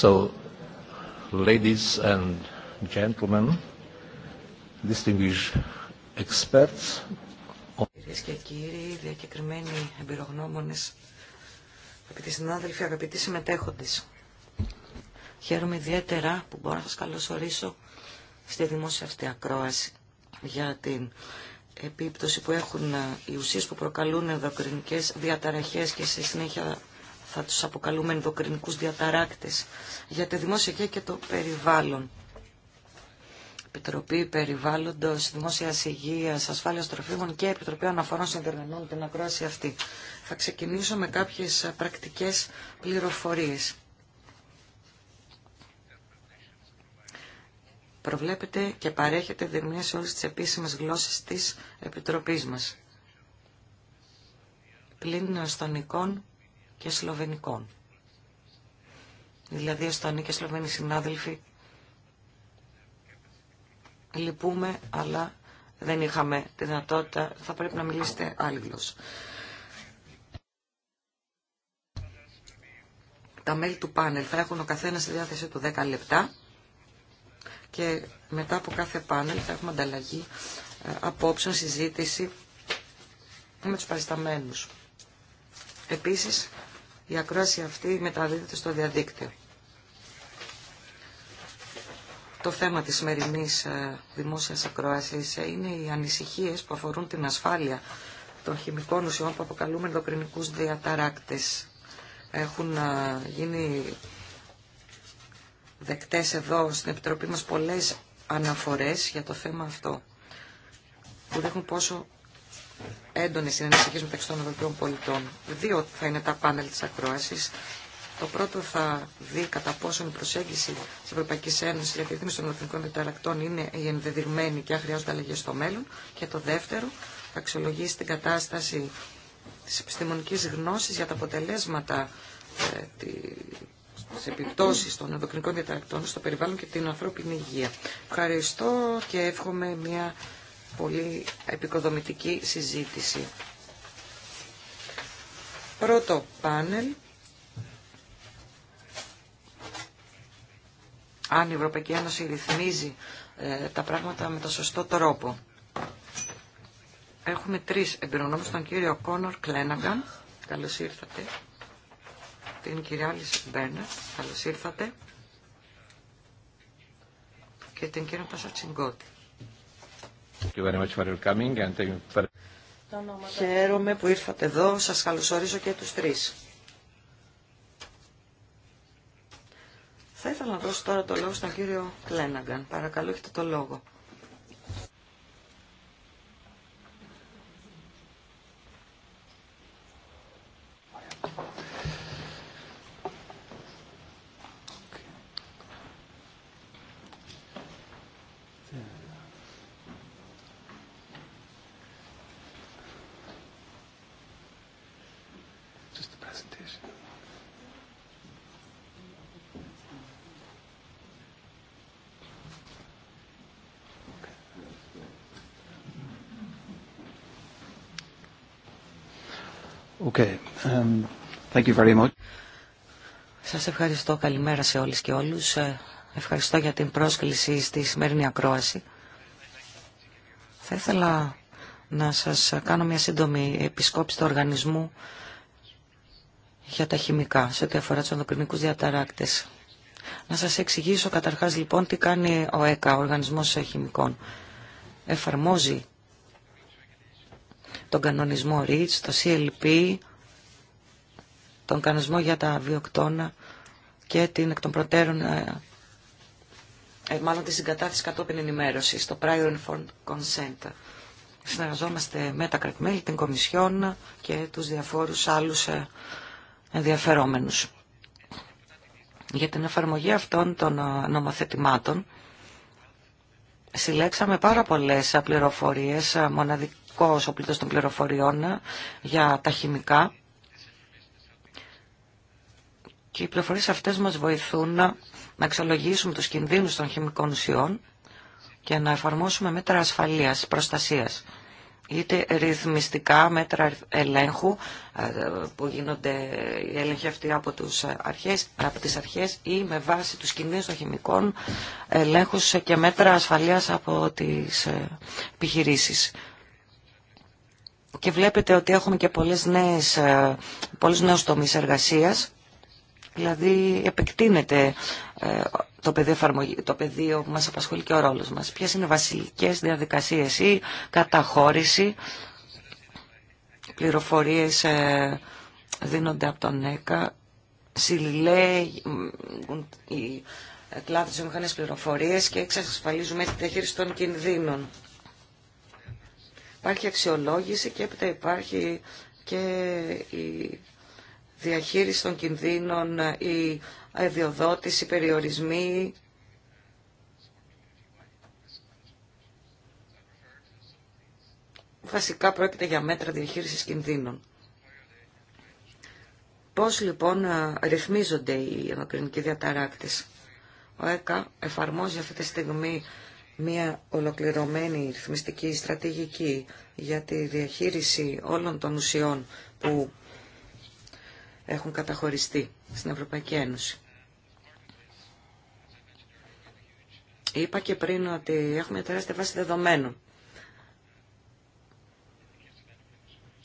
So, ladies and gentlemen, distinguished experts. Κυρίε και κύριοι, διακεκριμένοι εμπειρογνώμονε, αγαπητοί συνάδελφοι, αγαπητοί συμμετέχοντε. Χαίρομαι ιδιαίτερα που μπορώ να σα καλωσορίσω στη δημόσια αυτή ακρόαση για την επίπτωση που έχουν ε, οι ουσίες που προκαλούν ενδοκρινικές διαταραχές και στη συνέχεια θα τους αποκαλούμε ενδοκρινικούς διαταράκτες για τη δημόσια υγεία και το περιβάλλον. Επιτροπή Περιβάλλοντος, Δημόσια Υγεία, Ασφάλεια Τροφίμων και Επιτροπή Αναφορών Συνδερμανών, την ακρόαση αυτή. Θα ξεκινήσω με κάποιες πρακτικές πληροφορίες. Προβλέπετε και παρέχετε διερμηνία σε όλες τις επίσημες γλώσσες της Επιτροπής μας. Πλην νεοστονικών και Σλοβενικών. Δηλαδή, Εστονοί και Σλοβενοί συνάδελφοι, λυπούμε, αλλά δεν είχαμε τη δυνατότητα, θα πρέπει να μιλήσετε άλλη γλώσσα. Τα μέλη του πάνελ θα έχουν ο καθένας στη διάθεσή του 10 λεπτά και μετά από κάθε πάνελ θα έχουμε ανταλλαγή ε, απόψεων, συζήτηση με τους παρισταμένους. Επίσης, η ακρόαση αυτή μεταδίδεται στο διαδίκτυο. Το θέμα της σημερινή ε, δημόσιας ακρόασης είναι οι ανησυχίες που αφορούν την ασφάλεια των χημικών ουσιών που αποκαλούμε ενδοκρινικούς διαταράκτες. Έχουν ε, γίνει δεκτές εδώ στην Επιτροπή μας πολλές αναφορές για το θέμα αυτό που δείχνουν πόσο έντονες είναι ανησυχίες μεταξύ των Ευρωπαίων πολιτών. Δύο θα είναι τα πάνελ της ακρόασης. Το πρώτο θα δει κατά πόσον η προσέγγιση τη Ευρωπαϊκή Ένωση για τη ρύθμιση των εθνικών μεταλλακτών είναι η ενδεδειγμένη και αν χρειάζονται αλλαγέ στο μέλλον. Και το δεύτερο θα αξιολογήσει την κατάσταση τη επιστημονική γνώση για τα αποτελέσματα ε, τη τι επιπτώσει των ενδοκρινικών διαταρακτών στο περιβάλλον και την ανθρώπινη υγεία. Ευχαριστώ και εύχομαι μια πολύ επικοδομητική συζήτηση. Πρώτο πάνελ. Αν η Ευρωπαϊκή Ένωση ρυθμίζει ε, τα πράγματα με το σωστό τρόπο. Έχουμε τρεις εμπειρονόμους, τον κύριο Κόνορ Κλέναγκαν, καλώς ήρθατε, την κυρία Άλις Μπέρνερ, καλώς ήρθατε, και την κυρία Πασατσιγκότη. Χαίρομαι που ήρθατε εδώ. Σας καλωσορίζω και τους τρεις. Θα ήθελα να δώσω τώρα το λόγο στον κύριο Κλέναγκαν. Παρακαλώ, έχετε το λόγο. Thank Σας ευχαριστώ. Καλημέρα σε όλες και όλους. Ε, ευχαριστώ για την πρόσκληση στη σημερινή ακρόαση. Θα ήθελα να σας κάνω μια σύντομη επισκόπηση του οργανισμού για τα χημικά, σε ό,τι αφορά τους διαταράκτες. Να σας εξηγήσω καταρχάς λοιπόν τι κάνει ο ΕΚΑ, ο Οργανισμός Χημικών. Εφαρμόζει τον κανονισμό REACH, το CLP, τον κανονισμό για τα βιοκτώνα και την εκ των προτέρων, ε, ε μάλλον τη συγκατάθεση κατόπιν ενημέρωση, το prior informed consent. Συνεργαζόμαστε με τα κρατημέλη, την Κομισιόν και τους διαφόρους άλλους ε, ενδιαφερόμενους. Για την εφαρμογή αυτών των ε, νομοθετημάτων συλλέξαμε πάρα πολλές πληροφορίες, μοναδικός ο πλήθος των πληροφοριών για τα χημικά και οι πληροφορίες αυτές μας βοηθούν να, να αξιολογήσουμε τους κινδύνους των χημικών ουσιών και να εφαρμόσουμε μέτρα ασφαλείας, προστασίας. Είτε ρυθμιστικά μέτρα ελέγχου ε, που γίνονται οι έλεγχοι αυτοί από, τους αρχές, από τις αρχές ή με βάση τους κινδύνους των χημικών ελέγχους και μέτρα ασφαλείας από τις ε, επιχειρήσεις. Και βλέπετε ότι έχουμε και πολλές νέες, ε, πολλές νέες τομείς εργασίας Δηλαδή επεκτείνεται ε, το πεδίο, το πεδίο που μας απασχολεί και ο ρόλος μας. Ποιες είναι βασιλικές διαδικασίες ή καταχώρηση, πληροφορίες ε, δίνονται από τον ΕΚΑ, συλλέγουν οι ε, κλάδοι της μηχανές πληροφορίες και εξασφαλίζουμε τη διαχείριση των κινδύνων. Υπάρχει αξιολόγηση και έπειτα υπάρχει και η διαχείριση των κινδύνων, η αδειοδότηση, οι περιορισμοί. Βασικά πρόκειται για μέτρα διαχείρισης κινδύνων. Πώς λοιπόν ρυθμίζονται οι ενοκρινικοί διαταράκτες. Ο ΕΚΑ εφαρμόζει αυτή τη στιγμή μια ολοκληρωμένη ρυθμιστική στρατηγική για τη διαχείριση όλων των ουσιών που έχουν καταχωριστεί στην Ευρωπαϊκή Ένωση. Είπα και πριν ότι έχουμε μια τεράστια βάση δεδομένων.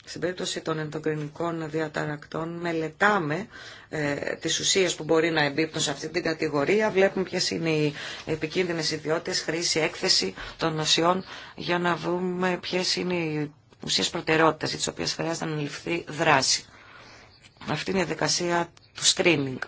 Στην περίπτωση των ενδοκρινικών διαταρακτών μελετάμε ε, τις ουσίες που μπορεί να εμπίπτουν σε αυτή την κατηγορία. Βλέπουμε ποιες είναι οι επικίνδυνες ιδιότητες, χρήση, έκθεση των νοσιών για να δούμε ποιες είναι οι ουσίες προτεραιότητας για τις οποίες χρειάζεται να ληφθεί δράση αυτή είναι η διαδικασία του screening.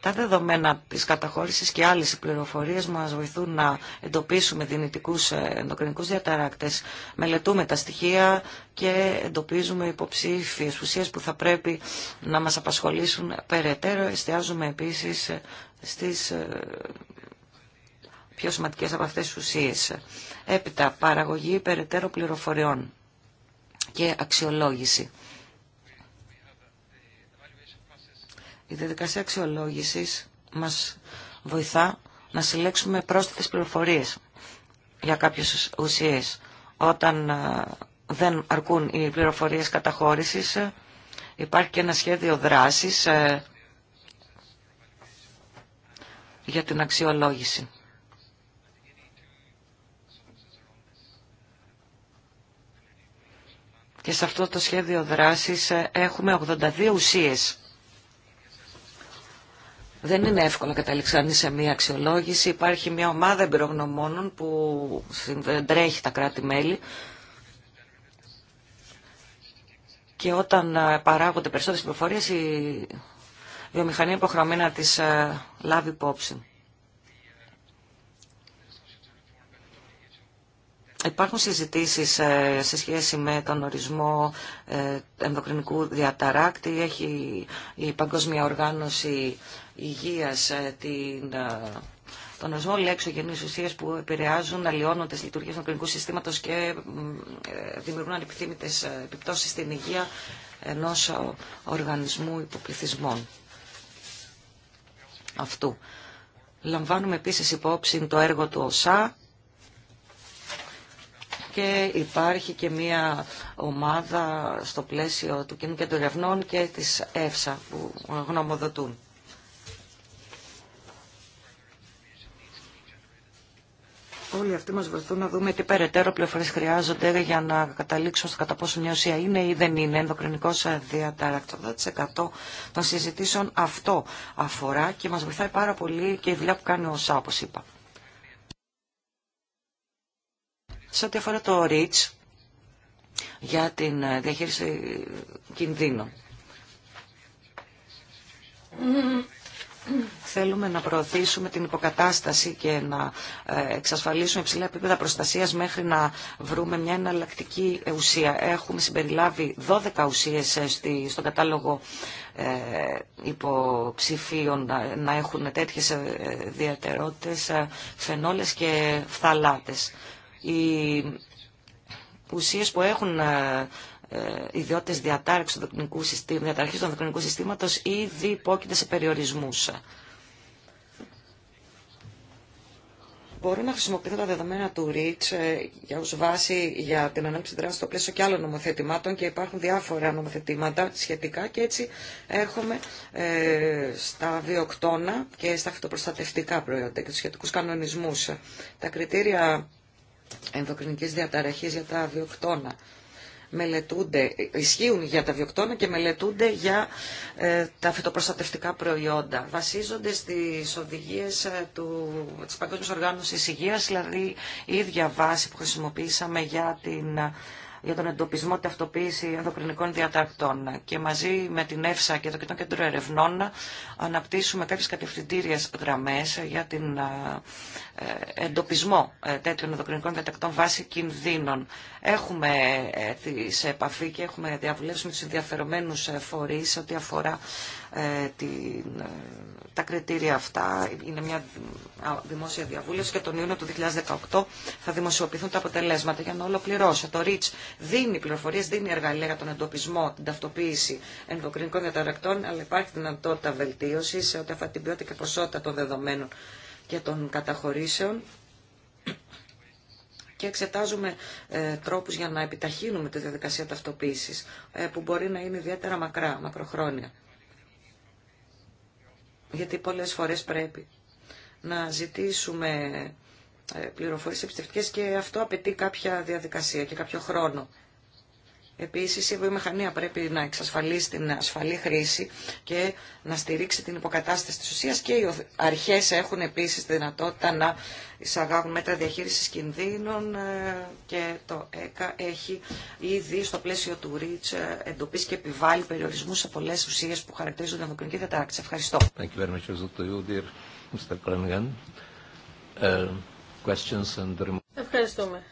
Τα δεδομένα της καταχώρησης και άλλες πληροφορίες μας βοηθούν να εντοπίσουμε δυνητικούς ε, ενδοκρινικούς διαταράκτες. Μελετούμε τα στοιχεία και εντοπίζουμε υποψήφιες ουσίες που θα πρέπει να μας απασχολήσουν περαιτέρω. Εστιάζουμε επίσης ε, στις ε, πιο σημαντικές από αυτές τις ουσίες. Έπειτα, παραγωγή περαιτέρω πληροφοριών και αξιολόγηση. Η διαδικασία αξιολόγηση μας βοηθά να συλλέξουμε πρόσθετες πληροφορίες για κάποιε ουσίες. Όταν ε, δεν αρκούν οι πληροφορίες καταχώρησης, ε, υπάρχει και ένα σχέδιο δράσης ε, για την αξιολόγηση. Και σε αυτό το σχέδιο δράσης έχουμε 82 ουσίες δεν είναι εύκολο να σε μία αξιολόγηση. Υπάρχει μια ομάδα εμπειρογνωμόνων που τρέχει τα κράτη-μέλη. Και όταν ε, παράγονται περισσότερες πληροφορίες, η βιομηχανία υποχρεωμένη να τις ε, λάβει υπόψη. Υπάρχουν συζητήσεις ε, σε σχέση με τον ορισμό ενδοκρινικού διαταράκτη. Έχει η Παγκόσμια Οργάνωση υγείας ε, την, ε, τον ορισμό λέξογενείς ουσίες που επηρεάζουν, αλλοιώνουν τις λειτουργίες του κλινικού συστήματος και ε, δημιουργούν ανεπιθύμητες επιπτώσεις στην υγεία ενός οργανισμού υποπληθυσμών αυτού. Λαμβάνουμε επίσης υπόψη το έργο του ΟΣΑ και υπάρχει και μια ομάδα στο πλαίσιο του Κοινού των Ερευνών και της ΕΦΣΑ που γνωμοδοτούν. όλοι αυτοί μας βοηθούν να δούμε τι περαιτέρω πληροφορίες χρειάζονται για να καταλήξουν στο κατά πόσο μια ουσία είναι ή δεν είναι ενδοκρινικός διαταράκτη. 80% των συζητήσεων αυτό αφορά και μας βοηθάει πάρα πολύ και η δουλειά που κάνει ο ΣΑ, είπα. Σε ό,τι αφορά το REACH για την ε, διαχείριση κινδύνων. Θέλουμε να προωθήσουμε την υποκατάσταση και να ε, εξασφαλίσουμε υψηλά επίπεδα προστασίας μέχρι να βρούμε μια εναλλακτική ουσία. Έχουμε συμπεριλάβει 12 ουσίες ε, στον κατάλογο ε, υποψηφίων να έχουν τέτοιες διατερότητες, φαινόλες και φθαλάτες. Οι ουσίες που έχουν ε, ιδιότητε διατάρξης του δοκνικού συστήματο του συστήματος ήδη υπόκειται σε περιορισμού. Μπορούν να χρησιμοποιηθούν τα δεδομένα του REACH ε, για ως βάση για την ανάπτυξη δράση στο πλαίσιο και άλλων νομοθετημάτων και υπάρχουν διάφορα νομοθετήματα σχετικά και έτσι έρχομαι ε, στα βιοκτώνα και στα φυτοπροστατευτικά προϊόντα και τους σχετικούς κανονισμούς. Τα κριτήρια ενδοκρινικής διαταραχής για τα βιοκτώνα μελετούνται, ισχύουν για τα βιοκτώνα και μελετούνται για ε, τα φυτοπροστατευτικά προϊόντα. Βασίζονται στις οδηγίες ε, του, της Παγκόσμιας Οργάνωσης Υγείας, δηλαδή η ίδια βάση που χρησιμοποίησαμε για την ε, για τον εντοπισμό και αυτοποίηση ενδοκρινικών διατακτών. Και μαζί με την ΕΦΣΑ και το Κέντρο Ερευνών αναπτύσσουμε κάποιες κατευθυντήριες γραμμές για την ε, ε, εντοπισμό ε, τέτοιων ενδοκρινικών διατακτών βάσει κινδύνων. Έχουμε σε επαφή και έχουμε διαβουλεύσει με τους ενδιαφερομένους φορείς ό,τι αφορά ε, την, ε, τα κριτήρια αυτά. Είναι μια δημόσια διαβούλευση και τον Ιούνιο του 2018 θα δημοσιοποιηθούν τα αποτελέσματα για να ολοκληρώσω. Το REACH δίνει πληροφορίε, δίνει εργαλεία για τον εντοπισμό, την ταυτοποίηση ενδοκρινικών διαταρακτών, αλλά υπάρχει δυνατότητα βελτίωση σε ό,τι αφορά την ποιότητα και ποσότητα των δεδομένων και των καταχωρήσεων και εξετάζουμε ε, τρόπους για να επιταχύνουμε τη διαδικασία ταυτοποίησης ε, που μπορεί να είναι ιδιαίτερα μακρά, μακροχρόνια γιατί πολλές φορές πρέπει να ζητήσουμε ε, πληροφορίες επιστευτικές και αυτό απαιτεί κάποια διαδικασία και κάποιο χρόνο. Επίση, η βιομηχανία πρέπει να εξασφαλίσει την ασφαλή χρήση και να στηρίξει την υποκατάσταση της ουσία. και οι αρχές έχουν επίσης τη δυνατότητα να εισαγάγουν μέτρα διαχείρισης κινδύνων ε, και το ΕΚΑ έχει ήδη στο πλαίσιο του ΡΙΤΣ ε, εντοπίσει και επιβάλλει περιορισμού σε πολλές ουσίε που χαρακτηρίζονται κοινωνική διατάξη. Ευχαριστώ. Uh, Ευχαριστούμε.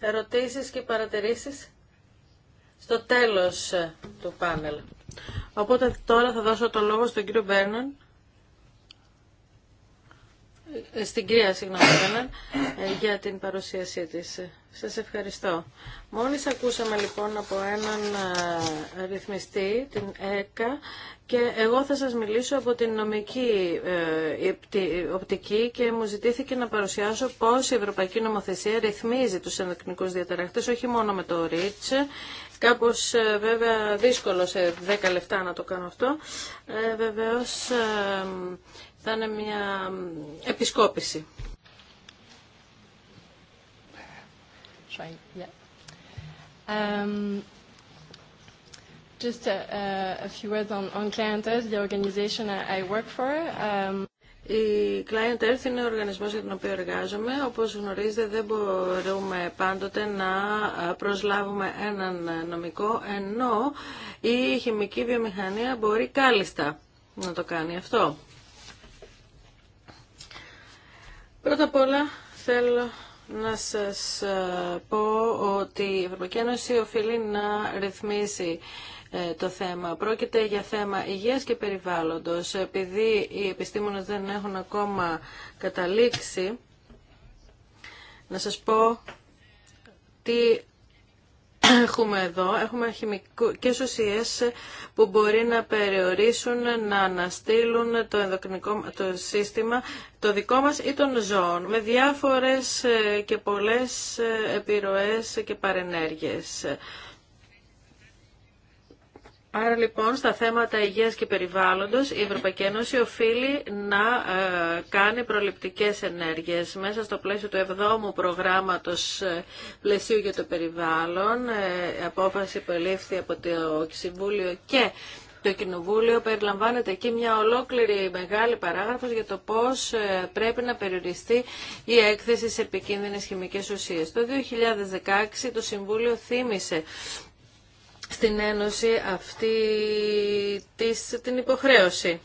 Ερωτήσεις και παρατηρήσεις στο τέλος ε, του πάνελ. Οπότε τώρα θα δώσω το λόγο στον κύριο Μπέρναν, ε, στην κυρία συγγνώμη ε, για την παρουσίασή της. Σας ευχαριστώ. Μόλις ακούσαμε λοιπόν από έναν ρυθμιστή, την ΕΚΑ, και εγώ θα σας μιλήσω από την νομική οπτική και μου ζητήθηκε να παρουσιάσω πώς η Ευρωπαϊκή Νομοθεσία ρυθμίζει τους διαταραχτές, όχι μόνο με το ΡΙΤΣ, Κάπως ε, βέβαια δύσκολο σε 10 λεπτά να το κάνω αυτό. Ε, βεβαίως ε, θα είναι μια επισκόπηση. Um, just a, a few words on, on Claritas, the organization I, I work for. Um, η Client Earth είναι ο οργανισμός για τον οποίο εργάζομαι. Όπως γνωρίζετε δεν μπορούμε πάντοτε να προσλάβουμε έναν νομικό, ενώ η χημική βιομηχανία μπορεί κάλλιστα να το κάνει αυτό. Πρώτα απ' όλα θέλω να σας πω ότι η Ευρωπαϊκή Ένωση οφείλει να ρυθμίσει ε, το θέμα. Πρόκειται για θέμα υγείας και περιβάλλοντος. Επειδή οι επιστήμονες δεν έχουν ακόμα καταλήξει, να σας πω τι έχουμε εδώ. Έχουμε χημικές ουσίες που μπορεί να περιορίσουν, να αναστείλουν το ενδοκρινικό το σύστημα, το δικό μας ή των ζώων, με διάφορες ε, και πολλές ε, επιρροές και παρενέργειες. Άρα λοιπόν στα θέματα υγείας και περιβάλλοντος η Ευρωπαϊκή Ένωση οφείλει να ε, κάνει προληπτικές ενέργειες μέσα στο πλαίσιο του 7ου προγράμματος ε, πλαισίου για το περιβάλλον. Ε, απόφαση που ελήφθη από το Συμβούλιο και το Κοινοβούλιο περιλαμβάνεται εκεί μια ολόκληρη μεγάλη παράγραφος για το πώς πρέπει να περιοριστεί η έκθεση σε επικίνδυνες χημικές ουσίες. Το 2016 το Συμβούλιο θύμισε στην Ένωση αυτή της, την υποχρέωση.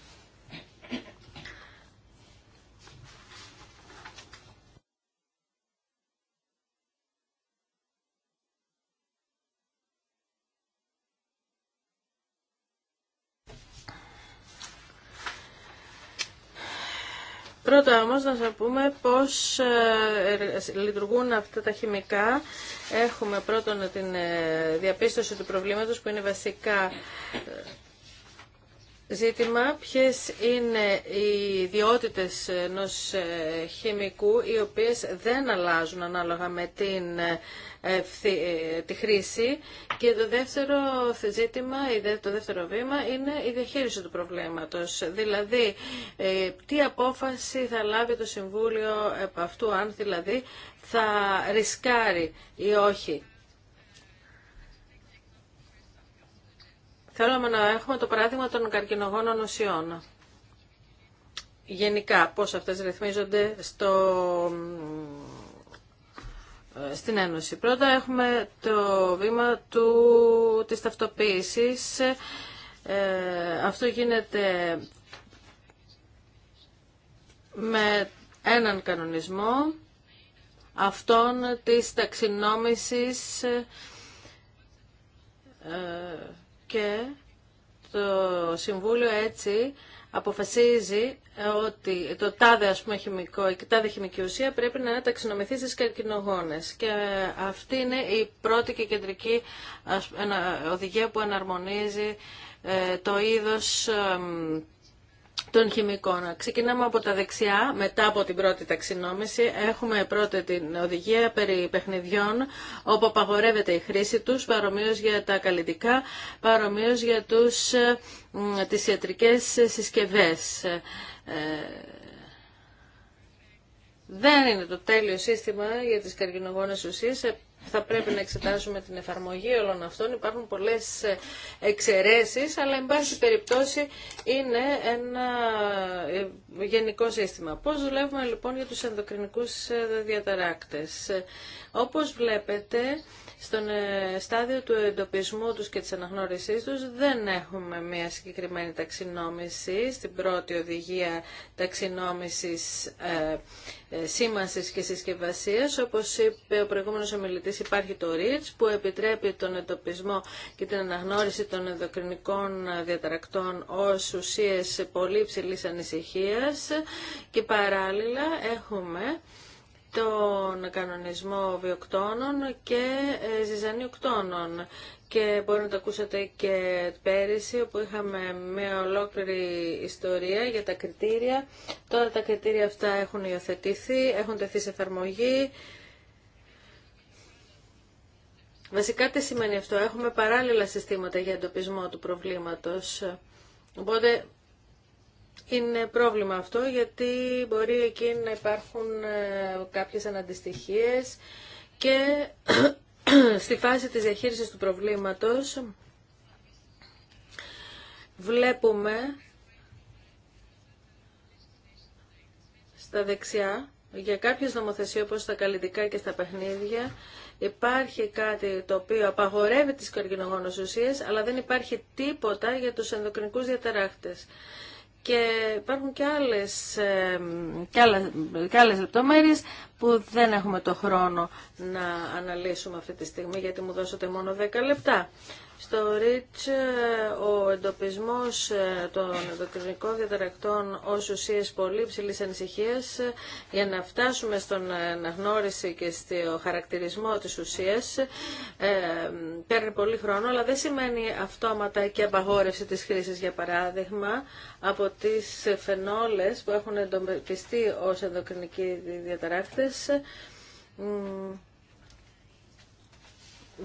Πρώτα όμως να σα πούμε πώς ε, λειτουργούν αυτά τα χημικά. Έχουμε πρώτον την ε, διαπίστωση του προβλήματος που είναι βασικά ε, ζήτημα ποιες είναι οι ιδιότητες ενό ε, χημικού οι οποίες δεν αλλάζουν ανάλογα με την ε, ε, τη χρήση και το δεύτερο ζήτημα, το δεύτερο βήμα είναι η διαχείριση του προβλήματος. Δηλαδή, τι απόφαση θα λάβει το Συμβούλιο από αυτού, αν δηλαδή θα ρισκάρει ή όχι Θέλουμε να έχουμε το παράδειγμα των καρκινογόνων ουσιών. Γενικά, πώς αυτές ρυθμίζονται στο, ε, στην Ένωση. Πρώτα έχουμε το βήμα του, της ταυτοποίησης. Ε, αυτό γίνεται με έναν κανονισμό αυτόν της ταξινόμησης ε, και το Συμβούλιο έτσι αποφασίζει ότι το τάδε ας η τάδε χημική ουσία πρέπει να ταξινομηθεί στις καρκινογόνες και αυτή είναι η πρώτη και κεντρική οδηγία που εναρμονίζει ε, το είδος των χημικών. Ξεκινάμε από τα δεξιά, μετά από την πρώτη ταξινόμηση. Έχουμε πρώτη την οδηγία περί παιχνιδιών, όπου απαγορεύεται η χρήση τους, παρομοίως για τα καλλιτικά, παρομοίως για τους, τις ιατρικές συσκευές. Ε, δεν είναι το τέλειο σύστημα για τις καρκινογόνες ουσίες, ε, θα πρέπει να εξετάσουμε την εφαρμογή όλων αυτών. Υπάρχουν πολλές ε, εξαιρέσεις, αλλά εν πάση περιπτώσει είναι ένα ε, γενικό σύστημα. Πώς δουλεύουμε λοιπόν για τους ενδοκρινικούς ε, διαταράκτες. Όπως βλέπετε, στον ε, στάδιο του εντοπισμού τους και της αναγνώρισής τους δεν έχουμε μια συγκεκριμένη ταξινόμηση. Στην πρώτη οδηγία ταξινόμησης ε, ε, σήμανσης και συσκευασίας, όπως είπε ο προηγούμενος ομιλητής, υπάρχει το REACH που επιτρέπει τον εντοπισμό και την αναγνώριση των ενδοκρινικών διαταρακτών ως ουσίες πολύ υψηλής ανησυχίας και παράλληλα έχουμε τον κανονισμό βιοκτώνων και ε, ζυζανιοκτώνων. Και μπορεί να το ακούσατε και πέρυσι, όπου είχαμε μια ολόκληρη ιστορία για τα κριτήρια. Τώρα τα κριτήρια αυτά έχουν υιοθετηθεί, έχουν τεθεί σε εφαρμογή. Βασικά τι σημαίνει αυτό. Έχουμε παράλληλα συστήματα για εντοπισμό του προβλήματος. Οπότε είναι πρόβλημα αυτό γιατί μπορεί εκεί να υπάρχουν ε, κάποιες αναντιστοιχίες και στη φάση της διαχείρισης του προβλήματος βλέπουμε στα δεξιά για κάποιες νομοθεσίες όπως στα καλλιτικά και στα παιχνίδια υπάρχει κάτι το οποίο απαγορεύει τις καρκινογόνες ουσίες αλλά δεν υπάρχει τίποτα για τους ενδοκρινικούς διαταράχτες και υπάρχουν και άλλες, ε, και άλλες, και άλλες λεπτομέρειες που δεν έχουμε το χρόνο να αναλύσουμε αυτή τη στιγμή γιατί μου δώσατε μόνο 10 λεπτά. Στο ΡΙΤΣ ε, ο εντοπισμός ε, των ενδοκρινικών διαταρακτών ως ουσίες πολύ ψηλής ανησυχίας ε, για να φτάσουμε στον αναγνώριση και στο χαρακτηρισμό της ουσίας παίρνει πολύ χρόνο, αλλά δεν σημαίνει αυτόματα και απαγόρευση της χρήσης, για παράδειγμα, από τις φενόλες που έχουν εντοπιστεί ως ενδοκρινικοί διαταράκτες.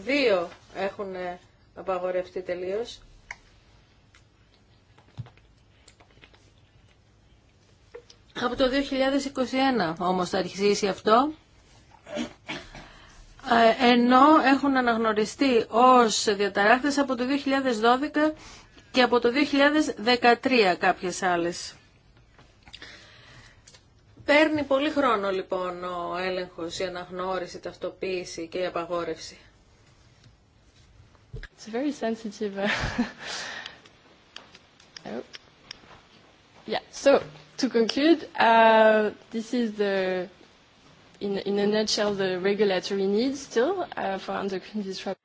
Δύο έχουν απαγορευτεί τελείω. Από το 2021 όμως θα αρχίσει αυτό, ε, ενώ έχουν αναγνωριστεί ως διαταράκτες από το 2012 και από το 2013 κάποιες άλλες. Παίρνει πολύ χρόνο λοιπόν ο έλεγχος, η αναγνώριση, η ταυτοποίηση και η απαγόρευση. It's very sensitive. Uh, oh. Yeah, so to conclude, uh, this is the, in, in a nutshell, the regulatory needs still uh, for endocrine disruption.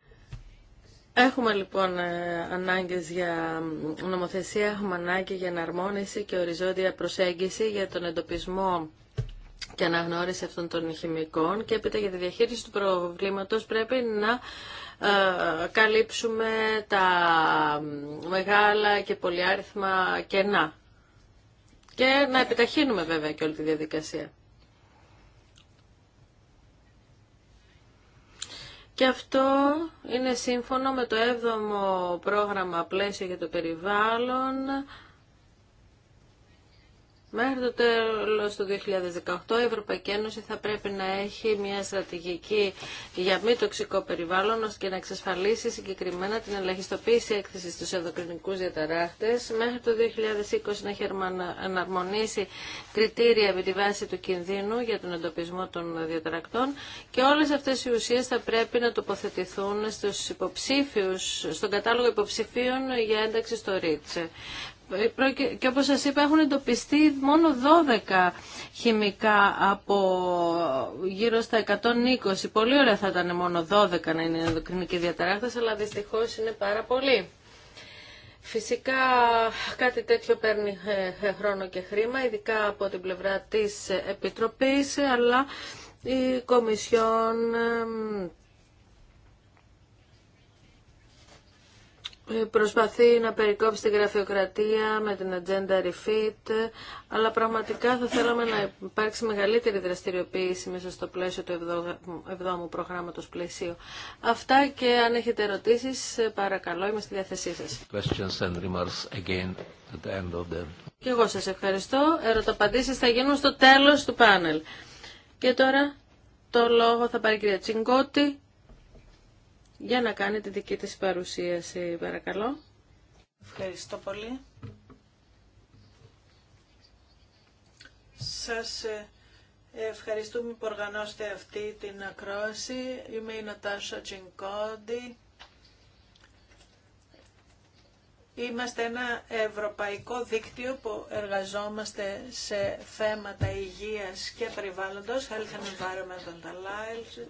Έχουμε λοιπόν ε, ανάγκες για νομοθεσία, έχουμε ανάγκη για εναρμόνιση και οριζόντια προσέγγιση για τον εντοπισμό και αναγνώριση αυτών των χημικών και έπειτα για τη διαχείριση του προβλήματος πρέπει να ε, καλύψουμε τα μεγάλα και πολυάριθμα κενά. Και να επιταχύνουμε βέβαια και όλη τη διαδικασία. Και αυτό είναι σύμφωνο με το 7ο πρόγραμμα πλαίσιο για το περιβάλλον Μέχρι το τέλος του 2018 η Ευρωπαϊκή Ένωση θα πρέπει να έχει μια στρατηγική για μη τοξικό περιβάλλον ώστε να εξασφαλίσει συγκεκριμένα την ελαχιστοποίηση έκθεση στου ενδοκρινικού διαταράχτες. Μέχρι το 2020 να έχει εναρμονίσει κριτήρια με τη βάση του κινδύνου για τον εντοπισμό των διαταρακτών και όλε αυτέ οι ουσίε θα πρέπει να τοποθετηθούν στους υποψήφιους, στον κατάλογο υποψηφίων για ένταξη στο ΡΙΤΣ και όπως σας είπα έχουν εντοπιστεί μόνο 12 χημικά από γύρω στα 120. Πολύ ωραία θα ήταν μόνο 12 να είναι ενδοκρινικοί διαταράκτες, αλλά δυστυχώς είναι πάρα πολύ. Φυσικά κάτι τέτοιο παίρνει ε, ε, χρόνο και χρήμα, ειδικά από την πλευρά της Επιτροπής, αλλά η Κομισιόν Προσπαθεί να περικόψει την γραφειοκρατία με την ατζέντα refit, αλλά πραγματικά θα θέλαμε να υπάρξει μεγαλύτερη δραστηριοποίηση μέσα στο πλαίσιο του 7ου προγράμματος πλαισίου. Αυτά και αν έχετε ερωτήσεις, παρακαλώ, είμαι στη διάθεσή σας. Και εγώ σας ευχαριστώ. Ερωταπαντήσεις θα γίνουν στο τέλος του πάνελ. Και τώρα το λόγο θα πάρει η κυρία Τσιγκώτη για να κάνετε δική της παρουσίαση. Παρακαλώ. Ευχαριστώ πολύ. Σας ε, ευχαριστούμε που οργανώσετε αυτή την ακρόαση. Είμαι η Νατάσα Τσινκόντι Είμαστε ένα ευρωπαϊκό δίκτυο που εργαζόμαστε σε θέματα υγείας και περιβάλλοντος, health and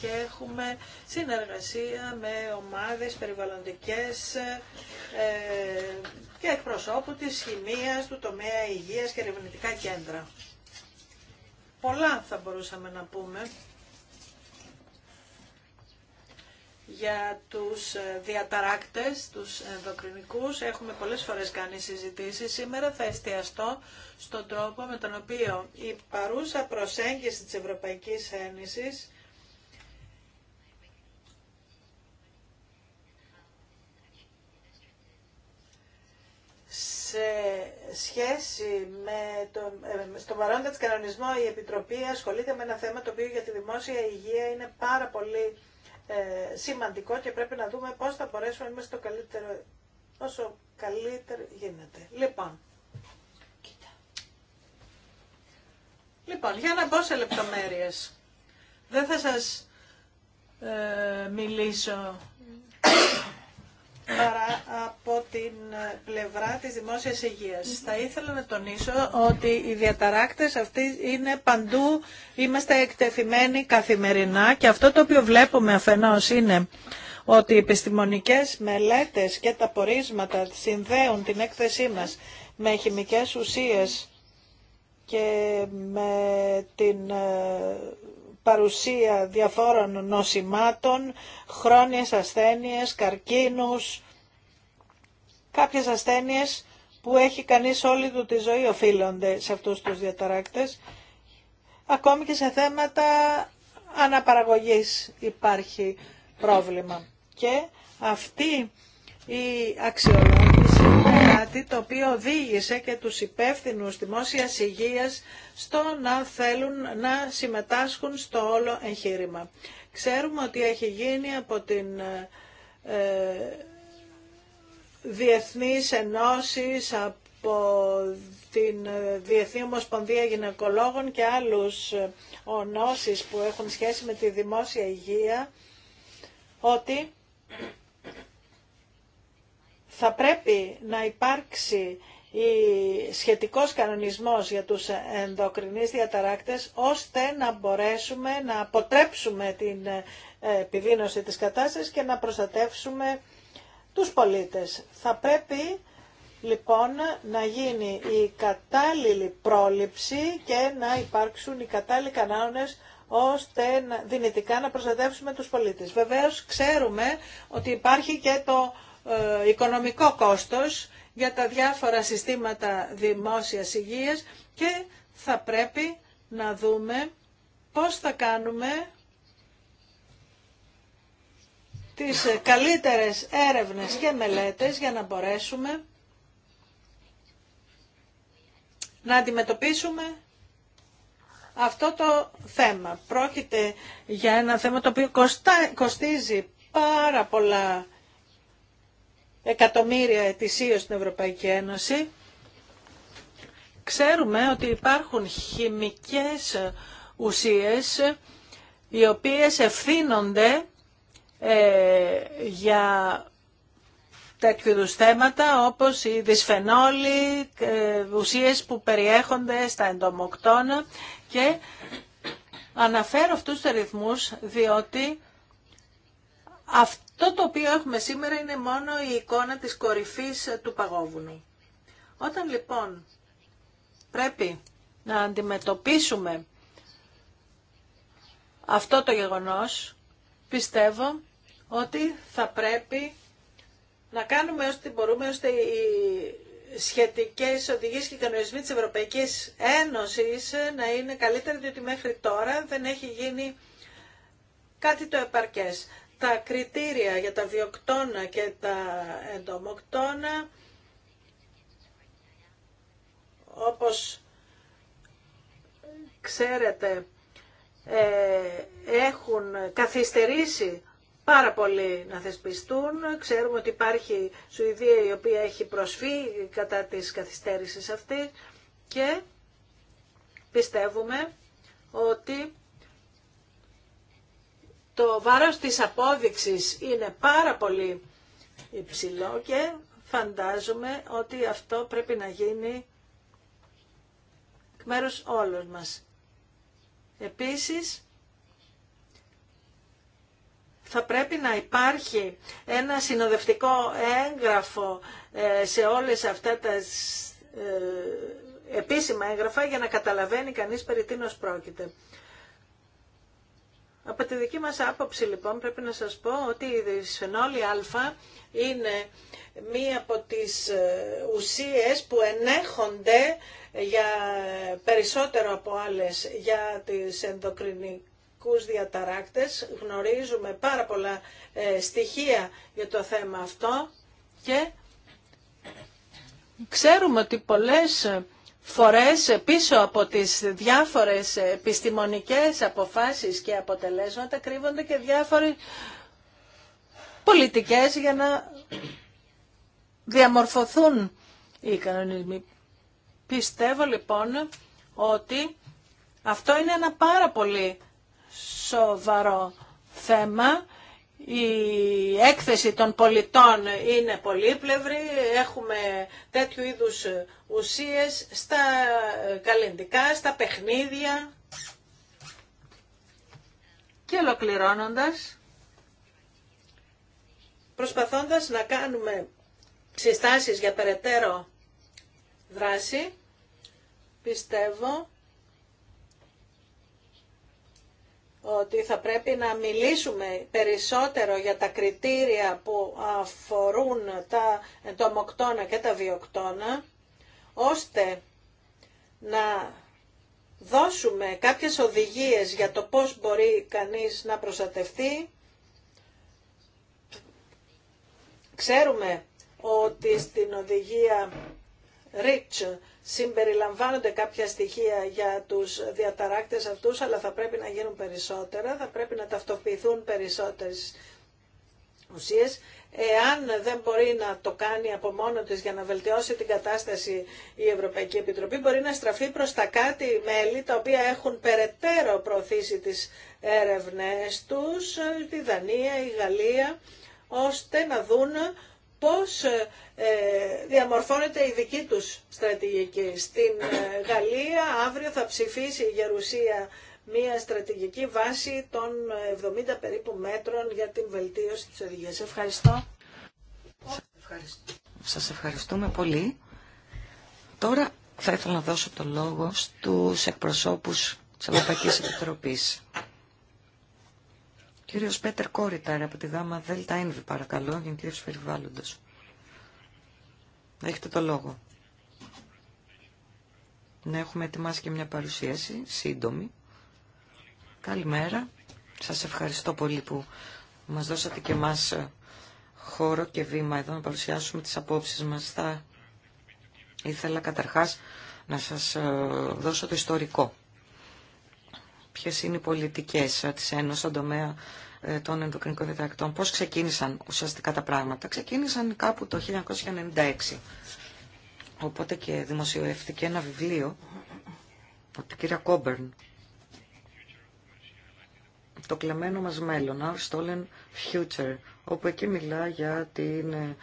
και έχουμε συνεργασία με ομάδες περιβαλλοντικές ε, και εκπροσώπου της χημίας, του τομέα υγείας και ερευνητικά κέντρα. Πολλά θα μπορούσαμε να πούμε. για τους ε, διαταράκτες, τους ενδοκρινικούς. Έχουμε πολλές φορές κάνει συζητήσεις. Σήμερα θα εστιαστώ στον τρόπο με τον οποίο η παρούσα προσέγγιση της Ευρωπαϊκής Ένωσης σε σχέση με το, ε, στο παρόντα της κανονισμό η Επιτροπή ασχολείται με ένα θέμα το οποίο για τη δημόσια υγεία είναι πάρα πολύ ε, σημαντικό και πρέπει να δούμε πώς θα μπορέσουμε να είμαστε το καλύτερο, όσο καλύτερο γίνεται. Λοιπόν, Κοίτα. λοιπόν για να μπω σε λεπτομέρειες. Δεν θα σας ε, μιλήσω παρά από την πλευρά της δημόσιας υγείας. Θα ήθελα να τονίσω ότι οι διαταράκτες αυτοί είναι παντού, είμαστε εκτεθειμένοι καθημερινά και αυτό το οποίο βλέπουμε αφενός είναι ότι οι επιστημονικές μελέτες και τα πορίσματα συνδέουν την έκθεσή μας με χημικές ουσίες και με την ε, παρουσία διαφόρων νοσημάτων, χρόνιες ασθένειες, καρκίνους, κάποιες ασθένειες που έχει κανείς όλη του τη ζωή οφείλονται σε αυτούς τους διαταράκτες. Ακόμη και σε θέματα αναπαραγωγής υπάρχει πρόβλημα. Και αυτή η αξιολόγηση κάτι το οποίο οδήγησε και τους υπεύθυνους δημόσιας υγείας στο να θέλουν να συμμετάσχουν στο όλο εγχείρημα. Ξέρουμε ότι έχει γίνει από την ε, ε Διεθνείς από την ε, Διεθνή Ομοσπονδία Γυναικολόγων και άλλους ε, ονώσεις που έχουν σχέση με τη δημόσια υγεία, ότι θα πρέπει να υπάρξει η σχετικός κανονισμός για τους ενδοκρινείς διαταράκτες ώστε να μπορέσουμε να αποτρέψουμε την ε, επιδείνωση της κατάστασης και να προστατεύσουμε τους πολίτες. Θα πρέπει λοιπόν να γίνει η κατάλληλη πρόληψη και να υπάρξουν οι κατάλληλοι κανόνες ώστε να, δυνητικά να προστατεύσουμε τους πολίτες. Βεβαίως ξέρουμε ότι υπάρχει και το ε, οικονομικό κόστος για τα διάφορα συστήματα δημόσιας υγείας και θα πρέπει να δούμε πώς θα κάνουμε τις καλύτερες έρευνες και μελέτες για να μπορέσουμε να αντιμετωπίσουμε αυτό το θέμα. Πρόκειται για ένα θέμα το οποίο κοστίζει πάρα πολλά εκατομμύρια ετησίως στην Ευρωπαϊκή Ένωση. Ξέρουμε ότι υπάρχουν χημικές ουσίες οι οποίες ευθύνονται ε, για τέτοιου είδους θέματα όπως οι δυσφενόλοι, ε, ουσίες που περιέχονται στα εντομοκτώνα και αναφέρω αυτούς τους ρυθμούς διότι αυτό αυτό το οποίο έχουμε σήμερα είναι μόνο η εικόνα της κορυφής του παγόβουνου. Όταν λοιπόν πρέπει να αντιμετωπίσουμε αυτό το γεγονός, πιστεύω ότι θα πρέπει να κάνουμε ό,τι μπορούμε ώστε οι σχετικές οδηγίες και κανονισμοί της Ευρωπαϊκής Ένωσης να είναι καλύτερα, διότι μέχρι τώρα δεν έχει γίνει κάτι το επαρκές τα κριτήρια για τα βιοκτώνα και τα εντομοκτώνα, όπως ξέρετε, ε, έχουν καθυστερήσει πάρα πολύ να θεσπιστούν. Ξέρουμε ότι υπάρχει Σουηδία η οποία έχει προσφύγει κατά της καθυστέρησης αυτή και πιστεύουμε ότι το βάρος της απόδειξης είναι πάρα πολύ υψηλό και φαντάζομαι ότι αυτό πρέπει να γίνει μέρος όλων μας. Επίσης, θα πρέπει να υπάρχει ένα συνοδευτικό έγγραφο ε, σε όλες αυτά τα ε, επίσημα έγγραφα για να καταλαβαίνει κανείς περί τίνος πρόκειται. Από τη δική μας άποψη λοιπόν πρέπει να σας πω ότι η δυσφενόλη α είναι μία από τις ε, ουσίες που ενέχονται για περισσότερο από άλλες για τις ενδοκρινικούς διαταράκτες. Γνωρίζουμε πάρα πολλά ε, στοιχεία για το θέμα αυτό και ξέρουμε ότι πολλές ε, φορές πίσω από τις διάφορες επιστημονικές αποφάσεις και αποτελέσματα κρύβονται και διάφοροι πολιτικές για να διαμορφωθούν οι κανονισμοί. Πιστεύω λοιπόν ότι αυτό είναι ένα πάρα πολύ σοβαρό θέμα η έκθεση των πολιτών είναι πολύπλευρη, έχουμε τέτοιου είδους ουσίες στα καλλιντικά, στα παιχνίδια. Και ολοκληρώνοντας, προσπαθώντας να κάνουμε συστάσεις για περαιτέρω δράση, πιστεύω ότι θα πρέπει να μιλήσουμε περισσότερο για τα κριτήρια που αφορούν τα εντομοκτώνα και τα βιοκτώνα, ώστε να δώσουμε κάποιες οδηγίες για το πώς μπορεί κανείς να προστατευτεί. Ξέρουμε ότι στην οδηγία REACH συμπεριλαμβάνονται κάποια στοιχεία για τους διαταράκτες αυτούς, αλλά θα πρέπει να γίνουν περισσότερα, θα πρέπει να ταυτοποιηθούν περισσότερες ουσίες. Εάν δεν μπορεί να το κάνει από μόνο της για να βελτιώσει την κατάσταση η Ευρωπαϊκή Επιτροπή, μπορεί να στραφεί προς τα κάτι μέλη τα οποία έχουν περαιτέρω προωθήσει τις έρευνες τους, τη Δανία, η Γαλλία, ώστε να δουν πώς ε, ε, διαμορφώνεται η δική τους στρατηγική. Στην ε, Γαλλία αύριο θα ψηφίσει η Γερουσία μια στρατηγική βάση των 70 περίπου μέτρων για την βελτίωση της οδηγίας. Ευχαριστώ. Σας, ευχαριστώ. Σας ευχαριστούμε πολύ. Τώρα θα ήθελα να δώσω το λόγο στους εκπροσώπους της Ευρωπαϊκής Επιτροπής. Κύριος Πέτερ Κόριταρ από τη ΓΑΜΑ ΔΕΛΤΑ ΕΝΒΙ, παρακαλώ, Γενικής Περιβάλλοντος. Έχετε το λόγο. Να έχουμε ετοιμάσει και μια παρουσίαση, σύντομη. Καλημέρα. Σας ευχαριστώ πολύ που μας δώσατε και μας ε, χώρο και βήμα εδώ να παρουσιάσουμε τις απόψεις μας. Θα ήθελα καταρχάς να σας ε, δώσω το ιστορικό. Ποιες είναι οι πολιτικές ε, της Ένωσης στον τομέα ε, των ενδοκρινικών διδακτών. Πώς ξεκίνησαν ουσιαστικά τα πράγματα. Ξεκίνησαν κάπου το 1996. Οπότε και δημοσιεύτηκε ένα βιβλίο από την κυρία Κόμπερν. Το κλεμμένο μας μέλλον, Our Stolen Future, όπου εκεί μιλά για την ε,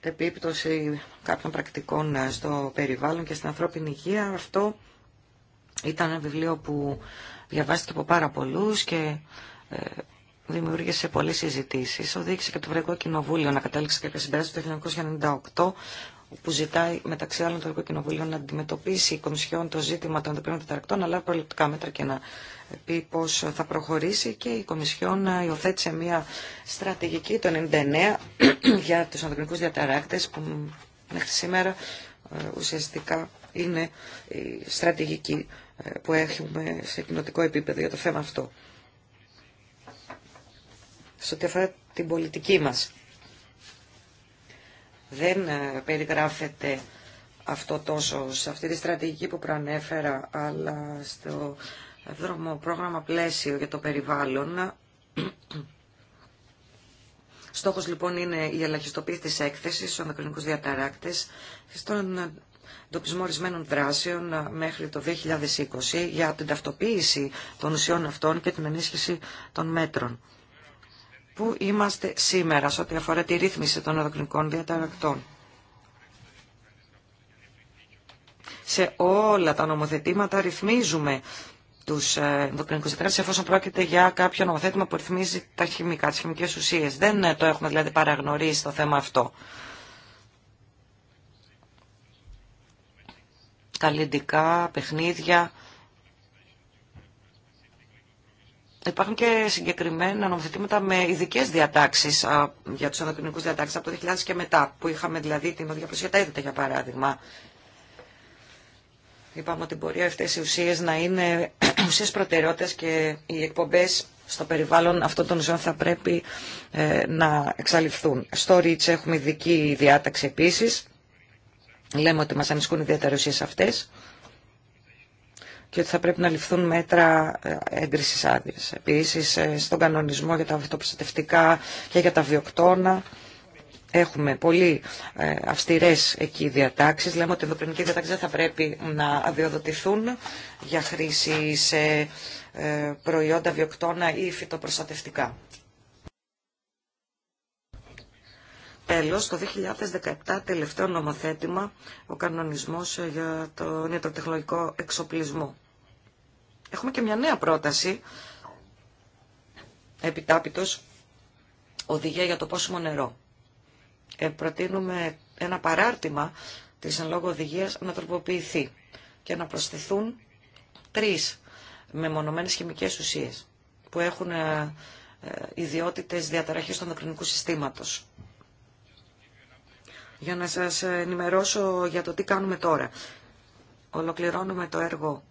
επίπτωση κάποιων πρακτικών ε, στο περιβάλλον και στην ανθρώπινη υγεία. Αυτό ήταν ένα βιβλίο που διαβάστηκε από πάρα πολλούς και ε, δημιούργησε πολλέ συζητήσει. Οδήγησε και το Ευρωπαϊκό Κοινοβούλιο να κατέληξε κάποια συμπεράσματα το 1998, που ζητάει μεταξύ άλλων το Ευρωπαϊκό Κοινοβούλιο να αντιμετωπίσει η Κομισιόν το ζήτημα των αντιπρών διαταρακτών αλλά προληπτικά μέτρα και να πει πώ θα προχωρήσει. Και η Κομισιόν ε, υιοθέτησε μια στρατηγική το 1999 για του ανθρωπινικού διαταράκτε, που μέχρι σήμερα ε, ουσιαστικά είναι η στρατηγική που έχουμε σε κοινωτικό επίπεδο για το θέμα αυτό. Σε ό,τι αφορά την πολιτική μας. Δεν ε, περιγράφεται αυτό τόσο σε αυτή τη στρατηγική που προανέφερα, αλλά στο δρόμο πρόγραμμα πλαίσιο για το περιβάλλον. Στόχος λοιπόν είναι η ελαχιστοποίηση της έκθεσης στους ανακρινικούς διαταράκτες, στον εντοπισμό ορισμένων δράσεων μέχρι το 2020 για την ταυτοποίηση των ουσιών αυτών και την ενίσχυση των μέτρων. Πού είμαστε σήμερα σε ό,τι αφορά τη ρύθμιση των ενδοκρινικών διαταρακτών. Σε όλα τα νομοθετήματα ρυθμίζουμε του ε, ενδοκρινικού διαταράκτε, εφόσον πρόκειται για κάποιο νομοθέτημα που ρυθμίζει τα χημικά, τι χημικέ ουσίε. Δεν ε, το έχουμε δηλαδή παραγνωρίσει το θέμα αυτό. ταλεντικά, παιχνίδια. Υπάρχουν και συγκεκριμένα νομοθετήματα με ειδικέ διατάξει για του αναπτυνικούς διατάξει από το 2000 και μετά, που είχαμε δηλαδή την οδηγία για τα για παράδειγμα. Είπαμε ότι μπορεί αυτέ οι ουσίε να είναι ουσίε προτεραιότητα και οι εκπομπέ στο περιβάλλον αυτών των ζώων θα πρέπει ε, να εξαλειφθούν. Στο ΡΙΤΣ έχουμε ειδική διάταξη επίσης λέμε ότι μας ανησυχούν οι ουσίες αυτές και ότι θα πρέπει να ληφθούν μέτρα ε, έγκρισης άδεια. Επίσης, ε, στον κανονισμό για τα φυτοπροστατευτικά και για τα βιοκτώνα, Έχουμε πολύ ε, αυστηρές εκεί διατάξεις. Λέμε ότι οι ενδοκρινικοί διατάξεις θα πρέπει να αδειοδοτηθούν για χρήση σε προϊόντα βιοκτώνα ή φυτοπροστατευτικά. Τέλος, το 2017 τελευταίο νομοθέτημα, ο κανονισμός για τον ιατροτεχνολογικό εξοπλισμό. Έχουμε και μια νέα πρόταση, επιτάπητος, οδηγία για το πόσιμο νερό. Ε, προτείνουμε ένα παράρτημα της εν λόγω οδηγίας να τροποποιηθεί και να προσθεθούν τρεις μεμονωμένες χημικές ουσίες που έχουν ε, ε, ιδιότητες διαταραχής του ανδοκρινικού συστήματος για να σας ενημερώσω για το τι κάνουμε τώρα. Ολοκληρώνουμε το έργο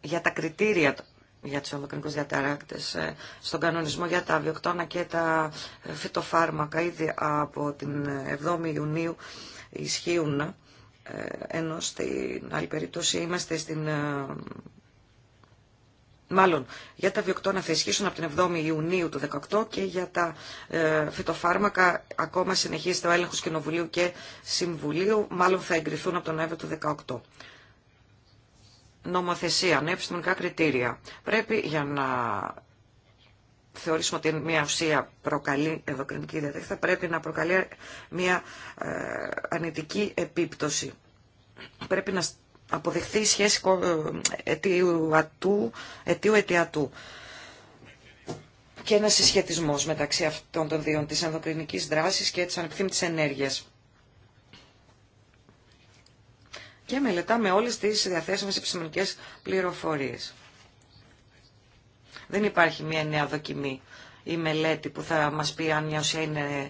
για τα κριτήρια για τους ολοκληρικούς διαταράκτες ε, στον κανονισμό για τα βιοκτώνα και τα ε, φυτοφάρμακα. Ήδη από την 7η ε, Ιουνίου ισχύουν, ενώ στην άλλη περίπτωση είμαστε στην μάλλον για τα βιοκτώνα θα ισχύσουν από την 7η Ιουνίου του 2018 και για τα ε, φυτοφάρμακα ακόμα συνεχίζεται ο έλεγχος Κοινοβουλίου και Συμβουλίου, μάλλον θα εγκριθούν από τον Νοέμβριο του 2018. Νομοθεσία, νέα επιστημονικά κριτήρια. Πρέπει για να θεωρήσουμε ότι μια ουσία προκαλεί ενδοκρινική διαδίκτυα, θα πρέπει να προκαλεί μια ε, επίπτωση. Πρέπει να αποδεχθεί η σχέση αιτίου-αιτιατού. Αιτίου και ένα συσχετισμό μεταξύ αυτών των δύο, τη ενδοκρινική δράση και τη ανεπιθύμητη ενέργεια. Και μελετάμε όλε τι διαθέσιμε επιστημονικέ πληροφορίε. Δεν υπάρχει μια νέα δοκιμή ή μελέτη που θα μας πει αν μια ουσία είναι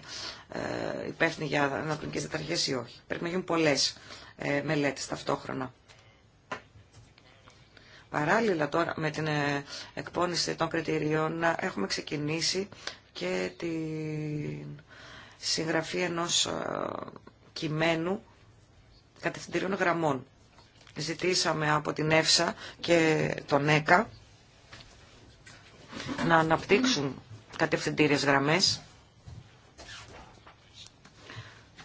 ε, υπεύθυνη για αναπληκτικές διαταρχές ή όχι. Πρέπει να γίνουν πολλές ε, μελέτες ταυτόχρονα. Παράλληλα τώρα με την ε, εκπόνηση των κριτηριών έχουμε ξεκινήσει και τη συγγραφή ενός ε, κειμένου κατευθυντηρίων γραμμών. Ζητήσαμε από την ΕΦΣΑ και τον ΕΚΑ να αναπτύξουν κατευθυντήριες γραμμές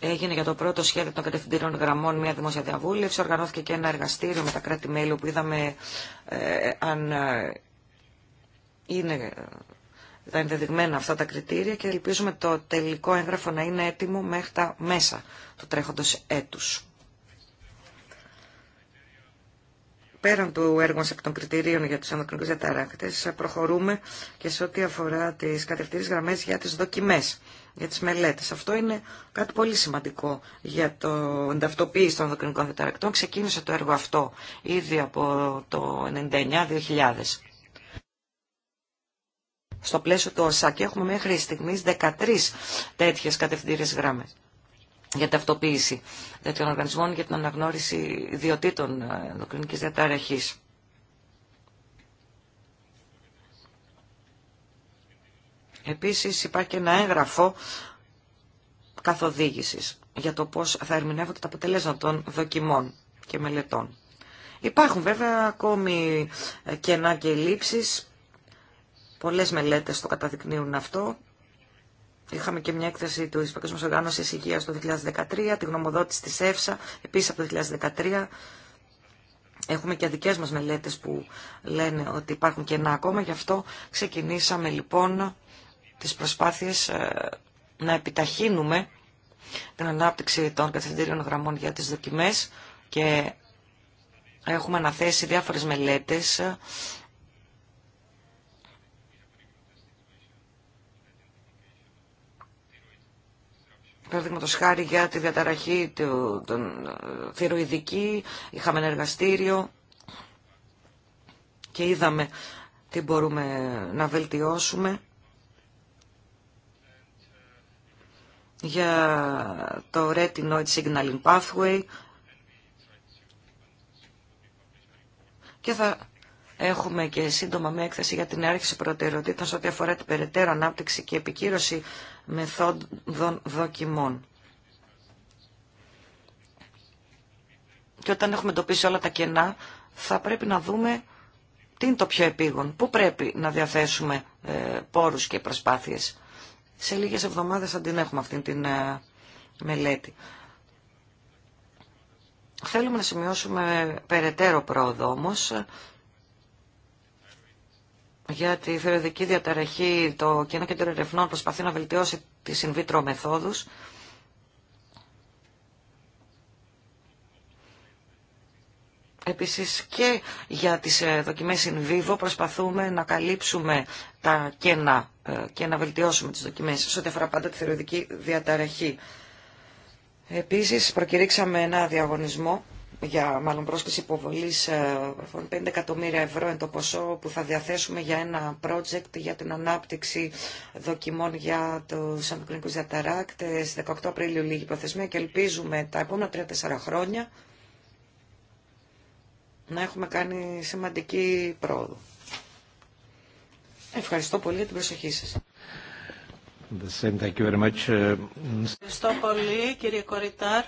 Έγινε για το πρώτο σχέδιο των κατευθυντήρων γραμμών μια δημόσια διαβούλευση. Οργανώθηκε και ένα εργαστήριο με τα κράτη-μέλη που είδαμε ε, αν ε, είναι ε, τα αυτά τα κριτήρια και ελπίζουμε το τελικό έγγραφο να είναι έτοιμο μέχρι τα μέσα του τρέχοντος έτους. Πέραν του έργου μας από των κριτηρίων για τους ανδροκρινικούς διαταράκτες, προχωρούμε και σε ό,τι αφορά τις κατευθύνσεις γραμμές για τις δοκιμές για τις μελέτες. Αυτό είναι κάτι πολύ σημαντικό για το ενταυτοποίηση των ενδοκρινικών διαταρακτών. Ξεκίνησε το έργο αυτό ήδη από το 1999 2000 Στο πλαίσιο του ΟΣΑΚ έχουμε μέχρι στιγμή 13 τέτοιες κατευθυντήριες γράμμες για ταυτοποίηση τέτοιων οργανισμών για την αναγνώριση ιδιωτήτων ε, ενδοκρινικής διαταραχής. Επίσης υπάρχει και ένα έγγραφο καθοδήγησης για το πώς θα ερμηνεύονται τα αποτελέσματα των δοκιμών και μελετών. Υπάρχουν βέβαια ακόμη ε, κενά και λήψεις. Πολλές μελέτες το καταδεικνύουν αυτό. Είχαμε και μια έκθεση του Ισπακόσμου Οργάνωσης Υγείας το 2013, τη γνωμοδότηση της ΕΦΣΑ Επίσης, από το 2013. Έχουμε και δικέ μας μελέτες που λένε ότι υπάρχουν κενά ακόμα, γι' αυτό ξεκινήσαμε λοιπόν τις προσπάθειες ε, να επιταχύνουμε την ανάπτυξη των καθεντήριων γραμμών για τις δοκιμές και έχουμε αναθέσει διάφορες μελέτες ε, Παραδείγματο χάρη για τη διαταραχή του, τον, ε, θηροειδική, είχαμε ένα εργαστήριο και είδαμε τι μπορούμε να βελτιώσουμε. για το retinoid signaling pathway και θα έχουμε και σύντομα μια έκθεση για την άρχιση προτεραιοτήτων σε ό,τι αφορά την περαιτέρω ανάπτυξη και επικύρωση μεθόδων δοκιμών. Και όταν έχουμε εντοπίσει όλα τα κενά, θα πρέπει να δούμε τι είναι το πιο επίγον, πού πρέπει να διαθέσουμε ε, πόρους και προσπάθειες σε λίγες εβδομάδες θα την έχουμε αυτήν την ε, μελέτη. Θέλουμε να σημειώσουμε περαιτέρω πρόοδο όμως ε, για τη θεωρητική διαταραχή το κοινό Κέντρο Ερευνών προσπαθεί να βελτιώσει τις in μεθόδους Επίσης και για τις ε, δοκιμές in vivo προσπαθούμε να καλύψουμε τα κενά ε, και να βελτιώσουμε τις δοκιμές σε ό,τι αφορά πάντα τη θεωρητική διαταραχή. Επίσης προκηρύξαμε ένα διαγωνισμό για μάλλον πρόσκληση υποβολής 5 ε, εκατομμύρια ευρώ εν το ποσό που θα διαθέσουμε για ένα project για την ανάπτυξη δοκιμών για τους διαταράκτε διαταράκτες. 18 Απριλίου λίγη προθεσμία και ελπίζουμε τα επόμενα 3-4 χρόνια να έχουμε κάνει σημαντική πρόοδο. Ευχαριστώ πολύ για την προσοχή σας. Ευχαριστώ πολύ κύριε Κοριτάρ.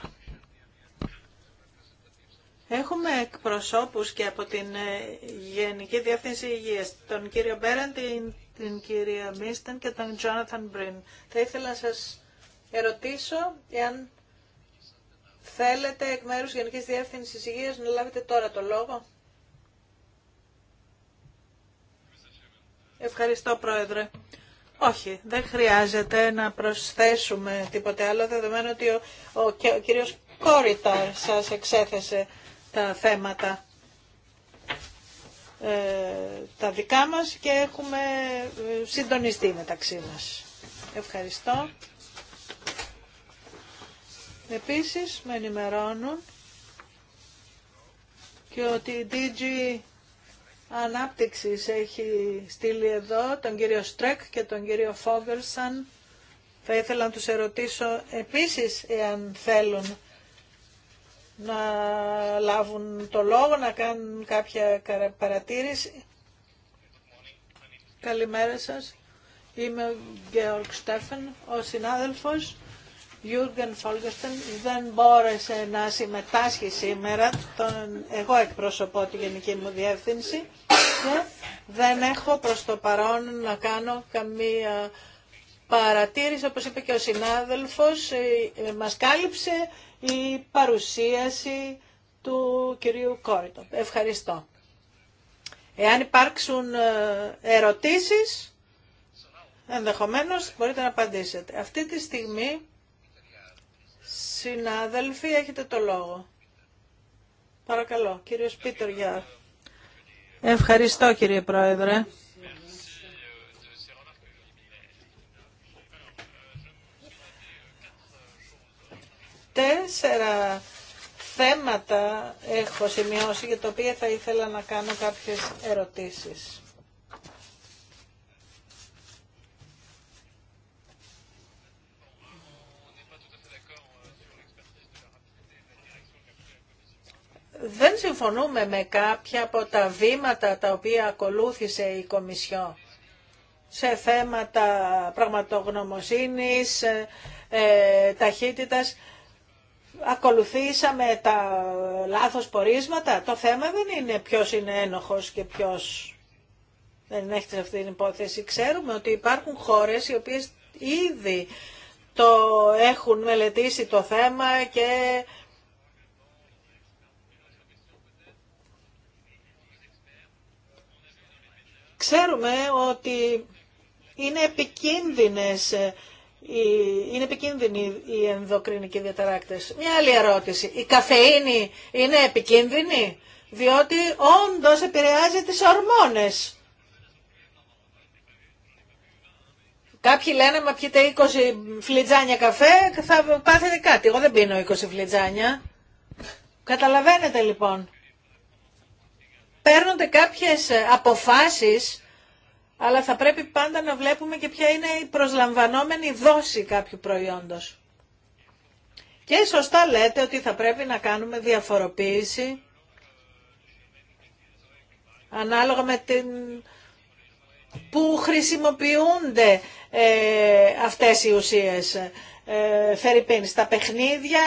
Έχουμε εκπροσώπους και από την ε, Γενική Διεύθυνση Υγείας, τον κύριο Μπέραντ, την, την κυρία Μίστεν και τον Τζόναθαν Μπριν. Θα ήθελα να σας ερωτήσω εάν Θέλετε εκ μέρους Γενικής Διεύθυνσης Υγείας να λάβετε τώρα το λόγο. Ευχαριστώ Πρόεδρε. Όχι, δεν χρειάζεται να προσθέσουμε τίποτε άλλο, δεδομένου ότι ο, ο, ο κύριος Κόριταρ σας εξέθεσε τα θέματα ε, τα δικά μας και έχουμε ε, συντονιστεί μεταξύ μας. Ευχαριστώ. Επίσης με ενημερώνουν και ότι η DG Ανάπτυξης έχει στείλει εδώ τον κύριο Στρέκ και τον κύριο Φόγερσαν. Θα ήθελα να τους ερωτήσω επίσης εάν θέλουν να λάβουν το λόγο, να κάνουν κάποια παρατήρηση. Καλημέρα σας. Είμαι ο Γεωργ Στέφεν, ο συνάδελφος Γιούργεν Φόλγκεστεν δεν μπόρεσε να συμμετάσχει σήμερα. Τον, εγώ εκπροσωπώ τη Γενική μου Διεύθυνση και δεν έχω προς το παρόν να κάνω καμία παρατήρηση. Όπως είπε και ο συνάδελφος, μας κάλυψε η παρουσίαση του κυρίου Κόριτο. Ευχαριστώ. Εάν υπάρξουν ε, ερωτήσεις, ενδεχομένως μπορείτε να απαντήσετε. Αυτή τη στιγμή Συνάδελφοι, έχετε το λόγο. Παρακαλώ, κύριος Πίτερ Ευχαριστώ κύριε Πρόεδρε. Τέσσερα θέματα έχω σημειώσει για τα οποία θα ήθελα να κάνω κάποιες ερωτήσεις. δεν συμφωνούμε με κάποια από τα βήματα τα οποία ακολούθησε η Κομισιό σε θέματα πραγματογνωμοσύνης, ε, ε, ταχύτητας. Ακολουθήσαμε τα λάθος πορίσματα. Το θέμα δεν είναι ποιος είναι ένοχος και ποιος δεν έχει αυτή την υπόθεση. Ξέρουμε ότι υπάρχουν χώρες οι οποίες ήδη το έχουν μελετήσει το θέμα και Ξέρουμε ότι είναι επικίνδυνες ε, είναι επικίνδυνοι οι ενδοκρινικοί διαταράκτες. Μια άλλη ερώτηση. Η καφεΐνη είναι επικίνδυνη, διότι όντως επηρεάζει τις ορμόνες. Κάποιοι λένε, μα πιείτε 20 φλιτζάνια καφέ, θα πάθετε κάτι. Εγώ δεν πίνω 20 φλιτζάνια. Καταλαβαίνετε λοιπόν παίρνονται κάποιες ε, αποφάσεις, αλλά θα πρέπει πάντα να βλέπουμε και ποια είναι η προσλαμβανόμενη δόση κάποιου προϊόντος. Και σωστά λέτε ότι θα πρέπει να κάνουμε διαφοροποίηση ανάλογα με την που χρησιμοποιούνται ε, αυτές οι ουσίες. Ε, Φερρυπίν, στα παιχνίδια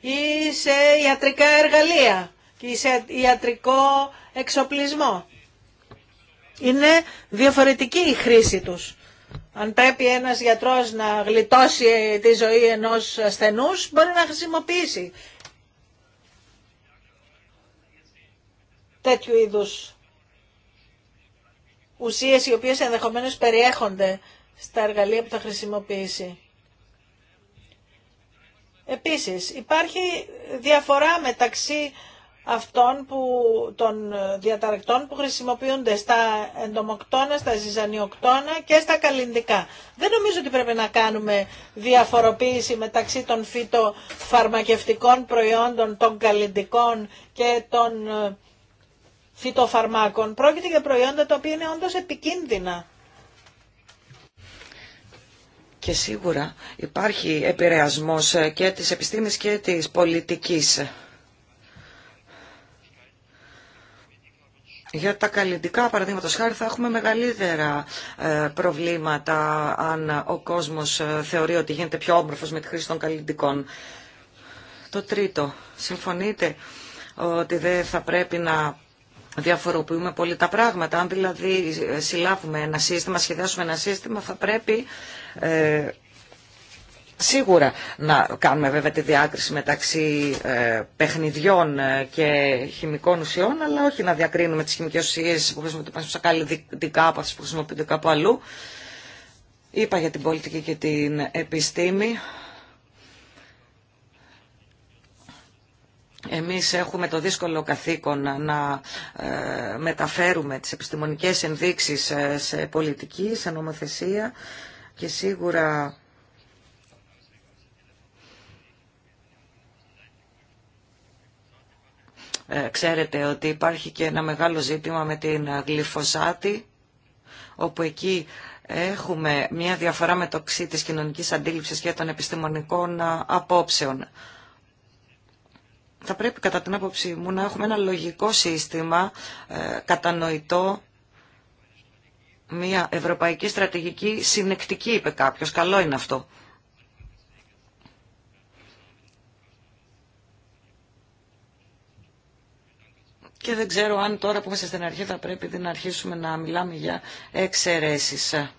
ή σε ιατρικά εργαλεία και σε ιατρικό εξοπλισμό. Είναι διαφορετική η χρήση τους. Αν πρέπει ένας γιατρός να γλιτώσει τη ζωή ενός ασθενούς, μπορεί να χρησιμοποιήσει τέτοιου είδους ουσίες οι οποίες ενδεχομένως περιέχονται στα εργαλεία που θα χρησιμοποιήσει. Επίσης, υπάρχει διαφορά μεταξύ αυτών που, των ε, διαταρακτών που χρησιμοποιούνται στα εντομοκτώνα, στα ζυζανιοκτώνα και στα καλλιντικά. Δεν νομίζω ότι πρέπει να κάνουμε διαφοροποίηση μεταξύ των φυτοφαρμακευτικών προϊόντων, των καλλιντικών και των ε, φυτοφαρμάκων. Πρόκειται για προϊόντα τα οποία είναι όντως επικίνδυνα. Και σίγουρα υπάρχει επηρεασμός ε, και της επιστήμης και της πολιτικής Για τα καλλιντικά, παραδείγματο χάρη, θα έχουμε μεγαλύτερα ε, προβλήματα αν ο κόσμος ε, θεωρεί ότι γίνεται πιο όμορφο με τη χρήση των καλλιντικών. Το τρίτο, συμφωνείτε ότι δεν θα πρέπει να διαφοροποιούμε πολύ τα πράγματα. Αν δηλαδή ε, συλλάβουμε ένα σύστημα, σχεδιάσουμε ένα σύστημα, θα πρέπει Σίγουρα να κάνουμε βέβαια τη διάκριση μεταξύ ε, παιχνιδιών ε, και χημικών ουσιών, αλλά όχι να διακρίνουμε τις χημικές ουσίες που χρησιμοποιούνται τα σακάλι δικά από αυτές που χρησιμοποιούνται κάπου αλλού. Είπα για την πολιτική και την επιστήμη. Εμείς έχουμε το δύσκολο καθήκον να ε, μεταφέρουμε τις επιστημονικές ενδείξεις σε πολιτική, σε νομοθεσία και σίγουρα Ε, ξέρετε ότι υπάρχει και ένα μεγάλο ζήτημα με την ε, γλυφοσάτη, όπου εκεί έχουμε μια διαφορά μεταξύ της κοινωνικής αντίληψης και των επιστημονικών ε, απόψεων. Θα πρέπει κατά την άποψή μου να έχουμε ένα λογικό σύστημα κατανοητό, μια ευρωπαϊκή στρατηγική συνεκτική είπε κάποιος, καλό είναι αυτό. και δεν ξέρω αν τώρα που είμαστε στην αρχή θα πρέπει να αρχίσουμε να μιλάμε για εξαιρέσεις. Ε,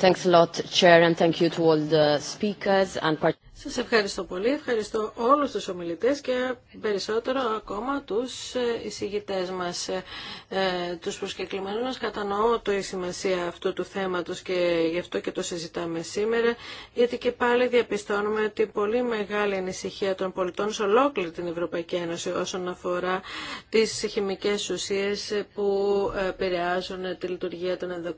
Thanks a lot, Chair, and thank you to all the speakers and σας ευχαριστώ πολύ. Ευχαριστώ όλους τους ομιλητές και περισσότερο ακόμα τους ε, εισηγητές μας, ε, ε, τους προσκεκλημένους μας. Κατανοώ το η σημασία αυτού του θέματος και γι' αυτό και το συζητάμε σήμερα, γιατί και πάλι διαπιστώνουμε την πολύ μεγάλη ανησυχία των πολιτών σε ολόκληρη την Ευρωπαϊκή Ένωση όσον αφορά τις χημικές ουσίες που επηρεάζουν τη λειτουργία των,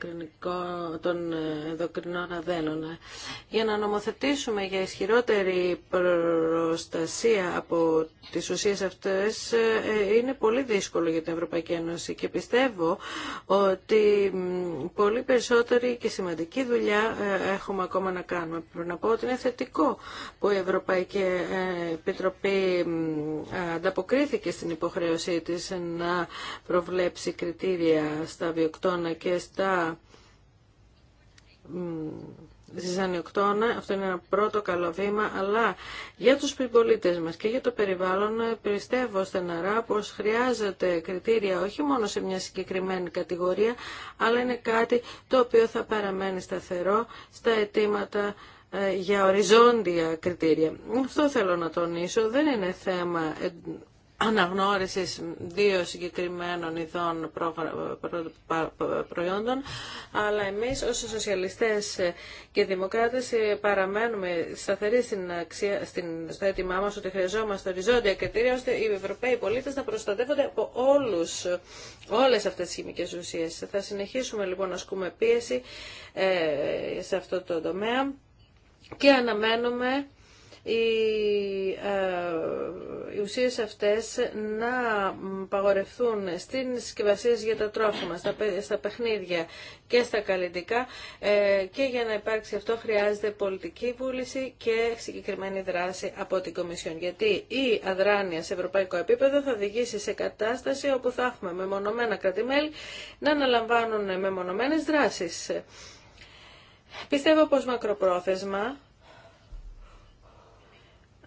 των ενδοκρινών αδένων. Για να νομοθετήσουμε για ισχυρότερη η προστασία από τις ουσίες αυτές ε, είναι πολύ δύσκολο για την Ευρωπαϊκή Ένωση και πιστεύω ότι πολύ περισσότερη και σημαντική δουλειά ε, έχουμε ακόμα να κάνουμε. Πρέπει να πω ότι είναι θετικό που η Ευρωπαϊκή ε, Επιτροπή ανταποκρίθηκε στην υποχρέωσή της να προβλέψει κριτήρια στα βιοκτώνα και στα ζυζανιοκτώνα. Αυτό είναι ένα πρώτο καλό βήμα, αλλά για τους πολίτε μας και για το περιβάλλον πιστεύω στεναρά πως χρειάζεται κριτήρια όχι μόνο σε μια συγκεκριμένη κατηγορία, αλλά είναι κάτι το οποίο θα παραμένει σταθερό στα αιτήματα ε, για οριζόντια κριτήρια. Αυτό θέλω να τονίσω. Δεν είναι θέμα αναγνώρισης δύο συγκεκριμένων ειδών προϊόντων, αλλά εμείς ως σοσιαλιστές και δημοκράτες παραμένουμε σταθεροί στην στην, στο έτοιμά μας ότι χρειαζόμαστε οριζόντια κριτήρια ώστε οι Ευρωπαίοι πολίτες να προστατεύονται από όλους, όλες αυτές τις χημικές ουσίες. Θα συνεχίσουμε λοιπόν να ασκούμε πίεση ε, σε αυτό το τομέα και αναμένουμε ε, οι ουσίες αυτές να παγορευτούν στις συσκευασίες για τα τρόφιμα, στα παιχνίδια και στα καλλιτικά ε, και για να υπάρξει αυτό χρειάζεται πολιτική βούληση και συγκεκριμένη δράση από την Κομισιόν. Γιατί η αδράνεια σε ευρωπαϊκό επίπεδο θα οδηγήσει σε κατάσταση όπου θα έχουμε μεμονωμένα κρατημέλη να αναλαμβάνουν μεμονωμένες δράσεις. Πιστεύω πως μακροπρόθεσμα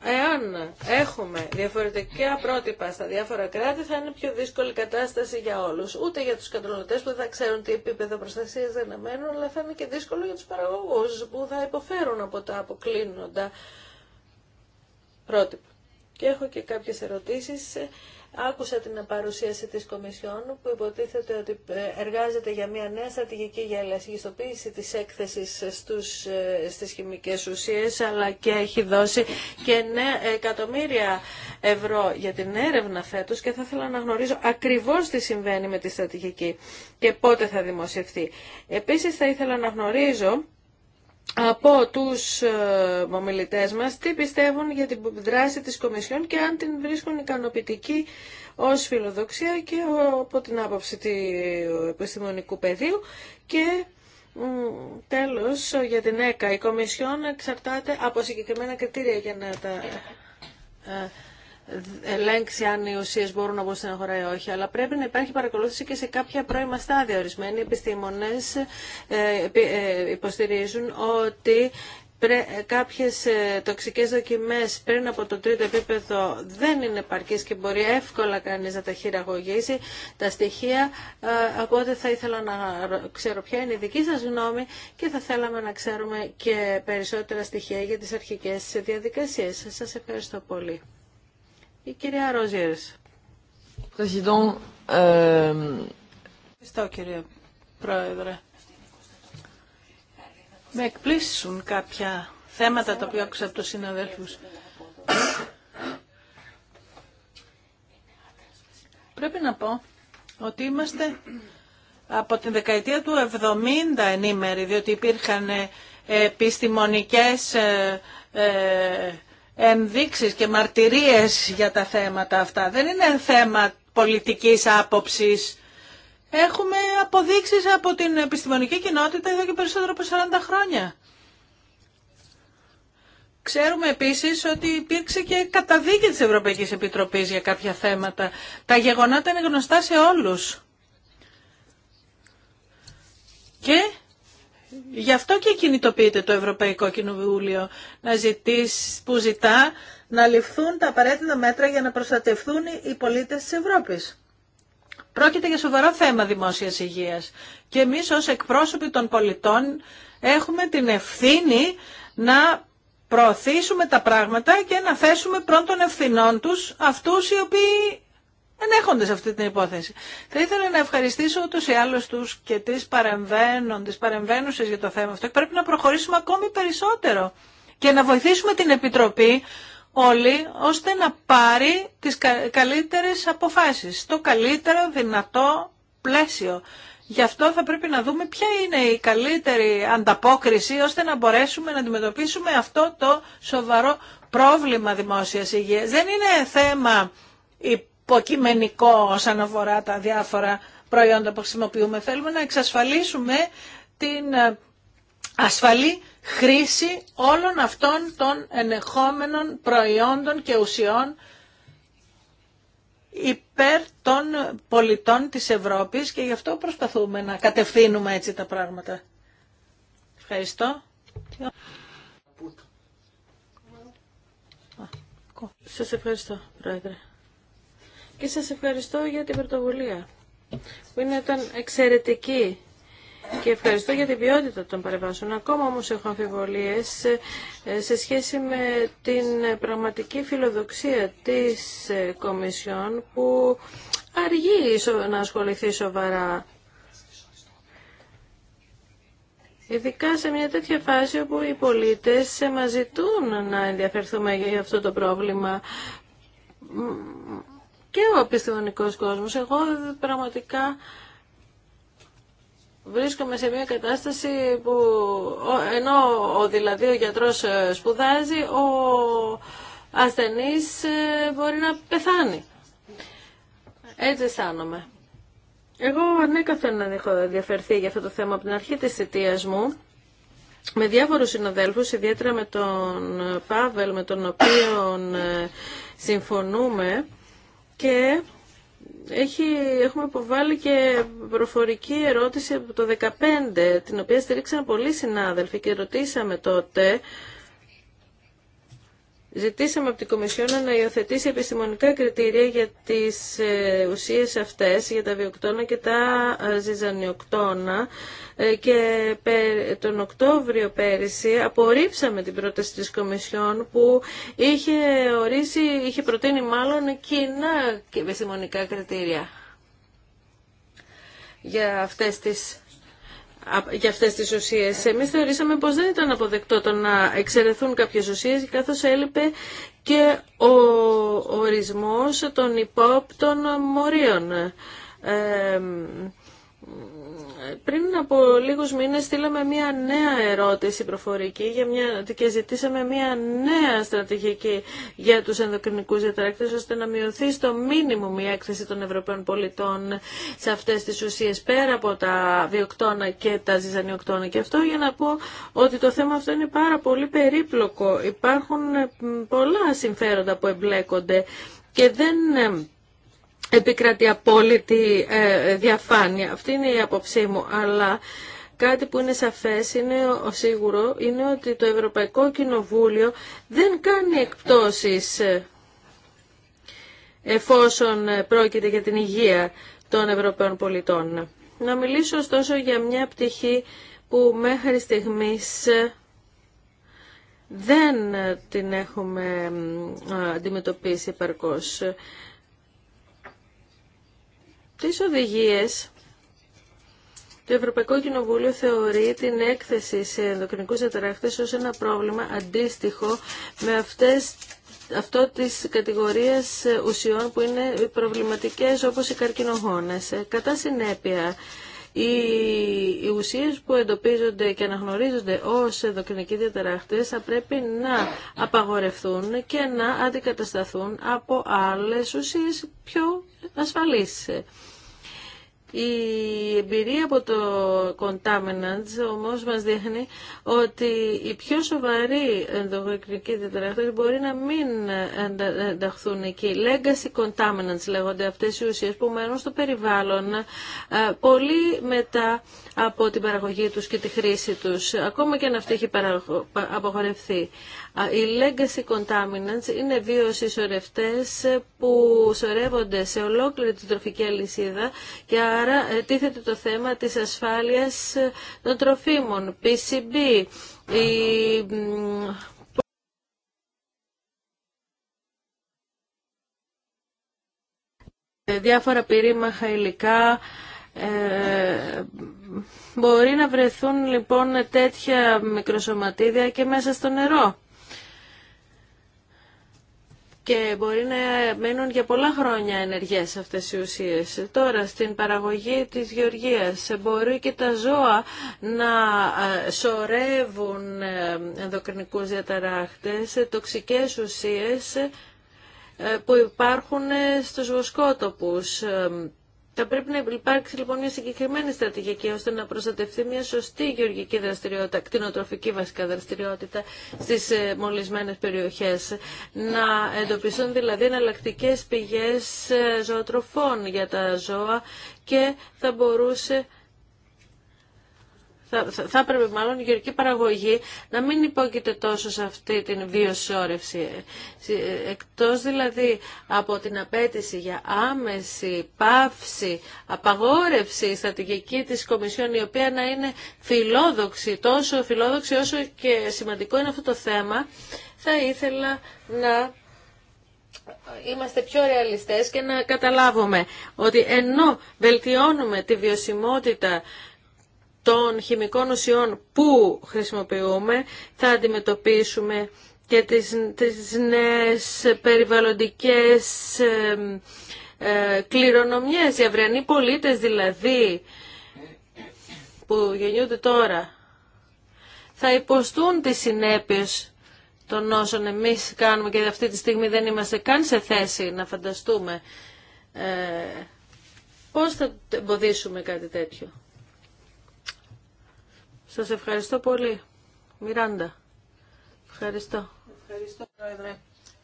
Εάν έχουμε διαφορετικά πρότυπα στα διάφορα κράτη θα είναι πιο δύσκολη κατάσταση για όλους. Ούτε για τους καταναλωτές που δεν θα ξέρουν τι επίπεδο προστασίας δεν αμένουν, αλλά θα είναι και δύσκολο για τους παραγωγούς που θα υποφέρουν από τα αποκλίνοντα πρότυπα. Και έχω και κάποιες ερωτήσεις Άκουσα την παρουσίαση της Κομισιόν που υποτίθεται ότι ε, εργάζεται για μια νέα στρατηγική για ελαχιστοποίηση της έκθεσης στους, ε, στις χημικές ουσίες αλλά και έχει δώσει και νέα εκατομμύρια ευρώ για την έρευνα φέτος και θα ήθελα να γνωρίζω ακριβώς τι συμβαίνει με τη στρατηγική και πότε θα δημοσιευτεί. Επίσης θα ήθελα να γνωρίζω από τους ε, ομιλητές μας τι πιστεύουν για την δράση της Κομισιόν και αν την βρίσκουν ικανοποιητική ως φιλοδοξία και από την άποψη του επιστημονικού πεδίου και τέλος για την ΕΚΑ. Η Κομισιόν εξαρτάται από συγκεκριμένα κριτήρια για να τα ε, ελέγξει αν οι ουσίε μπορούν να μπουν στην αγορά ή όχι, αλλά πρέπει να υπάρχει παρακολούθηση και σε κάποια πρώιμα στάδια. Ορισμένοι επιστήμονε ε, ε, υποστηρίζουν ότι κάποιες ε, τοξικέ δοκιμέ πριν από το τρίτο επίπεδο δεν είναι επαρκή και μπορεί εύκολα κανεί να τα χειραγωγήσει τα στοιχεία οπότε θα ήθελα να ξέρω ποια είναι η δική σα γνώμη και θα θέλαμε να ξέρουμε και περισσότερα στοιχεία για τι αρχικέ διαδικασίε. Σα ευχαριστώ πολύ. Η κυρία Ροζιέρης. Ε, Ευχαριστώ κύριε Πρόεδρε. Με εκπλήσουν κάποια θέματα τα οποία άκουσα από τους συναδέλφους. Πρέπει να πω ότι είμαστε από την δεκαετία του 70 ενήμεροι, διότι υπήρχαν επιστημονικές ε, ε, ενδείξεις και μαρτυρίες για τα θέματα αυτά. Δεν είναι θέμα πολιτικής άποψης. Έχουμε αποδείξεις από την επιστημονική κοινότητα εδώ και περισσότερο από 40 χρόνια. Ξέρουμε επίσης ότι υπήρξε και καταδίκη της Ευρωπαϊκής Επιτροπής για κάποια θέματα. Τα γεγονότα είναι γνωστά σε όλους. Και Γι' αυτό και κινητοποιείται το Ευρωπαϊκό Κοινοβούλιο να ζητήσει, που ζητά να ληφθούν τα απαραίτητα μέτρα για να προστατευτούν οι πολίτες της Ευρώπης. Πρόκειται για σοβαρό θέμα δημόσιας υγείας και εμείς ως εκπρόσωποι των πολιτών έχουμε την ευθύνη να προωθήσουμε τα πράγματα και να θέσουμε πρώτων ευθυνών τους αυτούς οι οποίοι ενέχονται σε αυτή την υπόθεση. Θα ήθελα να ευχαριστήσω ούτως ή άλλως τους και τις παρεμβαίνοντες, παρεμβαίνουσες για το θέμα αυτό. και Πρέπει να προχωρήσουμε ακόμη περισσότερο και να βοηθήσουμε την Επιτροπή όλοι ώστε να πάρει τις καλύτερες αποφάσεις, το καλύτερο δυνατό πλαίσιο. Γι' αυτό θα πρέπει να δούμε ποια είναι η καλύτερη ανταπόκριση ώστε να μπορέσουμε να αντιμετωπίσουμε αυτό το σοβαρό πρόβλημα δημόσιας υγείας. Δεν είναι θέμα υποκειμενικό όσον αφορά τα διάφορα προϊόντα που χρησιμοποιούμε. Θέλουμε να εξασφαλίσουμε την ε, ασφαλή χρήση όλων αυτών των ενεχόμενων προϊόντων και ουσιών υπέρ των πολιτών της Ευρώπης και γι' αυτό προσπαθούμε να κατευθύνουμε έτσι τα πράγματα. Ευχαριστώ. Σας ευχαριστώ, Πρόεδρε και σας ευχαριστώ για την πρωτοβουλία που είναι, ήταν εξαιρετική και ευχαριστώ για την ποιότητα των παρεμβάσεων. Ακόμα όμως έχω αμφιβολίες ε, σε σχέση με την πραγματική φιλοδοξία της ε, Κομισιόν που αργεί να ασχοληθεί σοβαρά Ειδικά σε μια τέτοια φάση όπου οι πολίτες ε, μας ζητούν να ενδιαφερθούμε για αυτό το πρόβλημα και ο επιστημονικός κόσμος. Εγώ πραγματικά βρίσκομαι σε μια κατάσταση που ενώ ο, δηλαδή ο γιατρός ε, σπουδάζει, ο ασθενής ε, μπορεί να πεθάνει. Έτσι αισθάνομαι. Εγώ ανέκαθεν ναι, να έχω ενδιαφερθεί για αυτό το θέμα από την αρχή της θητείας μου με διάφορους συναδέλφους, ιδιαίτερα με τον Πάβελ, με τον οποίο ε, συμφωνούμε και έχει, έχουμε υποβάλει και προφορική ερώτηση από το 2015, την οποία στηρίξαν πολλοί συνάδελφοι και ρωτήσαμε τότε Ζητήσαμε από την Κομισιόν να υιοθετήσει επιστημονικά κριτήρια για τις ε, ουσίες αυτές, για τα βιοκτώνα και τα ε, ζυζανιοκτώνα ε, και τον Οκτώβριο πέρυσι απορρίψαμε την πρόταση της Κομισιόν που είχε ορίσει, είχε προτείνει μάλλον κοινά επιστημονικά κριτήρια για αυτές τις για αυτές τις ουσίες. Εμείς θεωρήσαμε πως δεν ήταν αποδεκτό το να εξαιρεθούν κάποιες ουσίες καθώς έλειπε και ο ορισμός των υπόπτων μορίων. Ε, πριν από λίγους μήνες στείλαμε μια νέα ερώτηση προφορική για μια, και ζητήσαμε μια νέα στρατηγική για τους ενδοκρινικούς διαταράκτες ώστε να μειωθεί στο μήνυμο η έκθεση των Ευρωπαίων πολιτών σε αυτές τις ουσίες πέρα από τα βιοκτώνα και τα ζυζανιοκτώνα. Και αυτό για να πω ότι το θέμα αυτό είναι πάρα πολύ περίπλοκο. Υπάρχουν πολλά συμφέροντα που εμπλέκονται και δεν επικρατεί απόλυτη ε, διαφάνεια. Αυτή είναι η απόψή μου, αλλά... Κάτι που είναι σαφές, είναι σίγουρο, είναι ότι το Ευρωπαϊκό Κοινοβούλιο δεν κάνει εκπτώσεις ε, εφόσον ε, πρόκειται για την υγεία των Ευρωπαίων πολιτών. Να μιλήσω ωστόσο για μια πτυχή που μέχρι στιγμής δεν την έχουμε αντιμετωπίσει επαρκώς τις οδηγίες το Ευρωπαϊκό Κοινοβούλιο θεωρεί την έκθεση σε ενδοκρινικούς διαταράχτες ως ένα πρόβλημα αντίστοιχο με αυτές αυτό της κατηγορίας ουσιών που είναι προβληματικές όπως οι καρκινογόνες. Ε, κατά συνέπεια, οι ουσίες που εντοπίζονται και αναγνωρίζονται ως ενδοκρινικοί διαταράχτες θα πρέπει να απαγορευτούν και να αντικατασταθούν από άλλες ουσίες πιο ασφαλείς. Η εμπειρία από το contaminants όμως μας δείχνει ότι οι πιο σοβαροί ενδοκρινικοί διδρακτές μπορεί να μην ενταχθούν εκεί. Legacy contaminants λέγονται αυτές οι ουσίες που μένουν στο περιβάλλον ε, πολύ μετά από την παραγωγή τους και τη χρήση τους, ακόμα και αν αυτή έχει απογορευθεί. Οι legacy contaminants είναι συσσωρευτές που σωρεύονται σε ολόκληρη την τροφική αλυσίδα και άρα ε, τίθεται το θέμα της ασφάλειας ε, των τροφίμων, PCB, η... Ε, διάφορα πυρήμαχα υλικά, ε, μπορεί να βρεθούν λοιπόν τέτοια μικροσωματίδια και μέσα στο νερό και μπορεί να μένουν για πολλά χρόνια ενεργές αυτές οι ουσίες. Τώρα στην παραγωγή της γεωργίας μπορεί και τα ζώα να ε, σωρεύουν ε, ενδοκρινικούς διαταράχτες, τοξικές ουσίες που υπάρχουν στους βοσκότοπους θα πρέπει να υπάρξει λοιπόν μια συγκεκριμένη στρατηγική ώστε να προστατευτεί μια σωστή γεωργική δραστηριότητα, κτηνοτροφική βασικά δραστηριότητα στις ε, μολυσμένες περιοχές. Να εντοπιστούν δηλαδή εναλλακτικέ πηγές ε, ζωοτροφών για τα ζώα και θα μπορούσε θα, θα έπρεπε μάλλον η γεωργική παραγωγή να μην υπόκειται τόσο σε αυτή την βιοσόρευση. Ε, εκτός δηλαδή από την απέτηση για άμεση, πάυση, απαγόρευση στρατηγική της Κομισιόν η οποία να είναι φιλόδοξη, τόσο φιλόδοξη όσο και σημαντικό είναι αυτό το θέμα, θα ήθελα να είμαστε πιο ρεαλιστές και να καταλάβουμε ότι ενώ βελτιώνουμε τη βιωσιμότητα των χημικών ουσιών που χρησιμοποιούμε, θα αντιμετωπίσουμε και τις, τις νέες περιβαλλοντικές ε, κληρονομιές. Οι αυριανοί πολίτες δηλαδή που γεννιούνται τώρα θα υποστούν τις συνέπειες των όσων εμείς κάνουμε και αυτή τη στιγμή δεν είμαστε καν σε θέση να φανταστούμε ε, πώς θα εμποδίσουμε κάτι τέτοιο. Σας ευχαριστώ πολύ. Μιράντα. Ευχαριστώ. Ευχαριστώ, Πρόεδρε.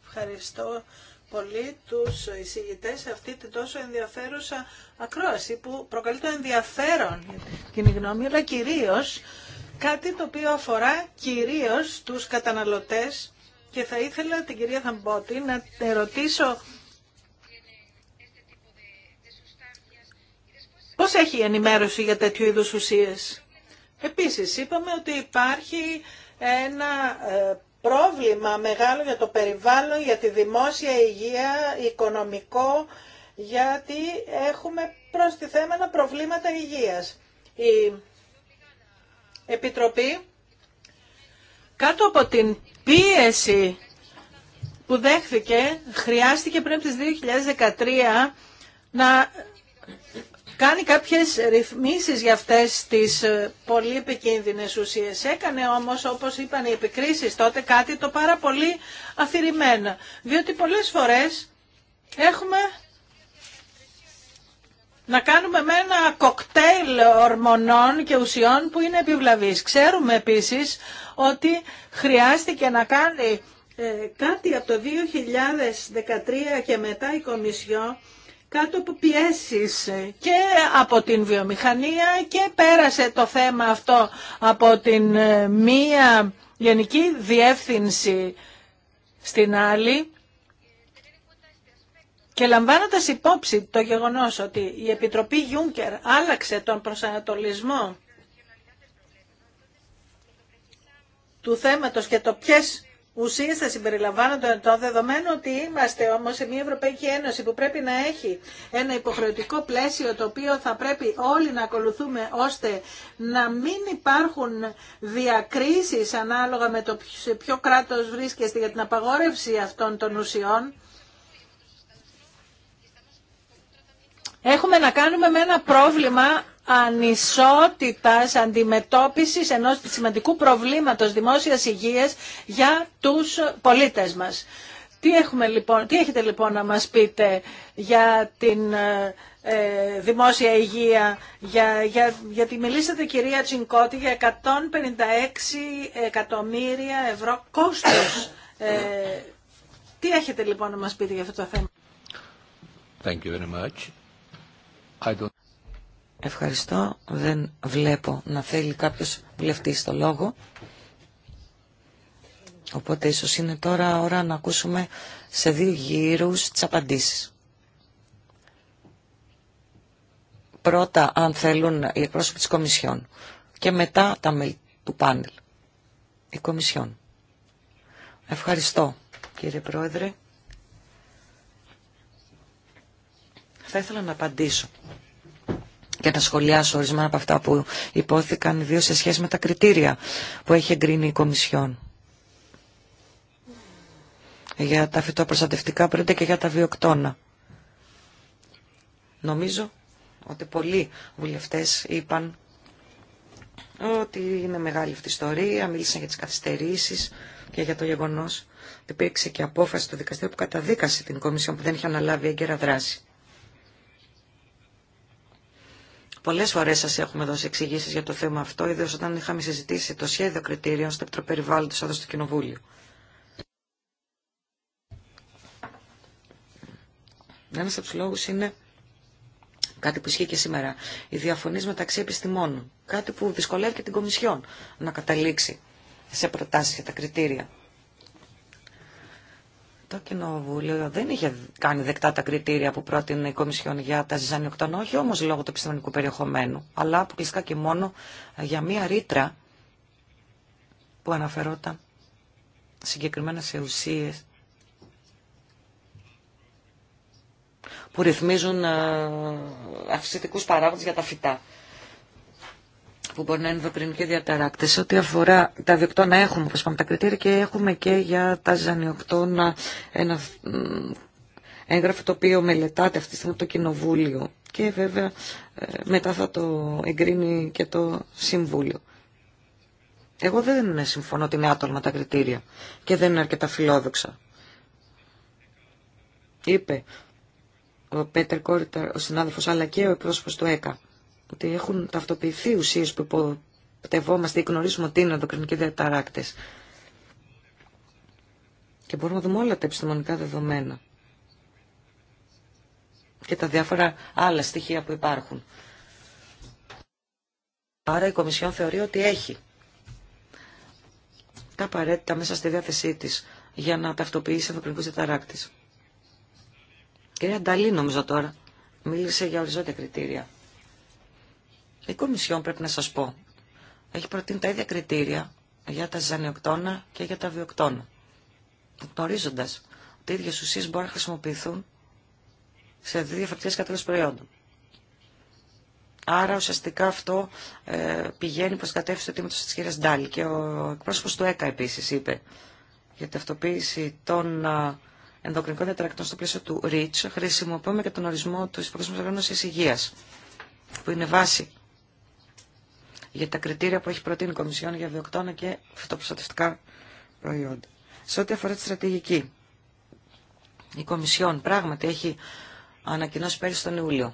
Ευχαριστώ πολύ τους εισηγητές σε αυτή την τόσο ενδιαφέρουσα ακρόαση που προκαλεί το ενδιαφέρον την κοινή γνώμη, αλλά κυρίως κάτι το οποίο αφορά κυρίως τους καταναλωτές και θα ήθελα την κυρία Θαμπότη να ερωτήσω πώς έχει η ενημέρωση για τέτοιου είδους ουσίες. Επίσης είπαμε ότι υπάρχει ένα ε, πρόβλημα μεγάλο για το περιβάλλον, για τη δημόσια υγεία, οικονομικό, γιατί έχουμε προστιθέμενα προβλήματα υγείας. Η Επιτροπή κάτω από την πίεση που δέχθηκε, χρειάστηκε πριν από τις 2013 να κάνει κάποιες ρυθμίσεις για αυτές τις ε, πολύ επικίνδυνες ουσίες. Έκανε όμως, όπως είπαν οι επικρίσεις τότε, κάτι το πάρα πολύ αφηρημένο. Διότι πολλές φορές έχουμε να κάνουμε με ένα κοκτέιλ ορμονών και ουσιών που είναι επιβλαβείς. Ξέρουμε επίσης ότι χρειάστηκε να κάνει ε, κάτι από το 2013 και μετά η Κομισιό κάτω από πιέσεις και από την βιομηχανία και πέρασε το θέμα αυτό από την ε, μία γενική διεύθυνση στην άλλη και λαμβάνοντας υπόψη το γεγονός ότι η Επιτροπή Γιούνκερ άλλαξε τον προσανατολισμό του θέματος και το ποιες ουσίες θα συμπεριλαμβάνονται το δεδομένο ότι είμαστε όμως σε μια Ευρωπαϊκή Ένωση που πρέπει να έχει ένα υποχρεωτικό πλαίσιο το οποίο θα πρέπει όλοι να ακολουθούμε ώστε να μην υπάρχουν διακρίσεις ανάλογα με το ποιο κράτος βρίσκεστε για την απαγόρευση αυτών των ουσιών. Έχουμε να κάνουμε με ένα πρόβλημα ανισότητας αντιμετώπισης ενός σημαντικού προβλήματος δημόσιας υγείας για τους πολίτες μας. Τι, έχουμε, λοιπόν, τι έχετε λοιπόν να μας πείτε για την ε, δημόσια υγεία, για, για, γιατί μιλήσατε κυρία Τσινκώτη για 156 εκατομμύρια ευρώ κόστος. Ε, τι έχετε λοιπόν να μας πείτε για αυτό το θέμα. Ευχαριστώ. Δεν βλέπω να θέλει κάποιος βουλευτής το λόγο. Οπότε ίσως είναι τώρα ώρα να ακούσουμε σε δύο γύρους τις απαντήσεις. Πρώτα αν θέλουν οι εκπρόσωποι της Κομισιόν και μετά τα μέλη του πάνελ. Η Κομισιόν. Ευχαριστώ κύριε Πρόεδρε. Θα ήθελα να απαντήσω και να σχολιάσω ορισμένα από αυτά που υπόθηκαν, ιδίω σε σχέση με τα κριτήρια που έχει εγκρίνει η Κομισιόν. Για τα φυτοπροστατευτικά πρέπει και για τα βιοκτώνα. Νομίζω ότι πολλοί βουλευτές είπαν ότι είναι μεγάλη αυτή η ιστορία, μίλησαν για τις καθυστερήσεις και για το γεγονός ότι υπήρξε και απόφαση του δικαστήριου που καταδίκασε την Κομισιόν που δεν είχε αναλάβει έγκαιρα δράση. Πολλές φορές σας έχουμε δώσει εξηγήσεις για το θέμα αυτό, ιδίως όταν είχαμε συζητήσει το σχέδιο κριτήριων στο Επιτροπεριβάλλοντος εδώ στο Κοινοβούλιο. Ένα από του λόγου είναι κάτι που ισχύει και σήμερα, οι διαφωνίε μεταξύ επιστημόνων, κάτι που δυσκολεύει και την Κομισιόν να καταλήξει σε προτάσει για τα κριτήρια. Το Κοινοβούλιο δεν είχε κάνει δεκτά τα κριτήρια που πρότεινε η Κομισιόν για τα ζυζανιοκτώνα, όχι όμως λόγω του επιστημονικού περιεχομένου, αλλά αποκλειστικά και μόνο για μία ρήτρα που αναφερόταν συγκεκριμένα σε ουσίες που ρυθμίζουν ε, αυξητικούς παράγοντες για τα φυτά που μπορεί να είναι και διαταράκτες. Ό,τι αφορά τα βιοκτώνα έχουμε, όπως πάμε τα κριτήρια και έχουμε και για τα ζανιοκτώνα ένα έγγραφο το οποίο μελετάται αυτή τη στιγμή το Κοινοβούλιο και βέβαια ε, μετά θα το εγκρίνει και το Συμβούλιο. Εγώ δεν συμφωνώ ότι είναι άτομα τα κριτήρια και δεν είναι αρκετά φιλόδοξα. Είπε ο Πέτερ Κόρτερ, ο συνάδελφος, αλλά και ο εκπρόσωπος του ΕΚΑ ότι έχουν ταυτοποιηθεί ουσίες που υποπτευόμαστε ή γνωρίζουμε ότι είναι ενδοκρινικοί διαταράκτες. Και μπορούμε να δούμε όλα τα επιστημονικά δεδομένα και τα διάφορα άλλα στοιχεία που υπάρχουν. Άρα η Κομισιόν θεωρεί ότι έχει τα απαραίτητα μέσα στη διάθεσή της για να ταυτοποιήσει ενδοκρινικούς διαταράκτες. Κυρία Νταλή, νομίζω τώρα, μίλησε για οριζόντια κριτήρια. Η Κομισιόν πρέπει να σας πω, έχει προτείνει τα ίδια κριτήρια για τα ζανιοκτώνα και για τα βιοκτώνα. Γνωρίζοντα ότι οι ίδιε ουσίε μπορούν να χρησιμοποιηθούν σε δύο διαφορετικέ κατηγορίε προϊόντων. Άρα ουσιαστικά αυτό ε, πηγαίνει προ κατεύθυνση του αιτήματο τη κυρία Ντάλη. Και ο εκπρόσωπο του ΕΚΑ επίση είπε για ταυτοποίηση των ε, ενδοκρινικών διατρακτών στο πλαίσιο του ΡΙΤΣ χρησιμοποιούμε και τον ορισμό τη Παγκόσμια Υγεία, που είναι βάση για τα κριτήρια που έχει προτείνει η Κομισιόν για βιοκτώνα και φυτοπροστατευτικά προϊόντα. Σε ό,τι αφορά τη στρατηγική, η Κομισιόν πράγματι έχει ανακοινώσει πέρυσι τον Ιούλιο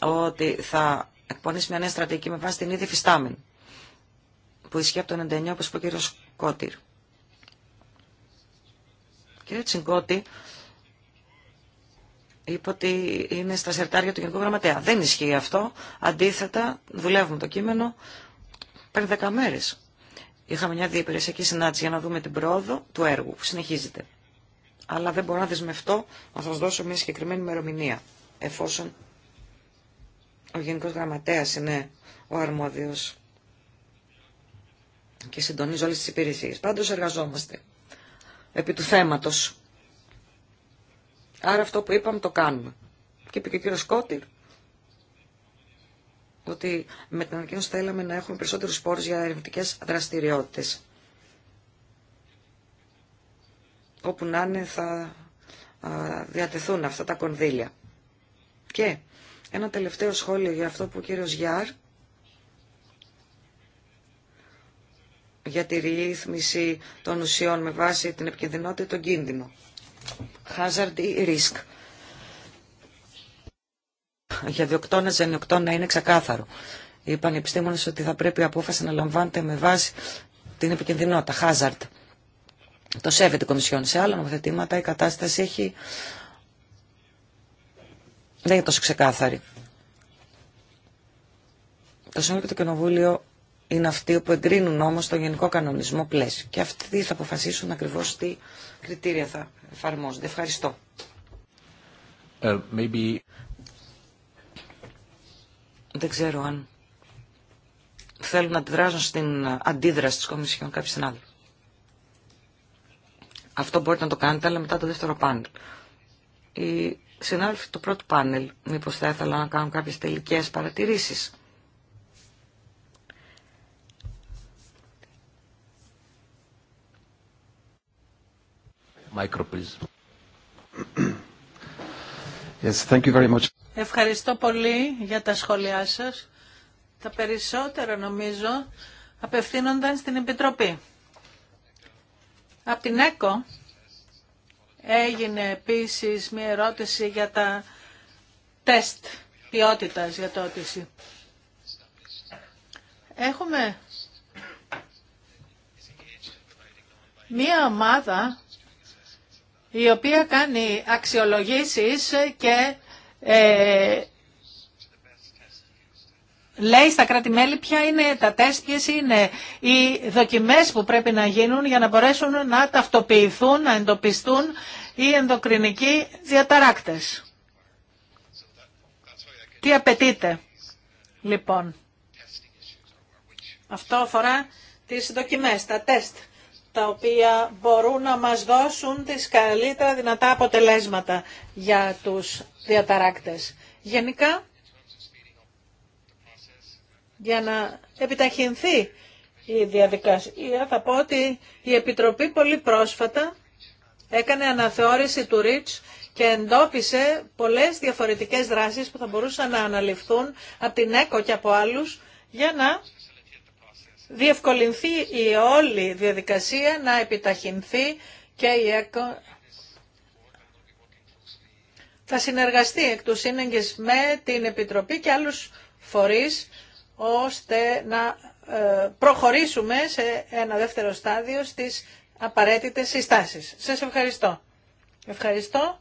ότι θα εκπονήσει μια νέα στρατηγική με βάση την ίδια φυστάμενη που ισχύει από το 99, όπως είπε ο κ. Κότηρ. Κύριε Τσιγκώτη, είπε ότι είναι στα σερτάρια του Γενικού Γραμματέα. Δεν ισχύει αυτό. Αντίθετα, δουλεύουμε το κείμενο πριν 10 μέρε. Είχαμε μια διεπηρεσιακή συνάντηση για να δούμε την πρόοδο του έργου που συνεχίζεται. Αλλά δεν μπορώ να δεσμευτώ να σα δώσω μια συγκεκριμένη ημερομηνία, εφόσον ο Γενικό Γραμματέα είναι ο αρμόδιο. και συντονίζει όλε τι υπηρεσίε. Πάντω εργαζόμαστε επί του θέματο. Άρα αυτό που είπαμε το κάνουμε. Και είπε και ο κύριο Σκότηρ ότι με την ανακοίνωση θέλαμε να έχουμε περισσότερους πόρου για ερευνητικέ δραστηριότητε. Όπου να είναι θα διατεθούν αυτά τα κονδύλια. Και ένα τελευταίο σχόλιο για αυτό που ο κύριος Γιάρ για τη ρύθμιση των ουσιών με βάση την επικενδυνότητα και τον Hazard ή risk για διοκτώνα, ζενιοκτώνα είναι ξεκάθαρο. Οι επιστήμονε ότι θα πρέπει η απόφαση να λαμβάνεται με βάση την επικινδυνότητα, hazard. Το σέβεται η Κομισιόν. Σε άλλα νομοθετήματα η κατάσταση έχει... δεν είναι τόσο ξεκάθαρη. Το Σύνολο και το Κοινοβούλιο είναι αυτοί που εγκρίνουν όμω το γενικό κανονισμό πλαίσιο. Και αυτοί θα αποφασίσουν ακριβώ τι κριτήρια θα εφαρμόζονται. Ευχαριστώ. Ε, maybe... Δεν ξέρω αν θέλουν να αντιδράσουν στην αντίδραση της Κομισιόν κάποιοι συνάδελφοι. Αυτό μπορείτε να το κάνετε, αλλά μετά το δεύτερο πάνελ. Οι συνάδελφοι του πρώτου πάνελ, μήπως θα ήθελα να κάνουν κάποιες τελικές παρατηρήσεις. Ευχαριστώ πολύ για τα σχόλιά σας. Τα περισσότερα νομίζω απευθύνονταν στην Επιτροπή. Από την ΕΚΟ έγινε επίσης μια ερώτηση για τα τεστ ποιότητας για το ότιση. Έχουμε μια ομάδα η οποία κάνει αξιολογήσεις και ε, λέει στα κράτη-μέλη ποια είναι τα τεστ, ποιες είναι οι δοκιμές που πρέπει να γίνουν για να μπορέσουν να ταυτοποιηθούν, να εντοπιστούν οι ενδοκρινικοί διαταράκτες. Τι απαιτείται, λοιπόν. Αυτό αφορά τις δοκιμές, τα τεστ τα οποία μπορούν να μας δώσουν τις καλύτερα δυνατά αποτελέσματα για τους διαταράκτες. Γενικά, για να επιταχυνθεί η διαδικασία, θα πω ότι η Επιτροπή πολύ πρόσφατα έκανε αναθεώρηση του ΡΙΤΣ και εντόπισε πολλές διαφορετικές δράσεις που θα μπορούσαν να αναλυφθούν από την ΕΚΟ και από άλλους για να διευκολυνθεί η όλη διαδικασία, να επιταχυνθεί και η ΕΚΟ θα συνεργαστεί εκ του σύνεγγες με την Επιτροπή και άλλους φορείς ώστε να ε, προχωρήσουμε σε ένα δεύτερο στάδιο στις απαραίτητες συστάσεις. Σας ευχαριστώ. Ευχαριστώ.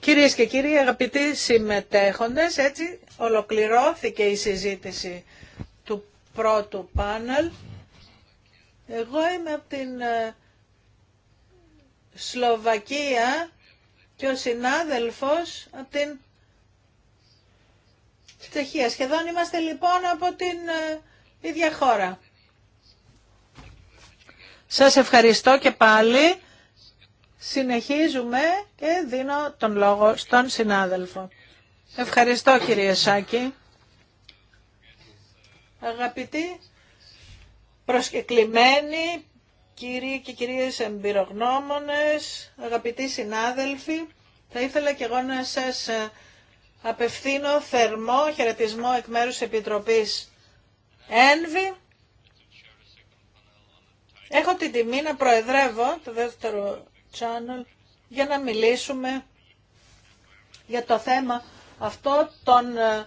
Κυρίες και κύριοι, αγαπητοί συμμετέχοντες, έτσι ολοκληρώθηκε η συζήτηση Πρώτο πάνελ. Εγώ είμαι από την ε, Σλοβακία και ο συνάδελφος από την Τσεχία. Σχεδόν είμαστε λοιπόν από την ε, ίδια χώρα. Σας ευχαριστώ και πάλι. Συνεχίζουμε και δίνω τον λόγο στον συνάδελφο. Ευχαριστώ κύριε Σάκη αγαπητοί προσκεκλημένοι, κύριοι και κυρίες εμπειρογνώμονες, αγαπητοί συνάδελφοι, θα ήθελα και εγώ να σας απευθύνω θερμό χαιρετισμό εκ μέρους Επιτροπής Ένβη. Έχω την τιμή να προεδρεύω το δεύτερο channel για να μιλήσουμε για το θέμα αυτό των ε,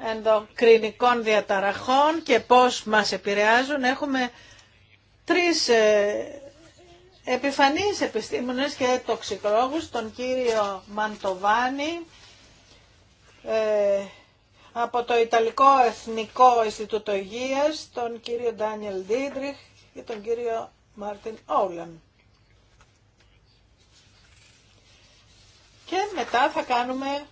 ενδοκρινικών διαταραχών και πώς μας επηρεάζουν. Έχουμε τρεις ε, επιφανείς επιστήμονες και τοξικολόγους, τον κύριο Μαντοβάνη ε, από το Ιταλικό Εθνικό Ινστιτούτο Υγείας, τον κύριο Ντάνιελ Δίτριχ και τον κύριο Μάρτιν Όλαν. Και μετά θα κάνουμε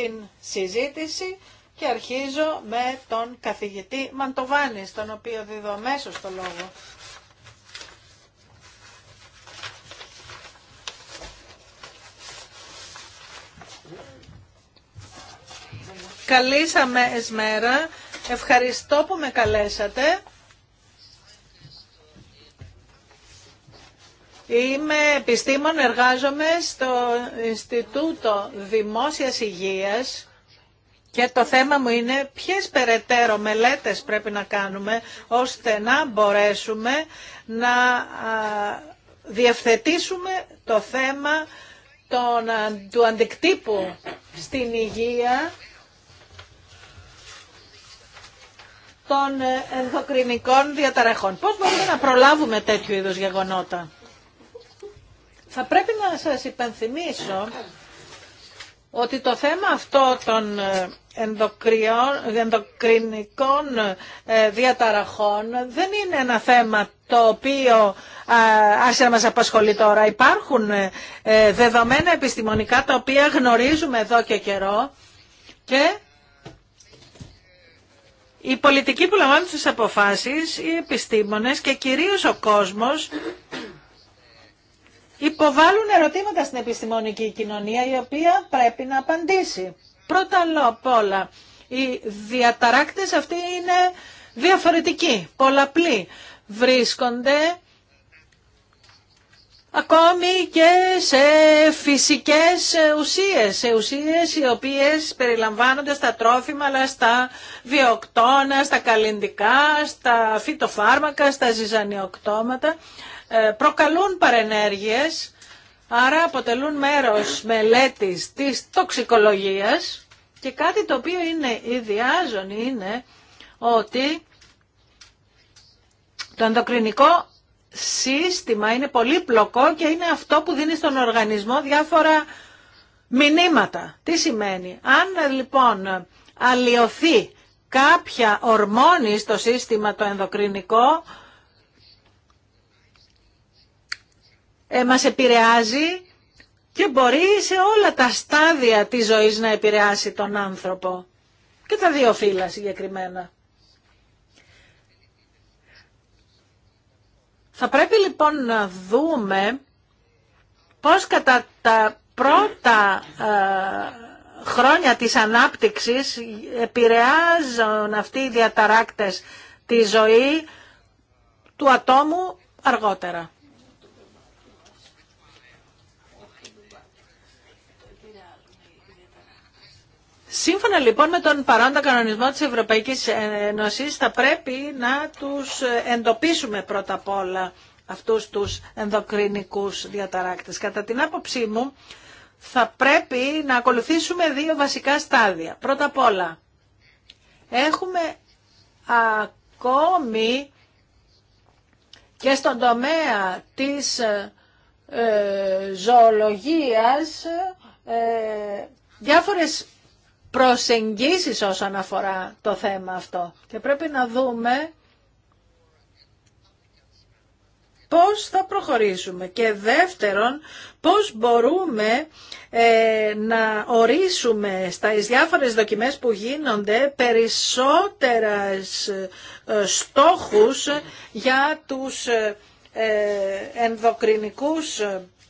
την συζήτηση και αρχίζω με τον καθηγητή Μαντοβάνη, τον οποίο δίδω αμέσω το λόγο. Καλήσαμε εσμέρα. Ευχαριστώ που με καλέσατε. Είμαι επιστήμων, εργάζομαι στο Ινστιτούτο Δημόσιας Υγείας και το θέμα μου είναι ποιες περαιτέρω μελέτες πρέπει να κάνουμε ώστε να μπορέσουμε να διευθετήσουμε το θέμα τον, του αντικτύπου στην υγεία των ε, ενδοκρινικών διαταραχών. Πώς μπορούμε να προλάβουμε τέτοιου είδους γεγονότα. Θα πρέπει να σας υπενθυμίσω ότι το θέμα αυτό των ε, ενδοκρινικών ε, διαταραχών δεν είναι ένα θέμα το οποίο άρχισε να μας απασχολεί τώρα. Υπάρχουν ε, δεδομένα επιστημονικά τα οποία γνωρίζουμε εδώ και καιρό και η πολιτική που λαμβάνουν τις αποφάσεις, οι επιστήμονες και κυρίως ο κόσμος υποβάλλουν ερωτήματα στην επιστημονική κοινωνία η οποία πρέπει να απαντήσει. Πρώτα απ' όλα, οι διαταράκτες αυτοί είναι διαφορετικοί, πολλαπλοί. Βρίσκονται ακόμη και σε φυσικές ουσίες, σε ουσίες οι οποίες περιλαμβάνονται στα τρόφιμα, αλλά στα βιοκτώνα, στα καλλιντικά, στα φυτοφάρμακα, στα ζυζανιοκτώματα. Ε, προκαλούν παρενέργειες, άρα αποτελούν μέρος μελέτης της τοξικολογίας και κάτι το οποίο είναι ιδιάζον είναι ότι το ενδοκρινικό σύστημα είναι πολύπλοκο και είναι αυτό που δίνει στον οργανισμό διάφορα μηνύματα. Τι σημαίνει. Αν λοιπόν αλλοιωθεί κάποια ορμόνη στο σύστημα το ενδοκρινικό, Ε, μας επηρεάζει και μπορεί σε όλα τα στάδια της ζωής να επηρεάσει τον άνθρωπο. Και τα δύο φύλλα συγκεκριμένα. Θα πρέπει λοιπόν να δούμε πώς κατά τα πρώτα χρόνια της ανάπτυξης επηρεάζουν αυτοί οι διαταράκτες τη ζωή του ατόμου αργότερα. Σύμφωνα λοιπόν με τον παρόντα κανονισμό της Ευρωπαϊκής Ένωσης θα πρέπει να τους εντοπίσουμε πρώτα απ' όλα αυτούς τους ενδοκρινικούς διαταράκτες. Κατά την άποψή μου θα πρέπει να ακολουθήσουμε δύο βασικά στάδια. Πρώτα απ' όλα έχουμε ακόμη και στον τομέα της ε, ε, ζωολογίας ε, διάφορες προσεγγίσεις όσον αφορά το θέμα αυτό. Και πρέπει να δούμε πώς θα προχωρήσουμε και δεύτερον πώς μπορούμε ε, να ορίσουμε στα διάφορες δοκιμές που γίνονται περισσότερες ε, στόχους για τους ε, ε ενδοκρινικούς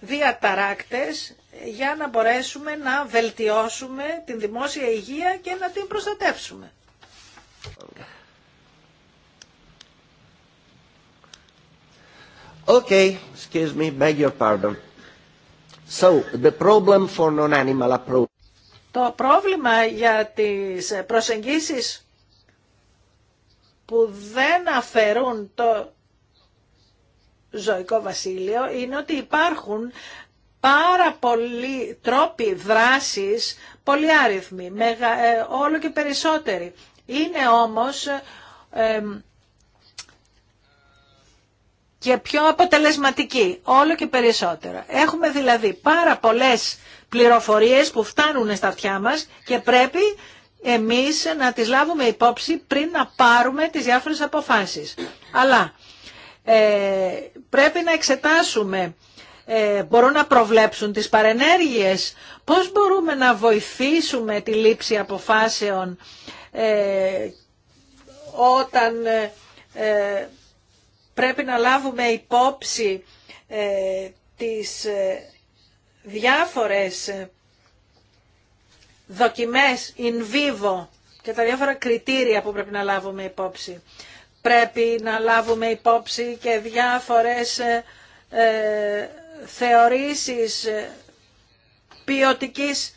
διαταράκτες για να μπορέσουμε να βελτιώσουμε την δημόσια υγεία και να την προστατεύσουμε. Okay, excuse me, beg your pardon. So, the problem for non-animal approach. Το πρόβλημα για τις προσεγγίσεις που δεν αφαιρούν το ζωικό βασίλειο είναι ότι υπάρχουν πάρα πολλοί τρόποι δράσης, πολυάριθμοι, ε, όλο και περισσότεροι. Είναι όμως και πιο αποτελεσματικοί, όλο και περισσότερα. Έχουμε δηλαδή πάρα πολλές πληροφορίες που φτάνουν στα αυτιά μας και πρέπει εμείς να τις λάβουμε υπόψη πριν να πάρουμε τις διάφορες αποφάσεις. Αλλά ε, πρέπει να εξετάσουμε ε, μπορούν να προβλέψουν τις παρενέργειες. Πώς μπορούμε να βοηθήσουμε τη λήψη αποφάσεων ε, όταν ε, πρέπει να λάβουμε υπόψη τις διάφορες δοκιμές in vivo και τα διάφορα κριτήρια που πρέπει να λάβουμε υπόψη. Πρέπει να λάβουμε υπόψη και διάφορες ε, θεωρήσεις ε, ποιοτικής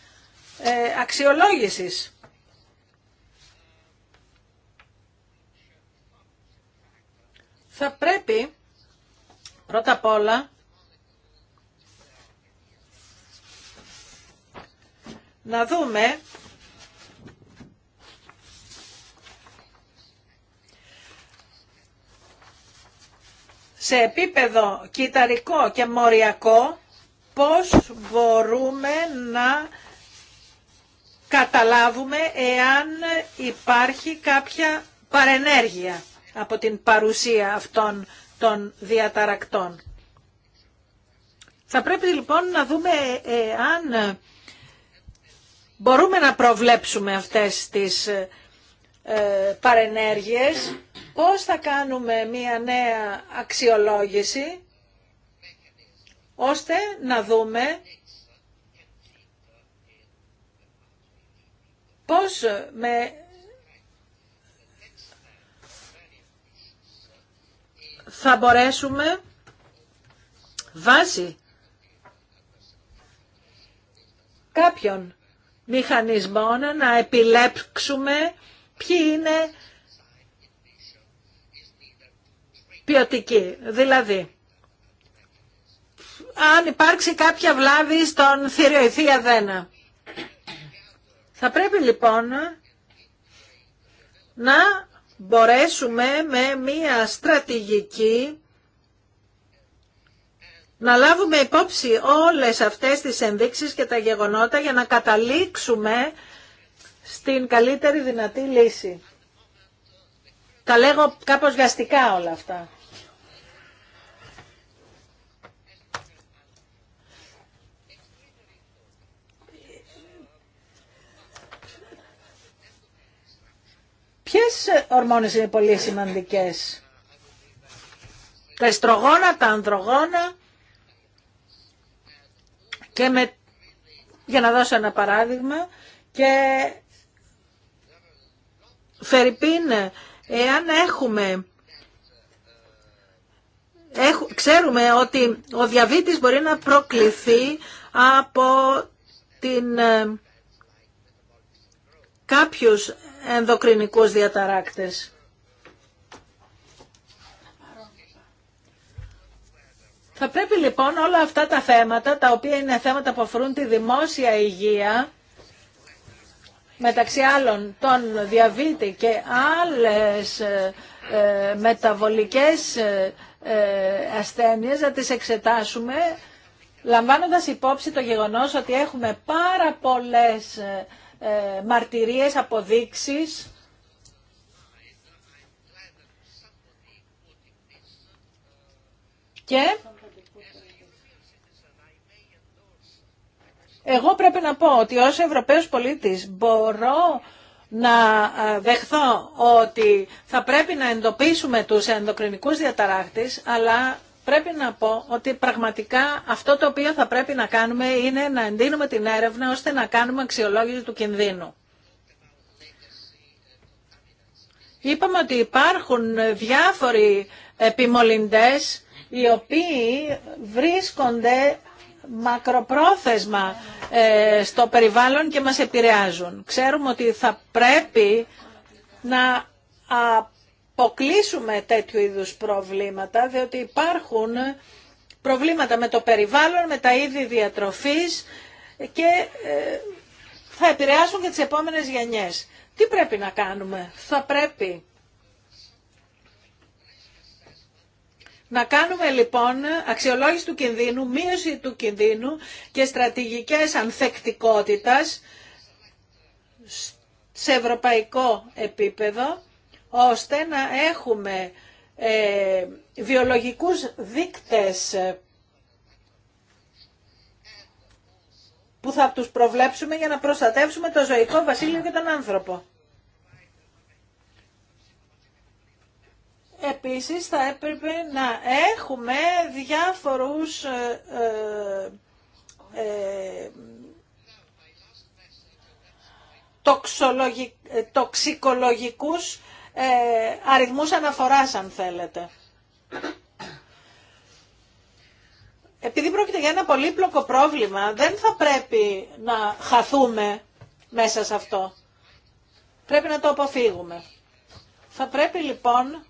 ε, αξιολόγησης. Θα πρέπει πρώτα απ' όλα να δούμε σε επίπεδο κυταρικό και μοριακό πώς μπορούμε να καταλάβουμε εάν υπάρχει κάποια παρενέργεια από την παρουσία αυτών των διαταρακτών. Θα πρέπει λοιπόν να δούμε εάν μπορούμε να προβλέψουμε αυτές τις ε, παρενέργειες, πώς θα κάνουμε μία νέα αξιολόγηση, ώστε να δούμε πώς με θα μπορέσουμε βάσει κάποιων μηχανισμών να επιλέξουμε ποιοι είναι ποιοτικοί. Δηλαδή, αν υπάρξει κάποια βλάβη στον θηριοειθή αδένα. Θα πρέπει λοιπόν να μπορέσουμε με μία στρατηγική να λάβουμε υπόψη όλες αυτές τις ενδείξεις και τα γεγονότα για να καταλήξουμε στην καλύτερη δυνατή λύση. Τα λέγω κάπως βιαστικά όλα αυτά. Ποιες ορμόνες είναι πολύ σημαντικές. Τα εστρογόνα, τα ανδρογόνα και με, για να δώσω ένα παράδειγμα, και Φερρυπίν, εάν έχουμε ξέρουμε ότι ο διαβήτης μπορεί να προκληθεί από την, ε, κάποιους ενδοκρινικούς διαταράκτες. Θα πρέπει λοιπόν όλα αυτά τα θέματα, τα οποία είναι θέματα που αφορούν τη δημόσια υγεία, μεταξύ άλλων τον διαβήτη και άλλες ε, ε, μεταβολικές ε, ασθένειες να τις εξετάσουμε λαμβάνοντας υπόψη το γεγονός ότι έχουμε πάρα πολλές μαρτυρίες, αποδείξεις και Εγώ πρέπει να πω ότι ως Ευρωπαίος πολίτης μπορώ να ε, δεχθώ ότι θα πρέπει να εντοπίσουμε τους ενδοκρινικούς διαταράκτης, αλλά πρέπει να πω ότι πραγματικά αυτό το οποίο θα πρέπει να κάνουμε είναι να εντείνουμε την έρευνα ώστε να κάνουμε αξιολόγηση του κινδύνου. Είπαμε ότι υπάρχουν διάφοροι επιμολυντές οι οποίοι βρίσκονται μακροπρόθεσμα ε, στο περιβάλλον και μας επηρεάζουν. Ξέρουμε ότι θα πρέπει να αποκλείσουμε τέτοιου είδους προβλήματα, διότι υπάρχουν προβλήματα με το περιβάλλον, με τα είδη διατροφής και ε, θα επηρεάσουν και τις επόμενες γενιές. Τι πρέπει να κάνουμε. Θα πρέπει Να κάνουμε λοιπόν αξιολόγηση του κινδύνου, μείωση του κινδύνου και στρατηγικές ανθεκτικότητας σε ευρωπαϊκό επίπεδο, ώστε να έχουμε ε, βιολογικούς δείκτες που θα τους προβλέψουμε για να προστατεύσουμε το ζωικό βασίλειο και τον άνθρωπο. Επίσης θα έπρεπε να έχουμε διάφορους ε, ε, ε, ε, τοξικολογικούς ε, αριθμούς αναφοράς αν θέλετε. Επειδή πρόκειται για ένα πολύπλοκο πρόβλημα, δεν θα πρέπει να χαθούμε μέσα σε αυτό. Πρέπει να το αποφύγουμε. Θα πρέπει λοιπόν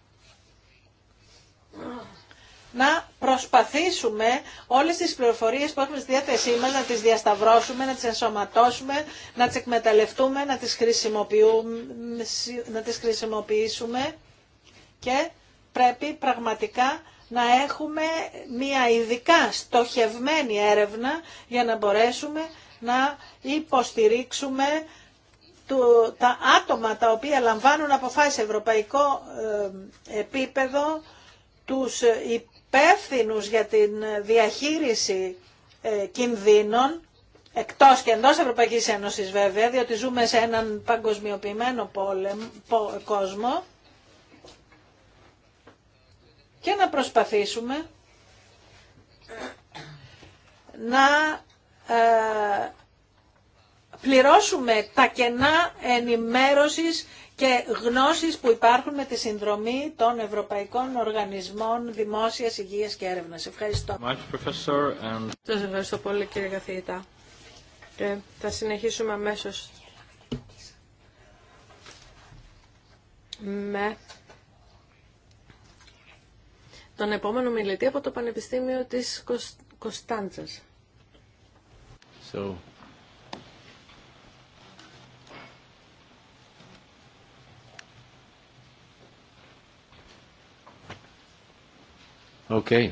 να προσπαθήσουμε όλες τις πληροφορίες που έχουμε στη διάθεσή μας να τις διασταυρώσουμε, να τις ενσωματώσουμε, να τις εκμεταλλευτούμε, να τις, να τις χρησιμοποιήσουμε και πρέπει πραγματικά να έχουμε μια ειδικά στοχευμένη έρευνα για να μπορέσουμε να υποστηρίξουμε τα άτομα τα οποία λαμβάνουν αποφάσεις σε ευρωπαϊκό ε, επίπεδο, τους υπεύθυνους για την διαχείριση ε, κινδύνων, εκτός και εντός Ευρωπαϊκής Ένωσης βέβαια, διότι ζούμε σε έναν παγκοσμιοποιημένο κόσμο, και να προσπαθήσουμε να ε, πληρώσουμε τα κενά ενημέρωσης και γνώσεις που υπάρχουν με τη συνδρομή των Ευρωπαϊκών Οργανισμών Δημόσιας Υγείας και Έρευνας. Ευχαριστώ. Σας ευχαριστώ πολύ κύριε καθηγητά. Και θα συνεχίσουμε αμέσω με τον επόμενο μιλητή από το Πανεπιστήμιο της Κωνσταντζας. So, Okay.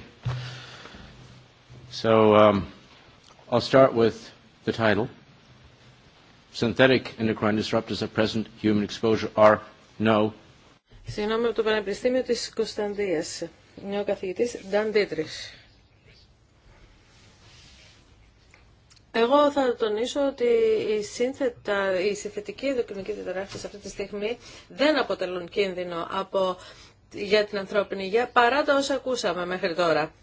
So um, I'll start with the title. Synthetic endocrine disruptors at present human exposure are no. Συγγνώμη από το Πανεπιστήμιο της Κωνσταντίας. Είναι ο καθηγητής Νταν Τίτρης. Εγώ θα τονίσω ότι η, σύνθετα, η συνθετική ενδοκρινική διδράκτη αυτή τη στιγμή δεν αποτελούν κίνδυνο από για την ανθρώπινη υγεία παρά τα όσα ακούσαμε μέχρι τώρα.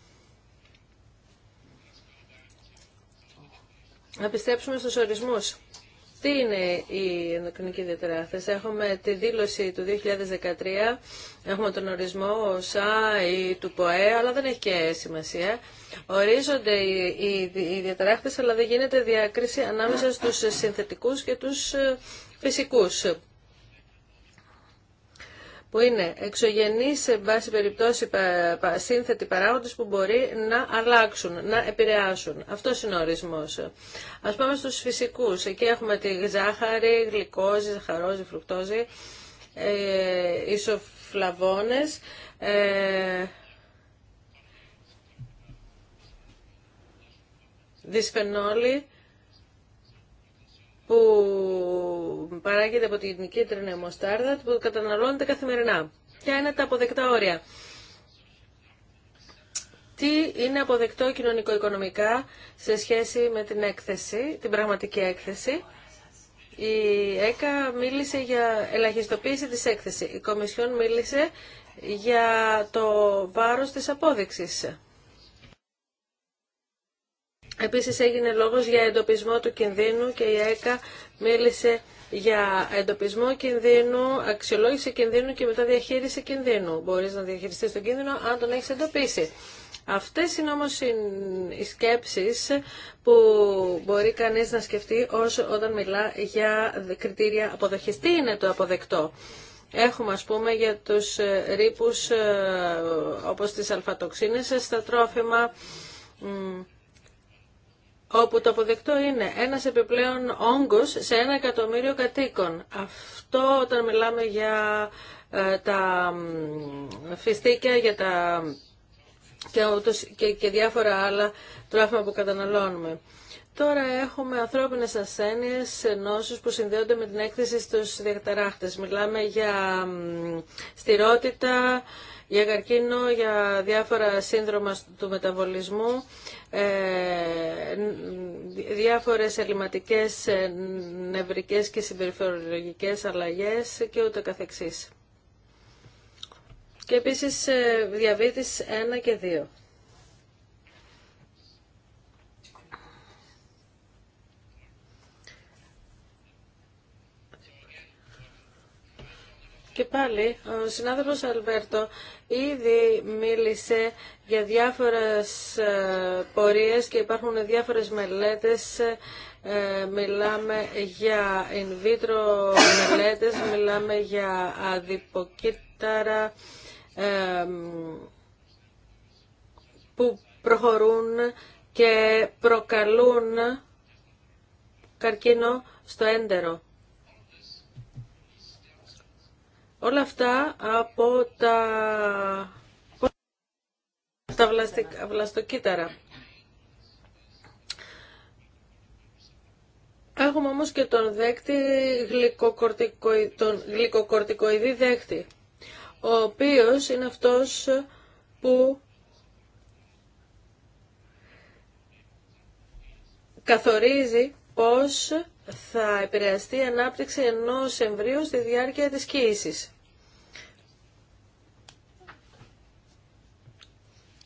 Να πιστέψουμε στους ορισμούς. Τι είναι η ενδοκρινική διατεράθεση. Έχουμε τη δήλωση του 2013, έχουμε τον ορισμό ΩΣΑ ή του ΠΟΕ, αλλά δεν έχει και σημασία. Ορίζονται οι, οι, αλλά δεν γίνεται διάκριση ανάμεσα στους συνθετικούς και τους ε, φυσικούς που είναι εξωγενεί σε βάση περιπτώσει σύνθετοι παράγοντες που μπορεί να αλλάξουν, να επηρεάσουν. Αυτό είναι ο ορισμό. Ας πάμε στους φυσικούς. Εκεί έχουμε τη ζάχαρη, γλυκόζη, ζαχαρόζη, φρουκτόζη, ε, ισοφλαβόνες, ε, που παράγεται από την κίτρινη μοστάρδα που καταναλώνεται καθημερινά. Ποια είναι τα αποδεκτά όρια. Τι είναι αποδεκτό κοινωνικο-οικονομικά σε σχέση με την έκθεση, την πραγματική έκθεση. Η ΕΚΑ μίλησε για ελαχιστοποίηση της έκθεση. Η Κομισιόν μίλησε για το βάρος της απόδειξης. Επίσης έγινε λόγος για εντοπισμό του κινδύνου και η ΕΚΑ μίλησε για εντοπισμό κινδύνου, αξιολόγηση κινδύνου και μετά διαχείριση κινδύνου. Μπορείς να διαχειριστείς τον κίνδυνο αν τον έχεις εντοπίσει. Αυτές είναι όμως οι σκέψεις που μπορεί κανείς να σκεφτεί όσο όταν μιλά για κριτήρια αποδοχής. Τι είναι το αποδεκτό. Έχουμε ας πούμε για τους ε, ρήπους ε, όπως τις αλφατοξίνες ε, στα τρόφιμα, όπου το αποδεκτό είναι ένας επιπλέον όγκος σε ένα εκατομμύριο κατοίκων. Αυτό όταν μιλάμε για ε, τα φιστίκια, για τα και, διάφορα άλλα τρόφιμα που καταναλώνουμε. Τώρα έχουμε ανθρώπινες ασθένειες, νόσους που συνδέονται με την έκθεση στους διαταράχτες. Μιλάμε για στηρότητα, για καρκίνο, για διάφορα σύνδρομα του μεταβολισμού, ε, διάφορες ελληματικές ε, νευρικές και συμπεριφορολογικές αλλαγές και ούτε καθεξής. Και επίσης ε, διαβήτης 1 και 2. Και πάλι ο συνάδελφος Αλβέρτο ήδη μίλησε για διάφορες ε, πορείες και υπάρχουν διάφορες μελέτες ε, μιλάμε για in vitro μελέτες, μιλάμε για αδιποκύτταρα ε, που προχωρούν και προκαλούν καρκίνο στο έντερο. Όλα αυτά από τα, τα βλαστοκύτταρα. Έχουμε όμως και τον δέκτη τον γλυκοκορτικοειδή δέκτη, ο οποίος είναι αυτός που καθορίζει πώς θα επηρεαστεί η ανάπτυξη ενός εμβρίου στη διάρκεια της κοίησης.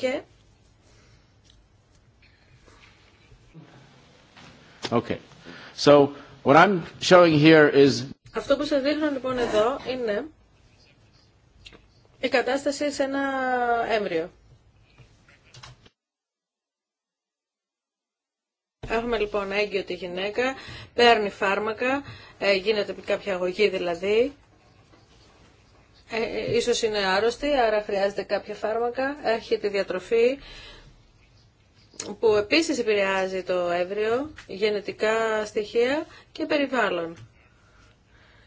Okay. Αυτό που σας δείχνω λοιπόν εδώ είναι η κατάσταση σε ένα έμβριο. Έχουμε λοιπόν έγκυο τη γυναίκα, παίρνει φάρμακα, ε, γίνεται κάποια αγωγή δηλαδή, ε, ε, ίσως είναι άρρωστη, άρα χρειάζεται κάποια φάρμακα, Έρχεται τη διατροφή που επίσης επηρεάζει το έμβριο, γενετικά στοιχεία και περιβάλλον.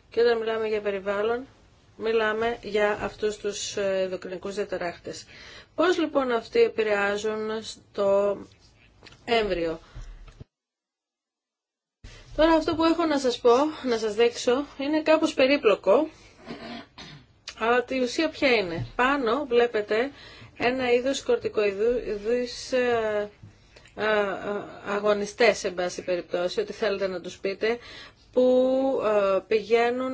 Και όταν μιλάμε για περιβάλλον, μιλάμε για αυτούς τους ε, ενδοκρινικούς διαταράχτες. Πώς λοιπόν αυτοί επηρεάζουν το έμβριο. Τώρα αυτό που έχω να σας πω, να σας δείξω, είναι κάπως περίπλοκο αλλά τη ουσία ποια είναι. Πάνω βλέπετε ένα είδος κορτικοειδούς ε, ε, ε, αγωνιστές, εν πάση περιπτώσει, ότι θέλετε να τους πείτε, που πηγαίνουν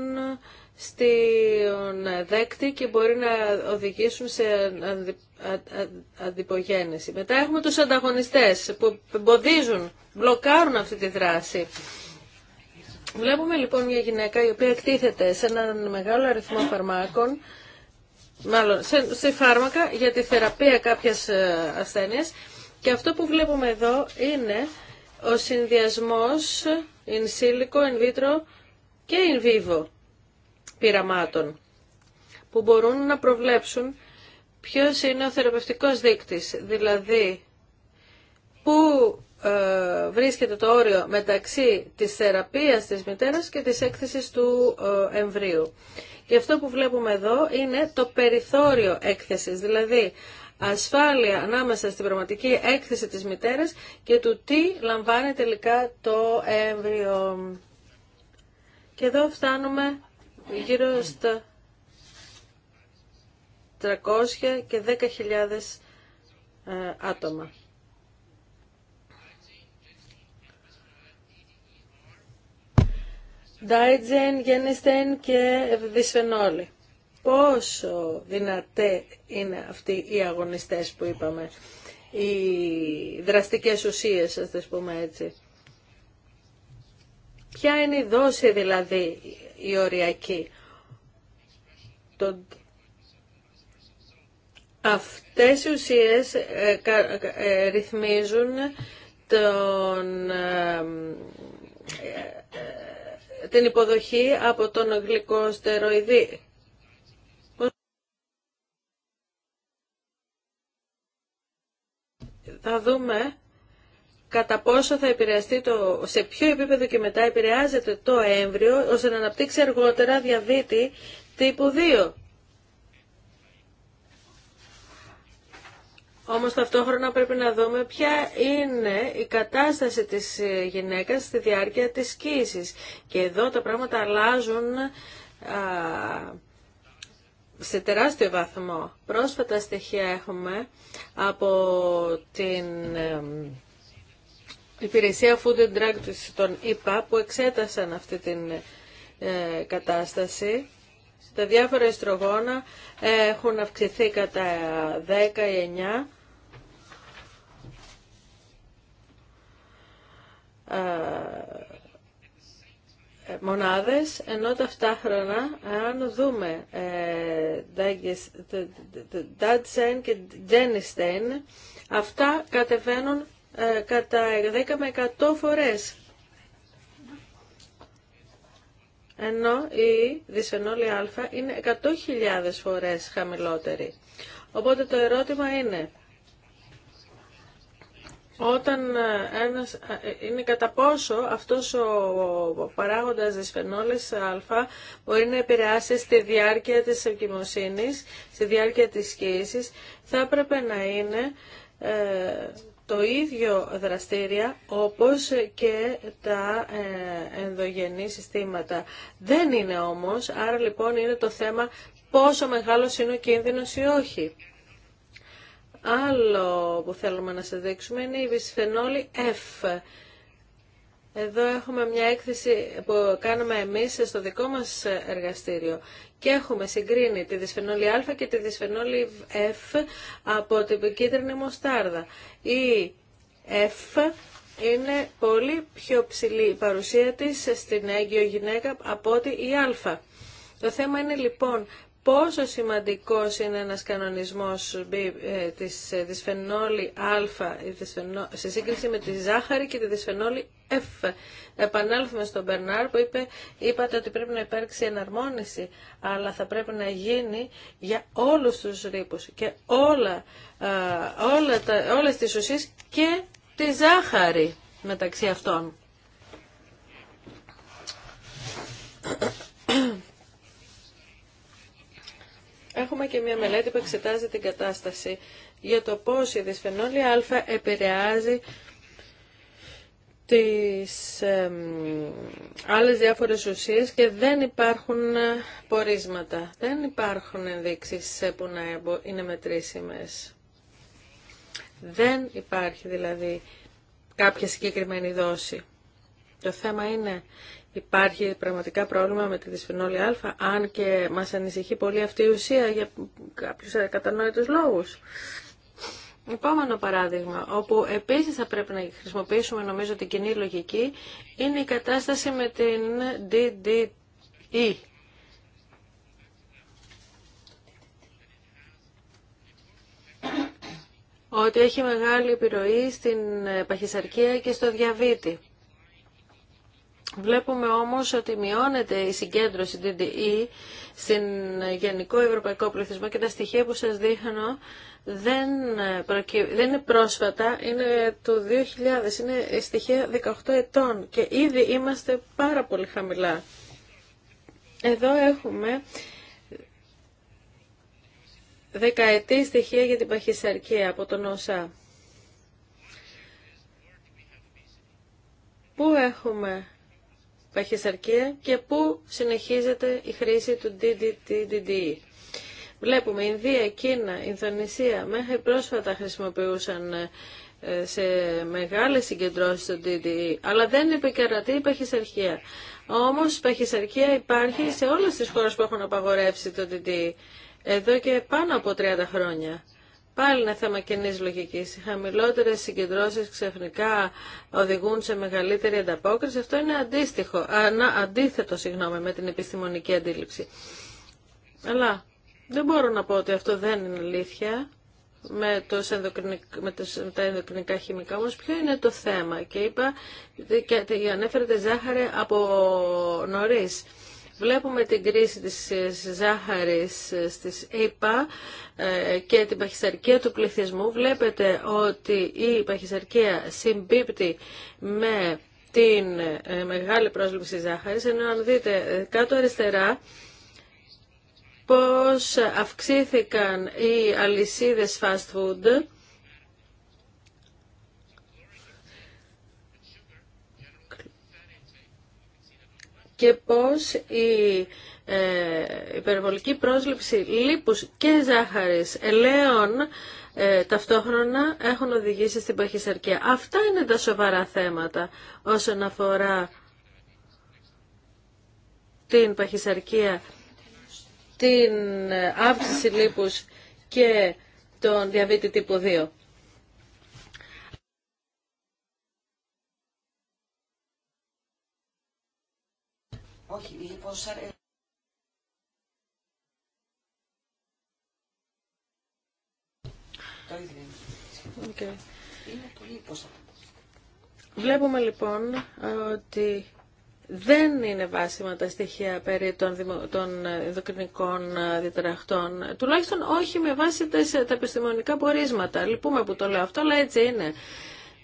στην δέκτη και μπορεί να οδηγήσουν σε αντιπογέννηση. Μετά έχουμε τους ανταγωνιστές που εμποδίζουν, μπλοκάρουν αυτή τη δράση. Βλέπουμε λοιπόν μια γυναίκα η οποία εκτίθεται σε έναν μεγάλο αριθμό φαρμάκων, μάλλον σε, φάρμακα για τη θεραπεία κάποιας ε, ασθένειας και αυτό που βλέπουμε εδώ είναι ο συνδυασμός in silico, in vitro και in vivo πειραμάτων που μπορούν να προβλέψουν ποιος είναι ο θεραπευτικός δείκτης, δηλαδή πού ε, βρίσκεται το όριο μεταξύ της θεραπείας της μητέρας και της έκθεσης του ε, εμβρίου. Και αυτό που βλέπουμε εδώ είναι το περιθώριο έκθεσης, δηλαδή ασφάλεια ανάμεσα στην πραγματική έκθεση της μητέρας και του τι λαμβάνει τελικά το έμβριο. Και εδώ φτάνουμε γύρω στα 300 και 10.000 ε, άτομα. ντάιτζεν, γενιστέν και Δυσφενόλη. Πόσο δυνατέ είναι αυτοί οι αγωνιστές που είπαμε, οι δραστικές ουσίες, ας τις πούμε έτσι. Ποια είναι η δόση δηλαδή η οριακή. Το... Αυτές οι ουσίες ε, ε, ρυθμίζουν τον, ε, την υποδοχή από τον στεροειδή. Θα δούμε κατά πόσο θα επηρεαστεί το, σε ποιο επίπεδο και μετά επηρεάζεται το έμβριο, ώστε να αναπτύξει αργότερα διαβήτη τύπου 2. Όμως ταυτόχρονα πρέπει να δούμε ποια είναι η κατάσταση της γυναίκας στη διάρκεια της σκήσης. Και εδώ τα πράγματα αλλάζουν α, σε τεράστιο βαθμό. Πρόσφατα στοιχεία έχουμε από την... υπηρεσία Food and Drug των ΙΠΑ που εξέτασαν αυτή την ε, κατάσταση. Τα διάφορα ιστρογόνα έχουν αυξηθεί κατά 10 9 Ε, μονάδες, ενώ ταυτάχρονα, αν δούμε Dadsen ε, και Τζένιστεν αυτά κατεβαίνουν ε, κατά 10 με 100 φορές. Ενώ η δυσφενόλη α είναι 100.000 φορές χαμηλότερη. Οπότε το ερώτημα είναι, όταν ε, ένας, ε, ε, είναι κατά πόσο αυτός ο παράγοντας δυσφενόλης α μπορεί να επηρεάσει στη διάρκεια της ευκαιμοσύνης, στη διάρκεια της σκήσης, θα έπρεπε να είναι το ίδιο δραστήρια όπως και τα ενδογενή συστήματα. Δεν είναι όμως, άρα λοιπόν είναι το θέμα πόσο μεγάλο είναι ο κίνδυνος ή όχι άλλο που θέλουμε να σε δείξουμε είναι η βυσφενόλη F. Εδώ έχουμε μια έκθεση που κάναμε εμείς στο δικό μας εργαστήριο και έχουμε συγκρίνει τη δυσφενόλη Α και τη δυσφενόλη F από την κίτρινη μοστάρδα. Η F είναι πολύ πιο ψηλή η παρουσία της στην έγκυο γυναίκα από ότι η Α. Το θέμα είναι λοιπόν πόσο σημαντικός είναι ένας κανονισμός ε, της δυσφενόλη ε, α σε σύγκριση με τη ζάχαρη και τη δυσφενόλη F. Επανέλθουμε στον Μπερνάρ που είπε, είπατε ότι πρέπει να υπάρξει εναρμόνιση, αλλά θα πρέπει να γίνει για όλους τους ρήπους και όλα, όλα τα, όλες τις ουσίες και τη ζάχαρη μεταξύ αυτών. Έχουμε και μια μελέτη που εξετάζει την κατάσταση για το πώς η δυσφενόλη α επηρεάζει τις ε, άλλες διάφορες ουσίες και δεν υπάρχουν ε, πορίσματα. Δεν υπάρχουν ενδείξεις που να είναι μετρήσιμες. Δεν υπάρχει δηλαδή κάποια συγκεκριμένη δόση. Το θέμα είναι υπάρχει πραγματικά πρόβλημα με τη δυσφυνόλη α, αν και μας ανησυχεί πολύ αυτή η ουσία για κάποιους κατανόητου λόγους. Επόμενο παράδειγμα, όπου επίσης θα πρέπει να χρησιμοποιήσουμε νομίζω την κοινή λογική, είναι η κατάσταση με την DDE. ότι έχει μεγάλη επιρροή στην παχυσαρκία και στο διαβήτη. Βλέπουμε όμως ότι μειώνεται η συγκέντρωση DDE στην γενικό ευρωπαϊκό πληθυσμό και τα στοιχεία που σας δείχνω δεν, δεν είναι πρόσφατα, είναι του 2000, είναι στοιχεία 18 ετών και ήδη είμαστε πάρα πολύ χαμηλά. Εδώ έχουμε δεκαετή στοιχεία για την παχυσαρκία από τον ΩΣΑ. Πού έχουμε παχυσαρκία και πού συνεχίζεται η χρήση του DDTDDE. Βλέπουμε Ινδία, Κίνα, Ινδονησία μέχρι πρόσφατα χρησιμοποιούσαν ε, σε μεγάλες συγκεντρώσεις το DDE, αλλά δεν επικρατεί η παχυσαρχία. Όμως παχυσαρχία υπάρχει σε όλες τις χώρες που έχουν απαγορεύσει το DDE, εδώ και πάνω από 30 χρόνια. Πάλι είναι θέμα κοινή λογική. Οι χαμηλότερε συγκεντρώσει ξαφνικά οδηγούν σε μεγαλύτερη ανταπόκριση. Αυτό είναι αντίστοιχο, αντίθετο συγγνώμη, με την επιστημονική αντίληψη. Αλλά δεν μπορώ να πω ότι αυτό δεν είναι αλήθεια με, με, με τα ενδοκρινικά χημικά Όμω, ποιο είναι το θέμα και είπα ανέφερε τη ζάχαρη από νωρί. Βλέπουμε την κρίση της ε, ζάχαρης ε, στις ΕΠΑ ε, και την παχυσαρκία του πληθυσμού. Βλέπετε ότι η παχυσαρκία συμπίπτει με την μεγάλη πρόσληψη ζάχαρης, ενώ αν δείτε κάτω αριστερά πώς αυξήθηκαν οι αλυσίδες fast food, και πώς η ε, υπερβολική πρόσληψη λίπους και ζάχαρης ελαίων ε, ταυτόχρονα έχουν οδηγήσει στην παχυσαρκία. Αυτά είναι τα σοβαρά θέματα όσον αφορά την παχυσαρκία, την ε, αύξηση λίπους και τον διαβήτη τύπου 2. Όχι, λοιπόν, Το okay. είναι. πολύ ποσά. Βλέπουμε λοιπόν ότι δεν είναι βάσιμα τα στοιχεία περί των, δημο... των ενδοκρινικών Τουλάχιστον όχι με βάση τα επιστημονικά πορίσματα. Λυπούμε που το λέω αυτό, αλλά έτσι είναι.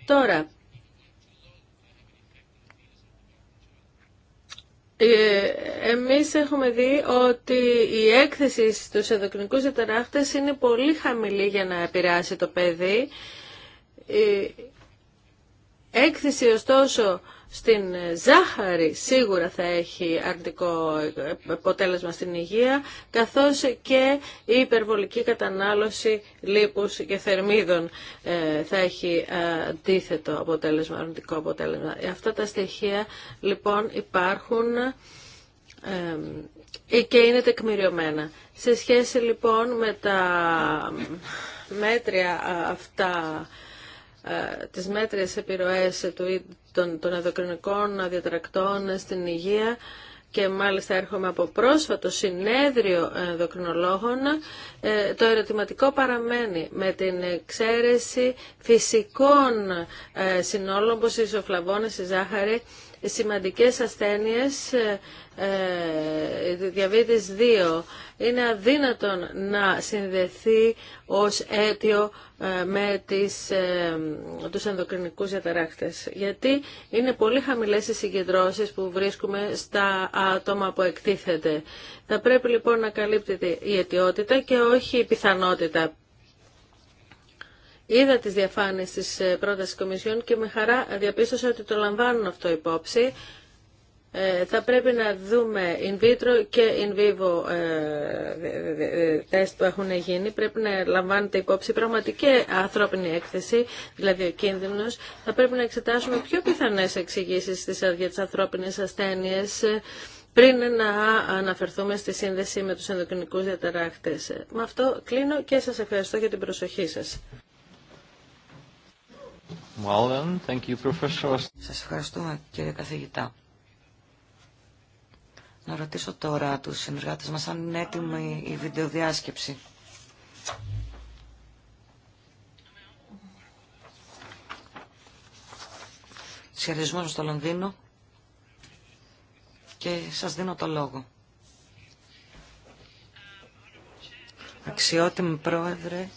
Τώρα, Ε, εμείς έχουμε δει ότι η έκθεση στους ενδοκρινικούς διαταράχτες είναι πολύ χαμηλή για να επηρεάσει το παιδί. Ε, έκθεση ωστόσο στην ζάχαρη σίγουρα θα έχει αρνητικό αποτέλεσμα στην υγεία, καθώς και η υπερβολική κατανάλωση λίπους και θερμίδων ε, θα έχει ε, αντίθετο αποτέλεσμα, αρνητικό αποτέλεσμα. Αυτά τα στοιχεία λοιπόν υπάρχουν ε, και είναι τεκμηριωμένα. Σε σχέση λοιπόν με τα μέτρια αυτά τις μέτρες επιρροές του των, των ενδοκρινικών αδιατρακτών στην υγεία και μάλιστα έρχομαι από πρόσφατο συνέδριο ενδοκρινολόγων, ε, το ερωτηματικό παραμένει με την εξαίρεση φυσικών ε, συνόλων όπως οι ισοφλαβόνες, η ζάχαρη σημαντικές ασθένειες, ε, ε, διαβήτης 2, είναι αδύνατον να συνδεθεί ως αίτιο ε, με τις, τους ενδοκρινικούς διαταράκτες. Γιατί είναι πολύ χαμηλές οι συγκεντρώσεις που βρίσκουμε στα άτομα που εκτίθεται. Θα πρέπει λοιπόν να καλύπτεται η αιτιότητα και όχι η πιθανότητα Είδα τις διαφάνειες της ε, πρότασης Κομισιόν και με χαρά διαπίστωσα ότι το λαμβάνουν αυτό υπόψη. Ε, θα πρέπει να δούμε in vitro και in vivo ε, τεστ που έχουν γίνει. Πρέπει να λαμβάνεται υπόψη πραγματική ανθρώπινη έκθεση, δηλαδή ο κίνδυνος. Θα πρέπει να εξετάσουμε πιο πιθανές εξηγήσεις στις ε, για ανθρώπινες ασθένειες ε, πριν να αναφερθούμε στη σύνδεση με τους ενδοκρινικούς διαταράκτε. Με αυτό κλείνω και σας ευχαριστώ για την προσοχή σας. Well then, thank you, professor. Σας ευχαριστούμε κύριε καθηγητά. Να ρωτήσω τώρα τους συνεργάτες μας αν είναι έτοιμη η βιντεοδιάσκεψη. Σχεδιασμός στο Λονδίνο και σας δίνω το λόγο. Αξιότιμη πρόεδρε,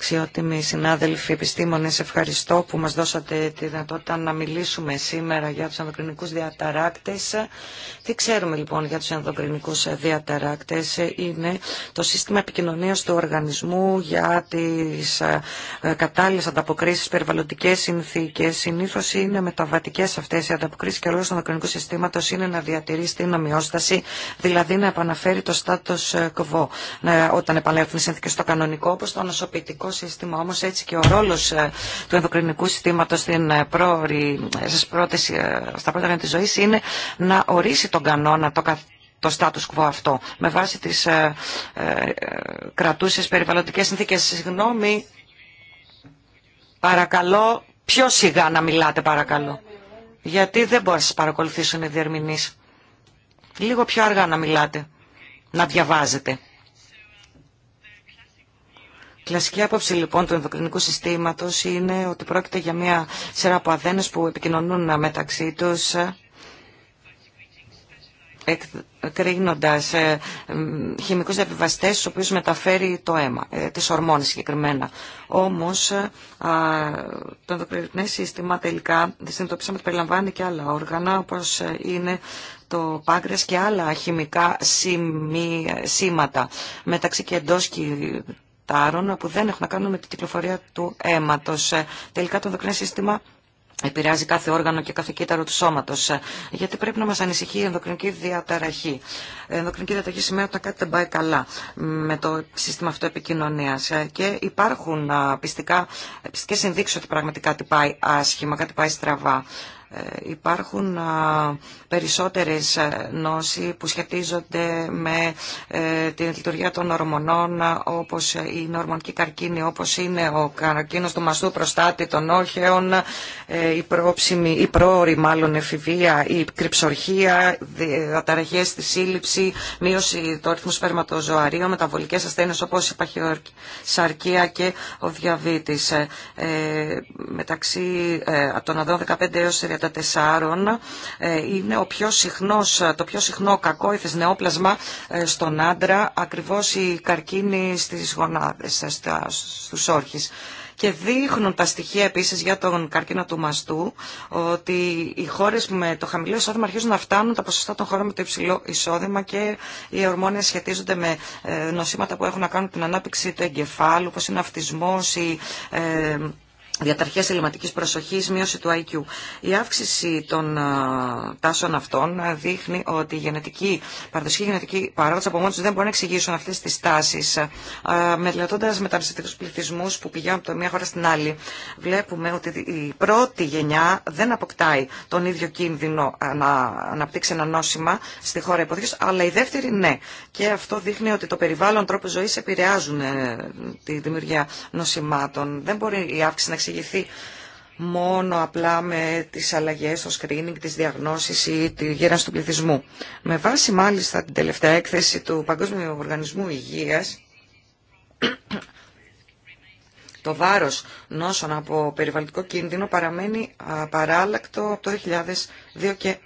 Αξιότιμοι συνάδελφοι, επιστήμονες, ευχαριστώ που μας δώσατε τη δυνατότητα να μιλήσουμε σήμερα για τους ενδοκρινικούς διαταράκτες. Τι ξέρουμε λοιπόν για τους ενδοκρινικούς διαταράκτες είναι το σύστημα επικοινωνίας του οργανισμού για τις ε, ε, κατάλληλες ανταποκρίσεις περιβαλλοντικές συνθήκες. Συνήθως είναι μεταβατικές αυτές οι ανταποκρίσεις και ο λόγος του ενδοκρινικού συστήματος είναι να διατηρεί την ομοιόσταση, δηλαδή να επαναφέρει το status quo όταν επανέλθουν οι συνθήκες στο κανονικό, όπως το ενδοκρινικό σύστημα, όμως έτσι και ο ρόλος ε, του ενδοκρινικού συστήματο στην ε, ε, στα πρώτα τη ζωή είναι να ορίσει τον κανόνα, το, το status quo αυτό, με βάση τις ε, ε, κρατούσες περιβαλλοντικές συνθήκες. Συγγνώμη, παρακαλώ, πιο σιγά να μιλάτε παρακαλώ, γιατί δεν μπορείς να σας παρακολουθήσουν οι διερμηνείς. Λίγο πιο αργά να μιλάτε, να διαβάζετε κλασική άποψη λοιπόν του ενδοκρινικού συστήματος είναι ότι πρόκειται για μια σειρά από αδένες που επικοινωνούν μεταξύ τους ε, εκρήγνοντας ε, χημικούς διαβιβαστές στους οποίους μεταφέρει το αίμα, ε, τις ορμόνες συγκεκριμένα. Όμως ε, το ενδοκρινέ σύστημα τελικά συνειδητοποίησαμε ότι περιλαμβάνει και άλλα όργανα όπως ε, είναι το πάγκρες και άλλα χημικά σήματα μεταξύ και εντός και που δεν έχουν να κάνουν με την κυκλοφορία του αίματος. Ε, τελικά το ενδοκρινέ σύστημα επηρεάζει κάθε όργανο και κάθε κύτταρο του σώματος. Ε, γιατί πρέπει να μας ανησυχεί η ενδοκρινική διαταραχή. Η ε, ενδοκρινική διαταραχή σημαίνει ότι κάτι δεν πάει καλά με το σύστημα αυτό επικοινωνίας. Και υπάρχουν πιστικά, πιστικές ότι πραγματικά κάτι πάει άσχημα, κάτι πάει στραβά. Ε, υπάρχουν περισσότερες νόσοι που σχετίζονται με ε, την λειτουργία των ορμονών όπως η νορμονική καρκίνη, όπως είναι ο καρκίνος του μαστού προστάτη των όχεων, ε, η πρόψιμη, η πρόορη μάλλον εφηβεία, η κρυψορχία, αταραχές στη σύλληψη, μείωση του αριθμού σπερματοζωαρίων, μεταβολικές ασθένειες όπως η παχυσαρκία και ο διαβήτης. μεταξύ των 15 έως ε, είναι ο πιο συχνός, το πιο συχνό κακό ήθες νεόπλασμα ε, στον άντρα, ακριβώς η καρκίνη στις γονάδες, ε, στους όρχες. Και δείχνουν τα στοιχεία επίσης για τον καρκίνο του μαστού ότι οι χώρε με το χαμηλό εισόδημα αρχίζουν να φτάνουν τα ποσοστά των χωρών με το υψηλό εισόδημα και οι ορμόνε σχετίζονται με νοσήματα που έχουν να κάνουν την ανάπτυξη του εγκεφάλου, όπως είναι αυτισμός ή ή διαταρχές ελληματικής προσοχής, μείωση του IQ. Η αύξηση των ε, τάσεων αυτών ε, δείχνει ότι η γενετική, παραδοσιακή γενετική παράδοση από μόνοι τους δεν μπορεί να εξηγήσουν αυτές τις τάσεις. Ε, μελετώντας μεταναστευτικούς πληθυσμούς που πηγαίνουν από το μία χώρα στην άλλη, βλέπουμε ότι η πρώτη γενιά δεν αποκτάει τον ίδιο κίνδυνο να αναπτύξει ένα νόσημα στη χώρα υποδοχή, αλλά η δεύτερη ναι. Και αυτό δείχνει ότι το περιβάλλον, τρόπο ζωής επηρεάζουν τη δημιουργία νοσημάτων. Δεν μπορεί η αύξηση να εξηγηθεί μόνο απλά με τις αλλαγές στο screening, τις διαγνώσεις ή τη γέρανση του πληθυσμού. Με βάση μάλιστα την τελευταία έκθεση του Παγκόσμιου Οργανισμού Υγείας, το βάρος νόσων από περιβαλλοντικό κίνδυνο παραμένει παράλλακτο από το 2002 και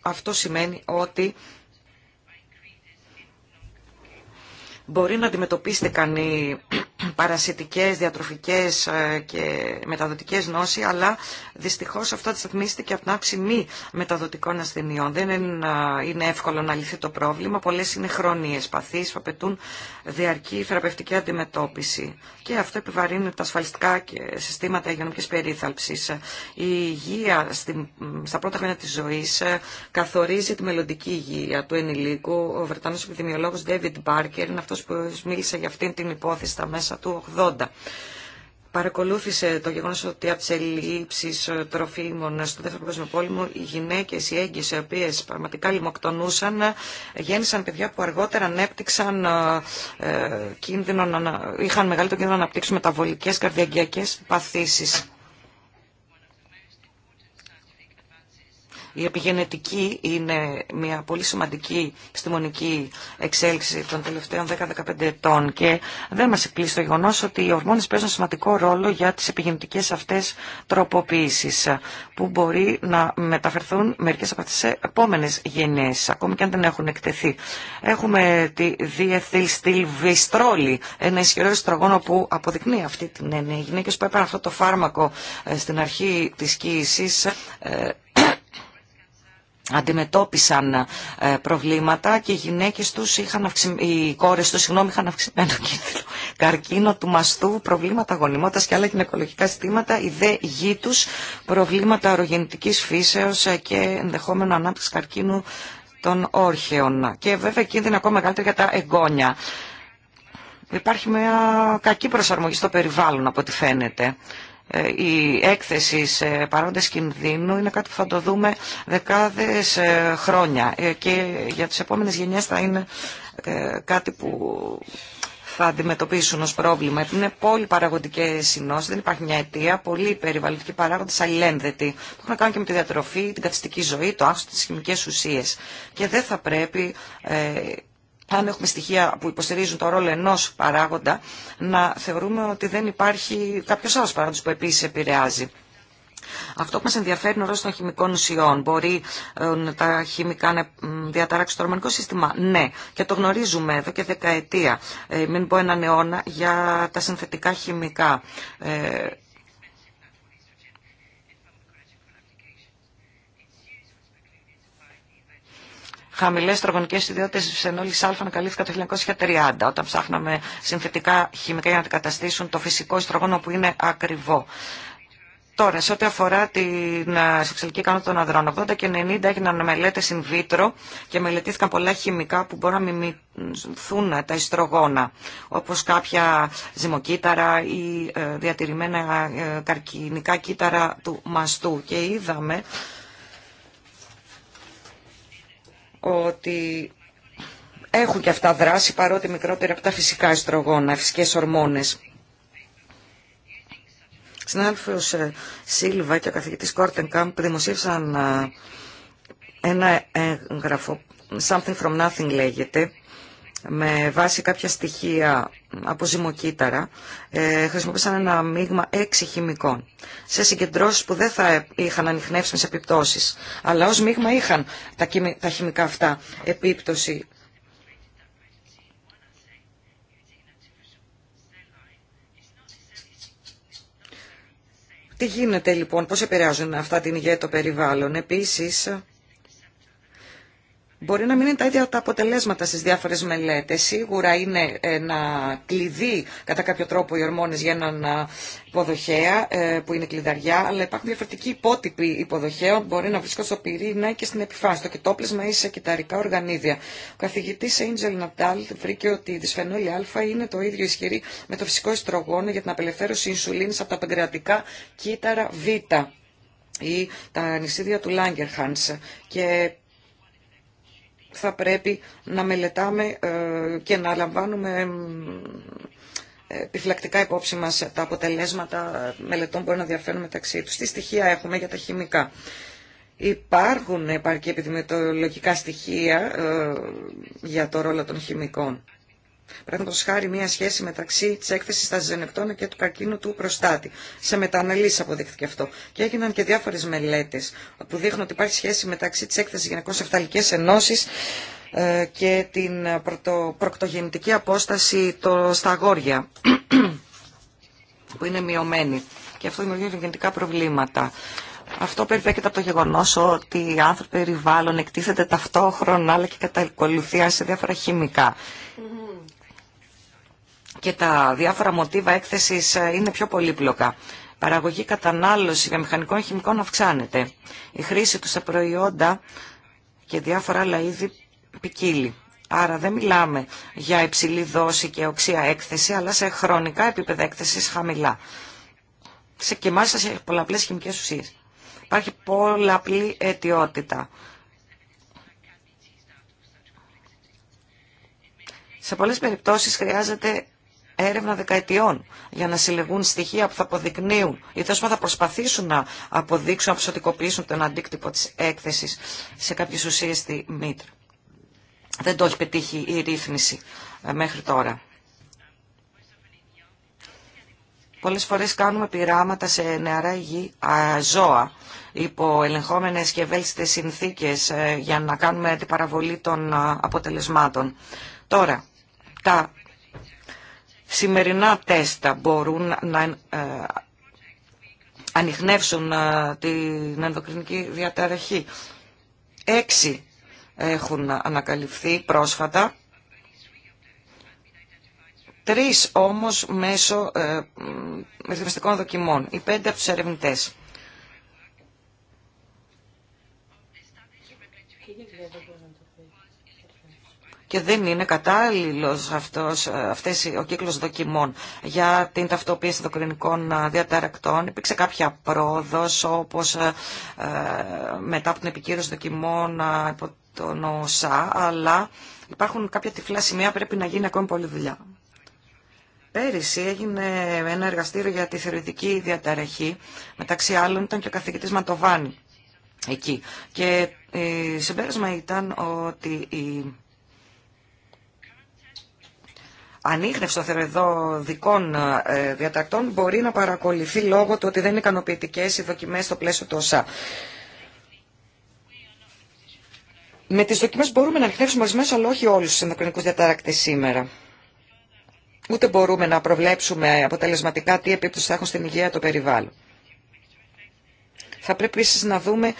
αυτό σημαίνει ότι μπορεί να αντιμετωπίσετε κανεί παρασιτικές, διατροφικές ε, και μεταδοτικές νόσοι, αλλά δυστυχώς αυτό αντισταθμίστηκε και από την άψη μη μεταδοτικών ασθενειών. Δεν ε, είναι εύκολο να λυθεί το πρόβλημα. Πολλές είναι χρόνιες παθήσεις που απαιτούν διαρκή θεραπευτική αντιμετώπιση. Και αυτό επιβαρύνει τα ασφαλιστικά συστήματα υγειονομικής περίθαλψης. Η υγεία στα πρώτα χρόνια της ζωής ε, καθορίζει τη μελλοντική υγεία του ενηλίκου. Ο Βρετανός επιδημιολόγος David Barker είναι αυτός που μίλησε για αυτήν την υπόθεση μέσα του 80. Παρακολούθησε το γεγονός ότι από τι ελλείψει τροφίμων στο δεύτερο παγκόσμιο πόλεμο οι γυναίκες, οι έγκυε, οι οποίε πραγματικά λιμοκτονούσαν, γέννησαν παιδιά που αργότερα ανέπτυξαν ε, ε, κίνδυνο, είχαν μεγαλύτερο κίνδυνο να αναπτύξουν μεταβολικές καρδιαγκιακέ παθήσεις. Η επιγενετική είναι μια πολύ σημαντική επιστημονική εξέλιξη των τελευταίων 10-15 ετών και δεν μας εκπλήσει το γεγονό ότι οι ορμόνες παίζουν σημαντικό ρόλο για τις επιγενετικές αυτές τροποποιήσεις που μπορεί να μεταφερθούν μερικές από τις επόμενες γενιές, ακόμη και αν δεν έχουν εκτεθεί. Έχουμε τη διεθυλστιλβιστρόλη, ένα ισχυρό ιστρογόνο που αποδεικνύει αυτή την έννοια. Οι γυναίκες που έπαιρναν αυτό το φάρμακο ε, στην αρχή της κοίησης ε, αντιμετώπισαν ε, προβλήματα και οι γυναίκες τους είχαν αυξη... οι κόρες τους συγγνώμη, είχαν αυξημένο κίνδυνο καρκίνο του μαστού, προβλήματα γονιμότητας και άλλα γυναικολογικά ζητήματα, οι δε γη τους, προβλήματα αερογεννητικής φύσεως ε, και ενδεχόμενο ανάπτυξη καρκίνου των όρχεων. Και βέβαια κίνδυνο ακόμα μεγαλύτερο για τα εγγόνια. Υπάρχει μια κακή προσαρμογή στο περιβάλλον από ό,τι φαίνεται η έκθεση σε παρόντες κινδύνου είναι κάτι που θα το δούμε δεκάδες ε, χρόνια ε, και για τις επόμενες γενιές θα είναι ε, κάτι που θα αντιμετωπίσουν ως πρόβλημα. Είναι πολύ παραγωγικές συνώσεις, δεν υπάρχει μια αιτία, πολύ περιβαλλοντικοί παράγοντες αλληλένδετοι που έχουν να κάνουν και με τη διατροφή, την καθιστική ζωή, το άγχος, της χημικές ουσίες. Και δεν θα πρέπει αν έχουμε στοιχεία που υποστηρίζουν το ρόλο ενό παράγοντα, να θεωρούμε ότι δεν υπάρχει κάποιο άλλο παράγοντα που επίση επηρεάζει. Αυτό που μα ενδιαφέρει είναι ο ρόλο των χημικών ουσιών. Μπορεί ε, τα χημικά να διαταράξουν το ορμανικό σύστημα. Ναι, και το γνωρίζουμε εδώ και δεκαετία, ε, μην πω έναν αιώνα, για τα συνθετικά χημικά. Ε, χαμηλές τρογονικές ιδιότητες της φυσενόλης α ανακαλύφθηκαν το 1930 όταν ψάχναμε συνθετικά χημικά για να αντικαταστήσουν το φυσικό ιστρογόνο που είναι ακριβό. Τώρα, σε ό,τι αφορά την σεξουαλική ικανότητα των ανδρών, 80 και 90 έγιναν μελέτε in vitro και μελετήθηκαν πολλά χημικά που μπορούν να μιμηθούν τα ιστρογόνα, όπω κάποια ζυμοκύτταρα ή ε, διατηρημένα ε, καρκινικά κύτταρα του μαστού. Και είδαμε ότι έχουν και αυτά δράση παρότι μικρότερα από τα φυσικά ιστρογόνα, φυσικές ορμόνες. Συνάδελφος ε, Σίλβα και ο καθηγητής Κόρτεν Κάμπ δημοσίευσαν ε, ένα έγγραφο, Something from Nothing λέγεται, με βάση κάποια στοιχεία από ζυμοκύτταρα ε, χρησιμοποίησαν ένα μείγμα έξι χημικών σε συγκεντρώσεις που δεν θα είχαν ανιχνεύσιμες επιπτώσεις αλλά ως μείγμα είχαν τα, τα χημικά αυτά επίπτωση Τι γίνεται λοιπόν, πώς επηρεάζουν αυτά την υγεία το περιβάλλον. Επίσης, Μπορεί να μην είναι τα ίδια τα αποτελέσματα στι διάφορε μελέτε. Σίγουρα είναι ε, να κλειδί κατά κάποιο τρόπο οι ορμόνε για έναν υποδοχέα ε, που είναι κλειδαριά, αλλά υπάρχουν διαφορετικοί υπότυποι υποδοχέων μπορεί να βρίσκονται στο πυρήνα και στην επιφάνεια, στο κοιτόπλισμα ή σε κυταρικά οργανίδια. Ο καθηγητής Angel Νατάλ βρήκε ότι η σε κυταρικα οργανιδια ο καθηγητή angel Natal βρηκε οτι η δυσφενολη α είναι το ίδιο ισχυρή με το φυσικό ιστρογόνο για την απελευθέρωση ινσουλίνης από τα παγκρατικά κύτταρα β ή τα νησίδια του Λάγκερχανς και θα πρέπει να μελετάμε ε, και να λαμβάνουμε ε, επιφυλακτικά υπόψη μας τα αποτελέσματα μελετών που μπορεί να διαφέρουν μεταξύ τους. Τι στοιχεία έχουμε για τα χημικά. Υπάρχουν επαρκή επιδημιολογικά στοιχεία ε, για το ρόλο των χημικών. Παραδείγματο χάρη, μία σχέση μεταξύ τη έκθεση στα ζενεκτώνα και του καρκίνου του προστάτη. Σε μεταναλύσει αποδείχθηκε αυτό. Και έγιναν και διάφορε μελέτε που δείχνουν ότι υπάρχει σχέση μεταξύ τη έκθεση γυναικών σε φταλικέ ενώσει ε, και την ε, προκτογεννητική απόσταση στα αγόρια, που είναι μειωμένη. Και αυτό δημιουργεί γενετικά προβλήματα. Αυτό περιπέκεται από το γεγονό ότι οι άνθρωποι περιβάλλον εκτίθεται ταυτόχρονα αλλά και κατακολουθία σε διάφορα χημικά και τα διάφορα μοτίβα έκθεσης ε, είναι πιο πολύπλοκα. Παραγωγή κατανάλωση για μηχανικών χημικών αυξάνεται. Η χρήση του σε προϊόντα και διάφορα άλλα είδη ποικίλει. Άρα δεν μιλάμε για υψηλή δόση και οξία έκθεση, αλλά σε χρονικά επίπεδα έκθεσης χαμηλά. Σε και σε πολλαπλές χημικές ουσίες. Υπάρχει πολλαπλή αιτιότητα. Σε πολλές περιπτώσεις χρειάζεται έρευνα δεκαετιών για να συλλεγούν στοιχεία που θα αποδεικνύουν ή τόσο θα προσπαθήσουν να αποδείξουν, να ψωτικοποιήσουν τον αντίκτυπο της έκθεσης σε κάποιες ουσίες στη Μήτρ. Δεν το έχει πετύχει η ρύθμιση ε, μέχρι τώρα. Πολλές φορές κάνουμε πειράματα σε νεαρά υγιή ζώα υπό ελεγχόμενες και ευέλτιστες συνθήκες ε, για να κάνουμε την παραβολή των ε, αποτελεσμάτων. Τώρα, τα σημερινά τέστα μπορούν να ε, ανοιχνεύσουν ε, την ενδοκρινική διαταραχή. Έξι έχουν ανακαλυφθεί πρόσφατα. Τρεις όμως μέσω ρυθμιστικών ε, δοκιμών. Οι πέντε από τους ερευνητές. και δεν είναι κατάλληλος αυτός, ε, αυτές, ο κύκλος δοκιμών για την ταυτοποίηση δοκρινικών ε, διαταρακτών. Υπήρξε κάποια πρόοδος όπως ε, μετά από την επικύρωση δοκιμών από τον ΟΣΑ, αλλά υπάρχουν κάποια τυφλά σημεία, πρέπει να γίνει ακόμη πολλή δουλειά. Πέρυσι έγινε ένα εργαστήριο για τη θεωρητική διαταραχή. Μεταξύ άλλων ήταν και ο καθηγητή Μαντοβάνη εκεί. Και συμπέρασμα ήταν ότι η ανείχνευση των θερεδοδικών ε, διατακτών μπορεί να παρακολουθεί λόγω του ότι δεν είναι ικανοποιητικέ οι δοκιμέ στο πλαίσιο του ΩΣΑ. Με τι δοκιμέ μπορούμε να ανοιχνεύσουμε ορισμένου, αλλά όχι όλου του ενδοκρινικού διατάρακτε σήμερα. Ούτε μπορούμε να προβλέψουμε αποτελεσματικά τι επίπτωση θα έχουν στην υγεία το περιβάλλον. Θα πρέπει επίση να δούμε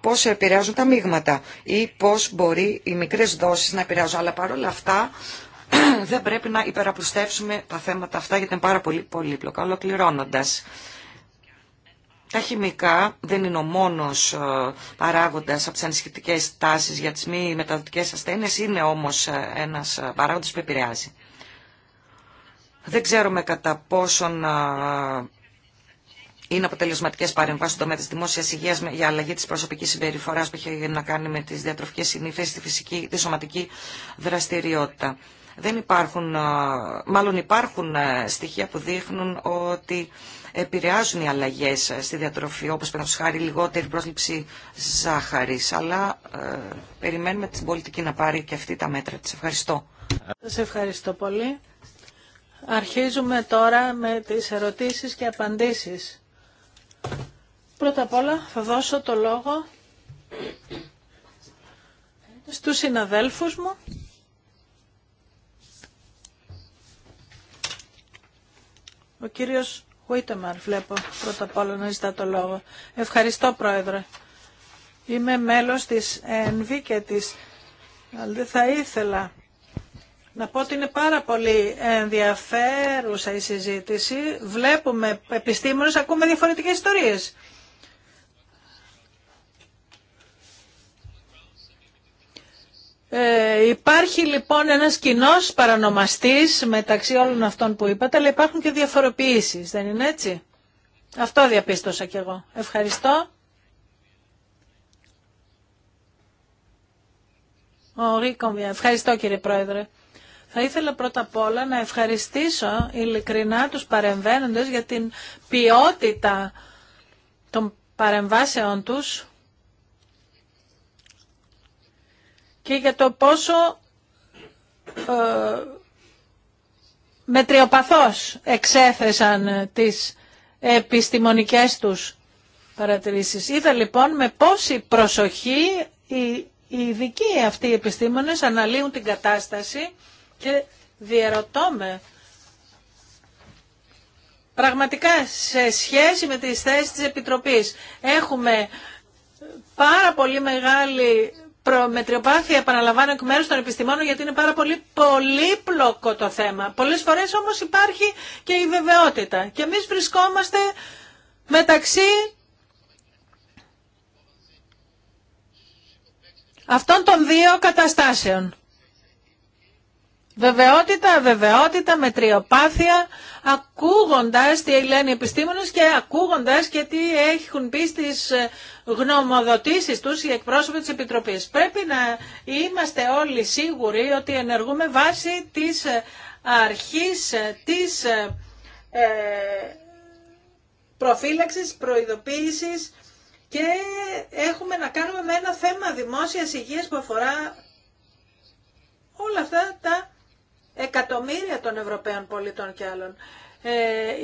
πώ επηρεάζουν τα μείγματα ή πώ μπορεί οι μικρέ δόσει να επηρεάζουν. Αλλά παρόλα αυτά δεν πρέπει να υπεραπλουστεύσουμε τα θέματα αυτά γιατί είναι πάρα πολύ πολύπλοκα. Ολοκληρώνοντα. Τα χημικά δεν είναι ο μόνο ε, παράγοντα από τι ανισχυτικέ τάσει για τι μη μεταδοτικέ ασθένειε, είναι όμως ε, ένας ε, παράγοντα που επηρεάζει. Δεν ξέρουμε κατά πόσον είναι αποτελεσματικέ παρεμβάσει στον τομέα τη δημόσια υγεία για αλλαγή τη προσωπική συμπεριφορά που έχει να κάνει με τι διατροφικέ συνήθειε, τη φυσική, τη σωματική δραστηριότητα. Δεν υπάρχουν, μάλλον υπάρχουν στοιχεία που δείχνουν ότι επηρεάζουν οι αλλαγές στη διατροφή, όπως πρέπει χάρη λιγότερη πρόσληψη ζάχαρης. Αλλά ε, περιμένουμε την πολιτική να πάρει και αυτή τα μέτρα της. Ευχαριστώ. Σας ευχαριστώ πολύ. Αρχίζουμε τώρα με τις ερωτήσεις και απαντήσεις. Πρώτα απ' όλα θα δώσω το λόγο στους συναδέλφους μου Ο κύριος Χουίτεμαρ βλέπω πρώτα απ' όλα να ζητά το λόγο. Ευχαριστώ πρόεδρε. Είμαι μέλος της ΕΝΒ και της αλλά θα ήθελα να πω ότι είναι πάρα πολύ ενδιαφέρουσα η συζήτηση. Βλέπουμε επιστήμονες, ακούμε διαφορετικές ιστορίες. Ε, υπάρχει λοιπόν ένας κοινό παρανομαστής μεταξύ όλων αυτών που είπατε, αλλά υπάρχουν και διαφοροποιήσεις, δεν είναι έτσι. Αυτό διαπίστωσα κι εγώ. Ευχαριστώ. ευχαριστώ κύριε Πρόεδρε. Θα ήθελα πρώτα απ' όλα να ευχαριστήσω ειλικρινά τους παρεμβαίνοντες για την ποιότητα των παρεμβάσεων τους και για το πόσο ε, μετριοπαθώς εξέθεσαν ε, τις επιστημονικές τους παρατηρήσεις. Είδα λοιπόν με πόση προσοχή οι, οι ειδικοί αυτοί οι επιστήμονες αναλύουν την κατάσταση και διαρωτώ με πραγματικά σε σχέση με τις θέσεις της Επιτροπής έχουμε πάρα πολύ μεγάλη μετριοπάθεια επαναλαμβάνω εκ μέρου των επιστημόνων γιατί είναι πάρα πολύ πολύπλοκο το θέμα. Πολλές φορές όμως υπάρχει και η βεβαιότητα και εμεί βρισκόμαστε μεταξύ αυτών των δύο καταστάσεων. Βεβαιότητα, βεβαιότητα, μετριοπάθεια, ακούγοντας τι λένε οι επιστήμονες και ακούγοντας και τι έχουν πει στις ε, γνωμοδοτήσεις τους οι εκπρόσωποι της Επιτροπής. Πρέπει να είμαστε όλοι σίγουροι ότι ενεργούμε βάσει της ε, αρχής ε, της προφύλαξης, προειδοποίησης και έχουμε να κάνουμε με ένα θέμα δημόσιας υγείας που αφορά όλα αυτά τα εκατομμύρια των Ευρωπαίων πολιτών και άλλων. Ε,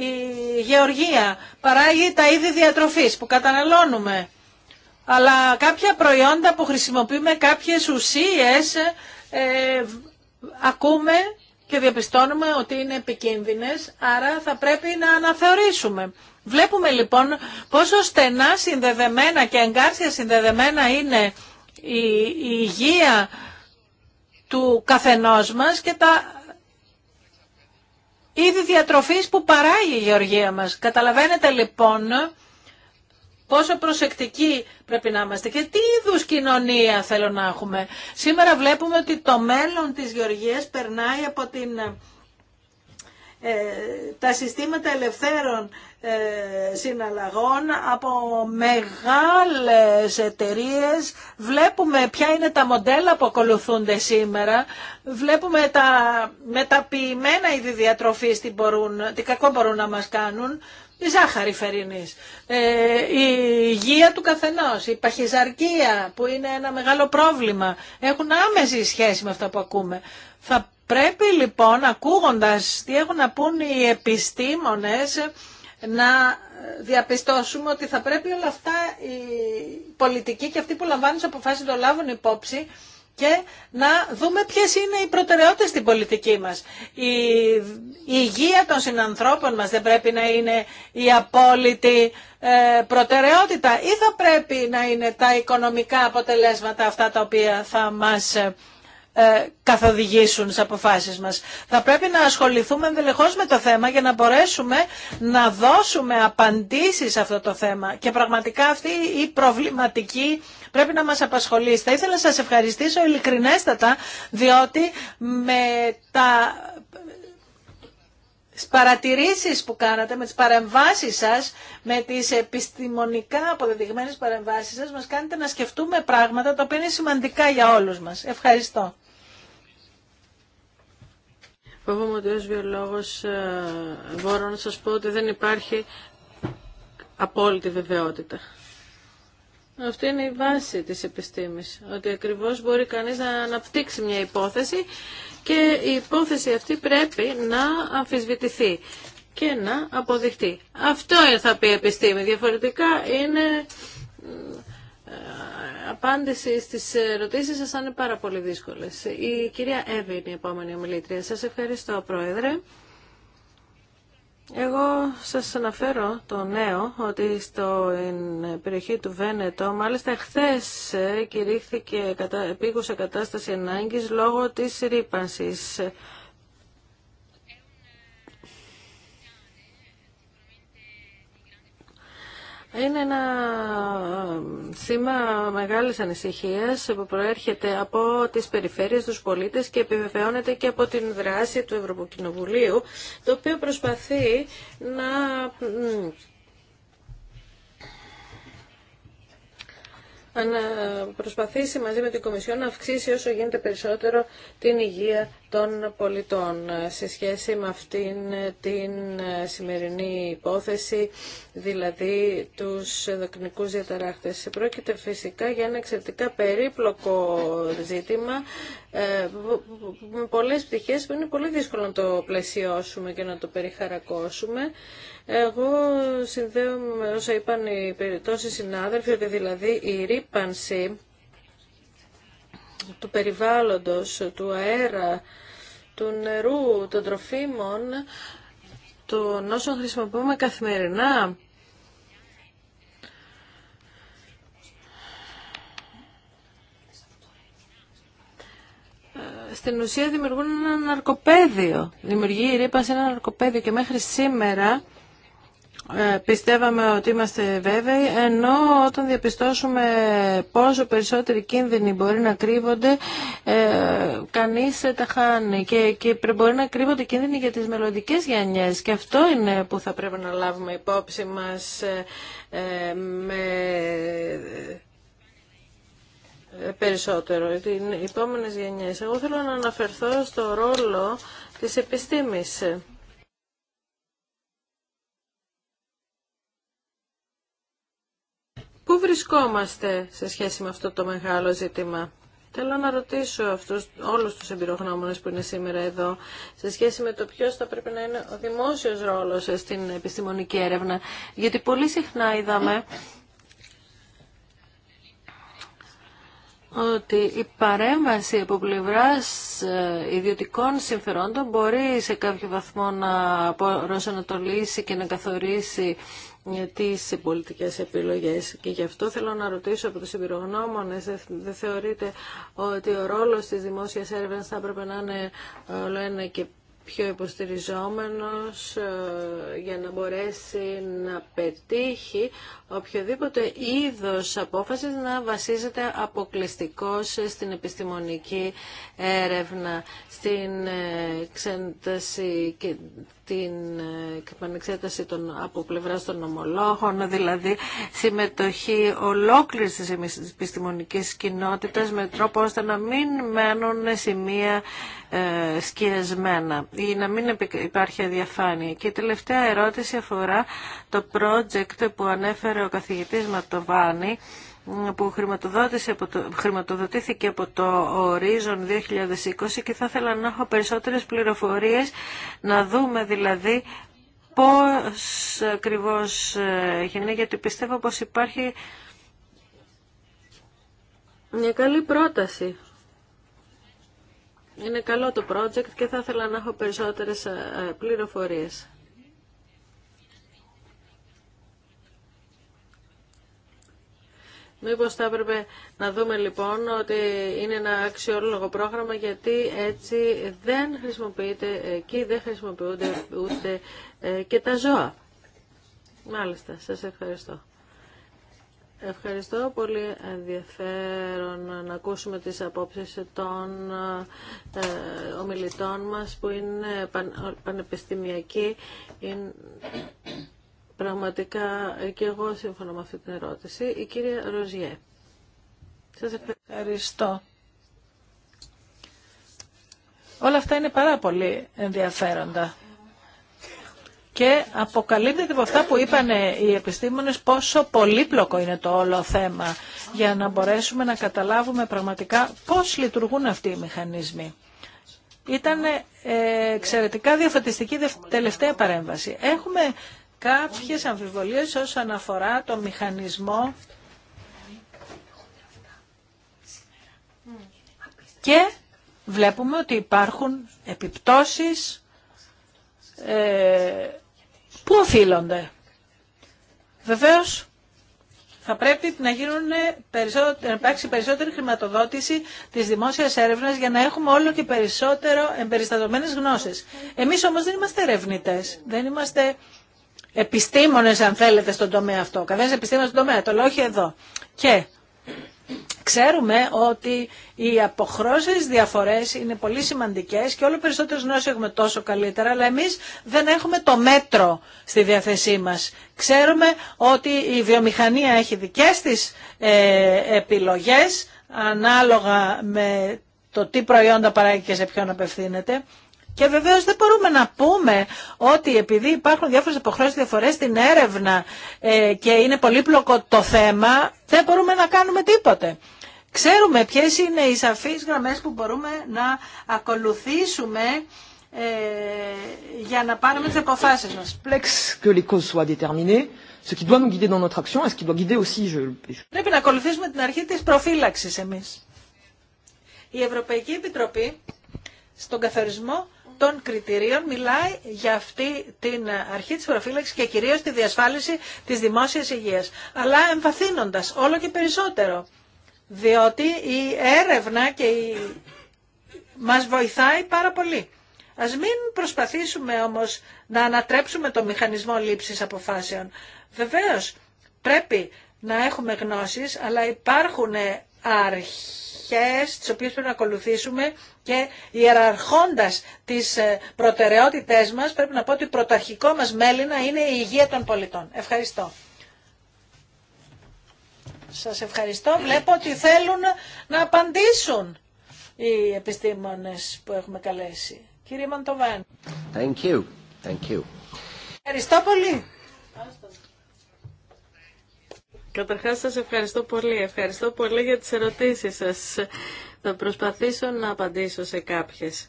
η γεωργία παράγει τα είδη διατροφής που καταναλώνουμε. Αλλά κάποια προϊόντα που χρησιμοποιούμε, κάποιες ουσίες, ε, ακούμε και διαπιστώνουμε ότι είναι επικίνδυνες, άρα θα πρέπει να αναθεωρήσουμε. Βλέπουμε λοιπόν πόσο στενά συνδεδεμένα και εγκάρσια συνδεδεμένα είναι η, η υγεία του καθενός μας και τα είδη διατροφής που παράγει η γεωργία μας. Καταλαβαίνετε λοιπόν πόσο προσεκτικοί πρέπει να είμαστε και τι είδους κοινωνία θέλω να έχουμε. Σήμερα βλέπουμε ότι το μέλλον της γεωργίας περνάει από την ε, τα συστήματα ελευθέρων ε, συναλλαγών από μεγάλες εταιρείες. Βλέπουμε ποια είναι τα μοντέλα που ακολουθούνται σήμερα. Βλέπουμε τα μεταποιημένα είδη διατροφής τι, κακό μπορούν να μας κάνουν. Η ζάχαρη φερινής, ε, η υγεία του καθενός, η παχυζαρκία που είναι ένα μεγάλο πρόβλημα έχουν άμεση σχέση με αυτά που ακούμε. Θα Πρέπει λοιπόν ακούγοντας τι έχουν να πούν οι επιστήμονες να διαπιστώσουμε ότι θα πρέπει όλα αυτά οι πολιτικοί και αυτοί που λαμβάνουν τις αποφάσεις να το λάβουν υπόψη και να δούμε ποιες είναι οι προτεραιότητες στην πολιτική μας. Η υγεία των συνανθρώπων μας δεν πρέπει να είναι η απόλυτη ε, προτεραιότητα ή θα πρέπει να είναι τα οικονομικά αποτελέσματα αυτά τα οποία θα μας ε, καθοδηγήσουν τις αποφάσεις μας. Θα πρέπει να ασχοληθούμε ενδελεχώς με το θέμα για να μπορέσουμε να δώσουμε απαντήσεις σε αυτό το θέμα. Και πραγματικά αυτή η προβληματική πρέπει να μας απασχολήσει. Θα ήθελα να σας ευχαριστήσω ειλικρινέστατα, διότι με τα παρατηρήσεις που κάνατε, με τις παρεμβάσεις σας, με τις επιστημονικά αποδεδειγμένες παρεμβάσεις σας, μας κάνετε να σκεφτούμε πράγματα τα οποία είναι σημαντικά για όλους μας. Ευχαριστώ. Φοβούμαι ότι ως βιολόγος ε, μπορώ να σας πω ότι δεν υπάρχει απόλυτη βεβαιότητα. Αυτή είναι η βάση της επιστήμης, ότι ακριβώς μπορεί κανείς να αναπτύξει μια υπόθεση και η υπόθεση αυτή πρέπει να αμφισβητηθεί και να αποδειχτεί. Αυτό θα πει η επιστήμη. Διαφορετικά είναι ε, απάντηση στις ερωτήσεις σας θα είναι πάρα πολύ δύσκολες. Η κυρία Εύη είναι η επόμενη ομιλήτρια. Σας ευχαριστώ, Πρόεδρε. Εγώ σας αναφέρω το νέο ότι στην περιοχή του Βένετο, μάλιστα χθες ε, κηρύχθηκε επίγουσα κατάσταση ανάγκης λόγω της ρήπανσης. Είναι ένα ε, σήμα μεγάλης ανησυχίας που προέρχεται από τις περιφέρειες, τους πολίτες και επιβεβαιώνεται και από την δράση του Ευρωκοινοβουλίου, το οποίο προσπαθεί να να ε, προσπαθήσει μαζί με την Κομισιόν να αυξήσει όσο γίνεται περισσότερο την υγεία των πολιτών ε, σε σχέση με αυτήν ε, την σημερινή υπόθεση, δηλαδή τους ενδοκρινικούς διαταράχτες. Πρόκειται φυσικά για ένα εξαιρετικά περίπλοκο ζήτημα με πολλές πτυχές που είναι πολύ δύσκολο να το πλαισιώσουμε και να το περιχαρακώσουμε. Εγώ συνδέομαι με όσα είπαν οι περιπτώσει συνάδελφοι, ότι δηλαδή η ρήπανση του περιβάλλοντος, του αέρα, του νερού, των τροφίμων, των όσων χρησιμοποιούμε καθημερινά, στην ουσία δημιουργούν ένα ναρκοπαίδιο. Δημιουργεί η ρήπανση ένα ναρκοπαίδιο και μέχρι σήμερα ε, πιστεύαμε ότι είμαστε βέβαιοι, ενώ όταν διαπιστώσουμε πόσο περισσότεροι κίνδυνοι μπορεί να κρύβονται, ε, κανείς τα χάνει και, και μπορεί να κρύβονται κίνδυνοι για τις μελλοντικέ γενιές και αυτό είναι που θα πρέπει να λάβουμε υπόψη μας ε, ε με ε, περισσότερο, οι επόμενες γενιές. Εγώ θέλω να αναφερθώ στο ρόλο της επιστήμης. Πού βρισκόμαστε σε σχέση με αυτό το μεγάλο ζήτημα. Θέλω να ρωτήσω αυτούς, όλους τους εμπειρογνώμονες που είναι σήμερα εδώ σε σχέση με το ποιος θα πρέπει να είναι ο δημόσιος ρόλος στην επιστημονική έρευνα. Γιατί πολύ συχνά είδαμε ότι η παρέμβαση από πλευράς ε, ιδιωτικών συμφερόντων μπορεί σε κάποιο βαθμό να προσανατολίσει και να καθορίσει τις πολιτικές επιλογές και γι' αυτό θέλω να ρωτήσω από τους εμπειρογνώμονες δεν θεωρείτε ότι ο ρόλος της δημόσιας έρευνας θα έπρεπε να είναι ε, όλο ένα και πιο υποστηριζόμενος ε, για να μπορέσει να πετύχει οποιοδήποτε είδος απόφασης να βασίζεται αποκλειστικώς στην επιστημονική έρευνα, στην ε, εξένταση την ε, επανεξέταση των, από πλευράς των ομολόγων, δηλαδή συμμετοχή ολόκληρης της επιστημονικής κοινότητας με τρόπο ώστε να μην μένουν σημεία ε, σκιασμένα ή να μην υπάρχει αδιαφάνεια. Και η τελευταία ερώτηση αφορά το project που ανέφερε ο καθηγητής Ματοβάνη, που από το, χρηματοδοτήθηκε από το Horizon 2020 και θα ήθελα να έχω περισσότερες πληροφορίες, να δούμε δηλαδή πώς ακριβώς έγινε, γιατί πιστεύω πως ακριβως γινεται γιατι πιστευω πως υπαρχει μια καλή πρόταση. Είναι καλό το project και θα ήθελα να έχω περισσότερες ε, πληροφορίες. Μήπως θα έπρεπε να δούμε λοιπόν ότι είναι ένα αξιόλογο πρόγραμμα γιατί έτσι δεν χρησιμοποιείται εκεί, δεν χρησιμοποιούνται ούτε ε, και τα ζώα. Μάλιστα, σας ευχαριστώ. Ευχαριστώ. Πολύ ενδιαφέρον να ακούσουμε τις απόψεις των ε, ομιλητών μας που είναι πανεπιστημιακοί. Πραγματικά ε, και εγώ σύμφωνα με αυτή την ερώτηση. Η κυρία Ροζιέ. Σας ευχαριστώ. Όλα αυτά είναι πάρα πολύ ενδιαφέροντα. Και αποκαλύπτεται από αυτά που είπαν οι επιστήμονες πόσο πολύπλοκο είναι το όλο θέμα για να μπορέσουμε να καταλάβουμε πραγματικά πώς λειτουργούν αυτοί οι μηχανισμοί. Ήταν ε, εξαιρετικά διαφωτιστική τελευταία παρέμβαση. Έχουμε κάποιες αμφιβολίες όσον αφορά το μηχανισμό και βλέπουμε ότι υπάρχουν επιπτώσεις ε, που οφείλονται. Βεβαίως θα πρέπει να, γίνουν να υπάρξει περισσότερη χρηματοδότηση της δημόσιας έρευνας για να έχουμε όλο και περισσότερο εμπεριστατωμένες γνώσεις. Εμείς όμως δεν είμαστε ερευνητέ, δεν είμαστε επιστήμονες αν θέλετε στον τομέα αυτό. Καθένα επιστήμονε στον τομέα, το λέω όχι εδώ. Και Ξέρουμε ότι οι αποχρώσεις διαφορές είναι πολύ σημαντικές και όλο περισσότερε γνώσει έχουμε τόσο καλύτερα, αλλά εμείς δεν έχουμε το μέτρο στη διαθεσή μα. Ξέρουμε ότι η βιομηχανία έχει δικές της ε, επιλογές ανάλογα με το τι προϊόντα παράγει και σε ποιον απευθύνεται. Και βεβαίως δεν μπορούμε να πούμε ότι επειδή υπάρχουν διάφορες υποχρεώσεις διαφορές στην έρευνα ε, και είναι πολύπλοκο το θέμα, δεν μπορούμε να κάνουμε τίποτε. Ξέρουμε ποιες είναι οι σαφείς γραμμές που μπορούμε να ακολουθήσουμε ε, για να πάρουμε τις αποφάσεις μας. Πρέπει να ακολουθήσουμε την αρχή της προφύλαξης εμείς. Η Ευρωπαϊκή Επιτροπή στον καθορισμό των κριτηρίων μιλάει για αυτή την αρχή της προφύλαξης και κυρίως τη διασφάλιση της δημόσιας υγείας. Αλλά εμβαθύνοντας όλο και περισσότερο, διότι η έρευνα και η... μας βοηθάει πάρα πολύ. Ας μην προσπαθήσουμε όμως να ανατρέψουμε το μηχανισμό λήψης αποφάσεων. Βεβαίως πρέπει να έχουμε γνώσεις, αλλά υπάρχουν αρχές τις οποίες πρέπει να ακολουθήσουμε και ιεραρχώντας τις ε, προτεραιότητές μας, πρέπει να πω ότι πρωταρχικό μας μέλημα είναι η υγεία των πολιτών. Ευχαριστώ. Σας ευχαριστώ. Βλέπω ότι θέλουν να απαντήσουν οι επιστήμονες που έχουμε καλέσει. Κύριε Μαντοβάν. Thank you. Thank you. Ευχαριστώ πολύ. Καταρχάς σας ευχαριστώ πολύ. Ευχαριστώ πολύ για τις ερωτήσεις σας. Θα προσπαθήσω να απαντήσω σε κάποιες.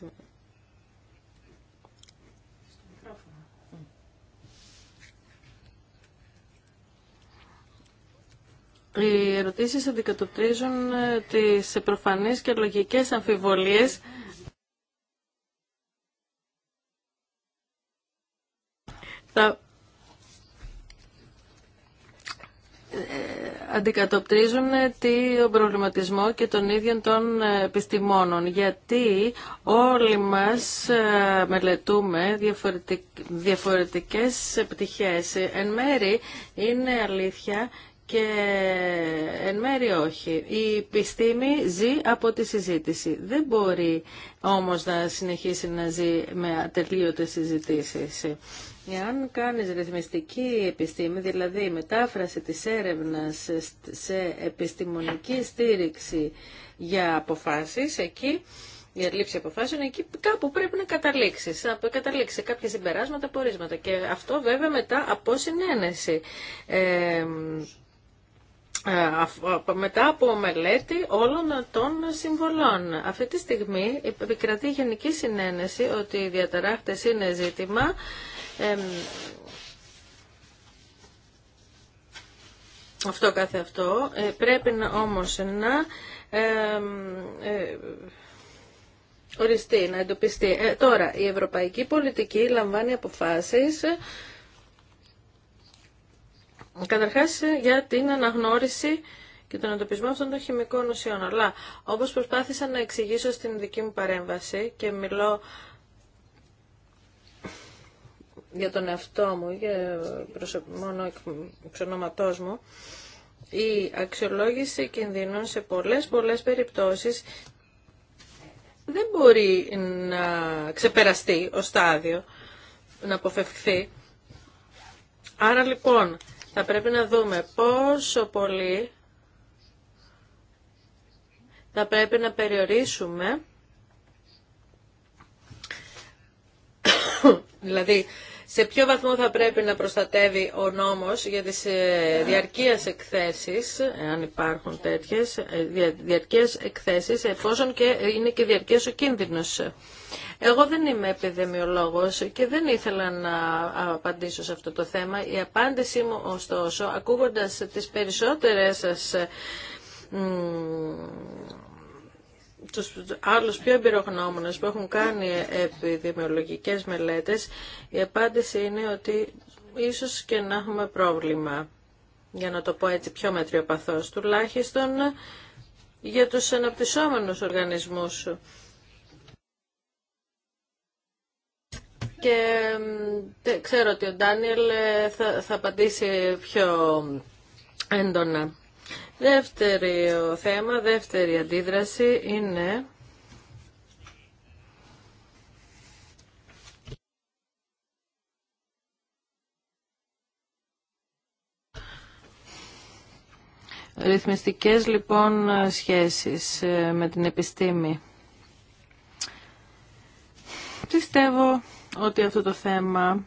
Οι ερωτήσεις αντικατοπτρίζουν ε, τις προφανείς και λογικές αμφιβολίες αντικατοπτρίζουν τον προβληματισμό και των ίδιων ε, των επιστημόνων. Γιατί όλοι μας ε, μελετούμε διαφορετικές επιτυχίες. Εν μέρη είναι αλήθεια και εν μέρη όχι. Η επιστήμη ζει από τη συζήτηση. Δεν μπορεί όμως να συνεχίσει να ζει με ατελείωτες συζητήσεις. Εάν κάνεις ρυθμιστική επιστήμη, δηλαδή μετάφραση της έρευνας σε επιστημονική στήριξη για αποφάσεις, εκεί για λήψη αποφάσεων, εκεί κάπου πρέπει να καταλήξει. Να καταλήξει σε κάποια συμπεράσματα, πορίσματα. Και αυτό βέβαια μετά από συνένεση. Ε, ε, μετά από μελέτη όλων των συμβολών. Αυτή τη στιγμή επικρατεί γενική συνένεση ότι οι διαταράχτες είναι ζήτημα αυτό κάθε αυτό. Ε, πρέπει να, όμως να ε, οριστεί, να εντοπιστεί. Ε, τώρα, η ευρωπαϊκή πολιτική λαμβάνει αποφάσεις καταρχάς για την αναγνώριση και τον εντοπισμό αυτών των χημικών ουσιών. Αλλά όπως προσπάθησα να εξηγήσω στην δική μου παρέμβαση και μιλώ για τον εαυτό μου και μόνο εξ μου, η αξιολόγηση κινδύνων σε πολλές πολλές περιπτώσεις δεν μπορεί να ξεπεραστεί ο στάδιο, να αποφευχθεί. Άρα λοιπόν θα πρέπει να δούμε πόσο πολύ θα πρέπει να περιορίσουμε, δηλαδή σε ποιο βαθμό θα πρέπει να προστατεύει ο νόμος για τις ε, διαρκείες εκθέσεις, αν υπάρχουν τέτοιες, ε, διαρκείες εκθέσεις, εφόσον και είναι και διαρκείες ο κίνδυνος. Εγώ δεν είμαι επιδεμιολόγος και δεν ήθελα να απαντήσω σε αυτό το θέμα. Η απάντησή μου, ωστόσο, ακούγοντας τις περισσότερες σας τους άλλους πιο εμπειρογνώμονες που έχουν κάνει επιδημιολογικές μελέτες, η απάντηση είναι ότι ίσως και να έχουμε πρόβλημα, για να το πω έτσι πιο μετριοπαθώς, τουλάχιστον για τους αναπτυσσόμενους οργανισμούς. Και ξέρω ότι ο Ντάνιελ ε, θα, θα απαντήσει πιο έντονα. Δεύτερο θέμα, δεύτερη αντίδραση είναι... Ρυθμιστικές λοιπόν σχέσεις ε, με την επιστήμη. Πιστεύω ότι αυτό το θέμα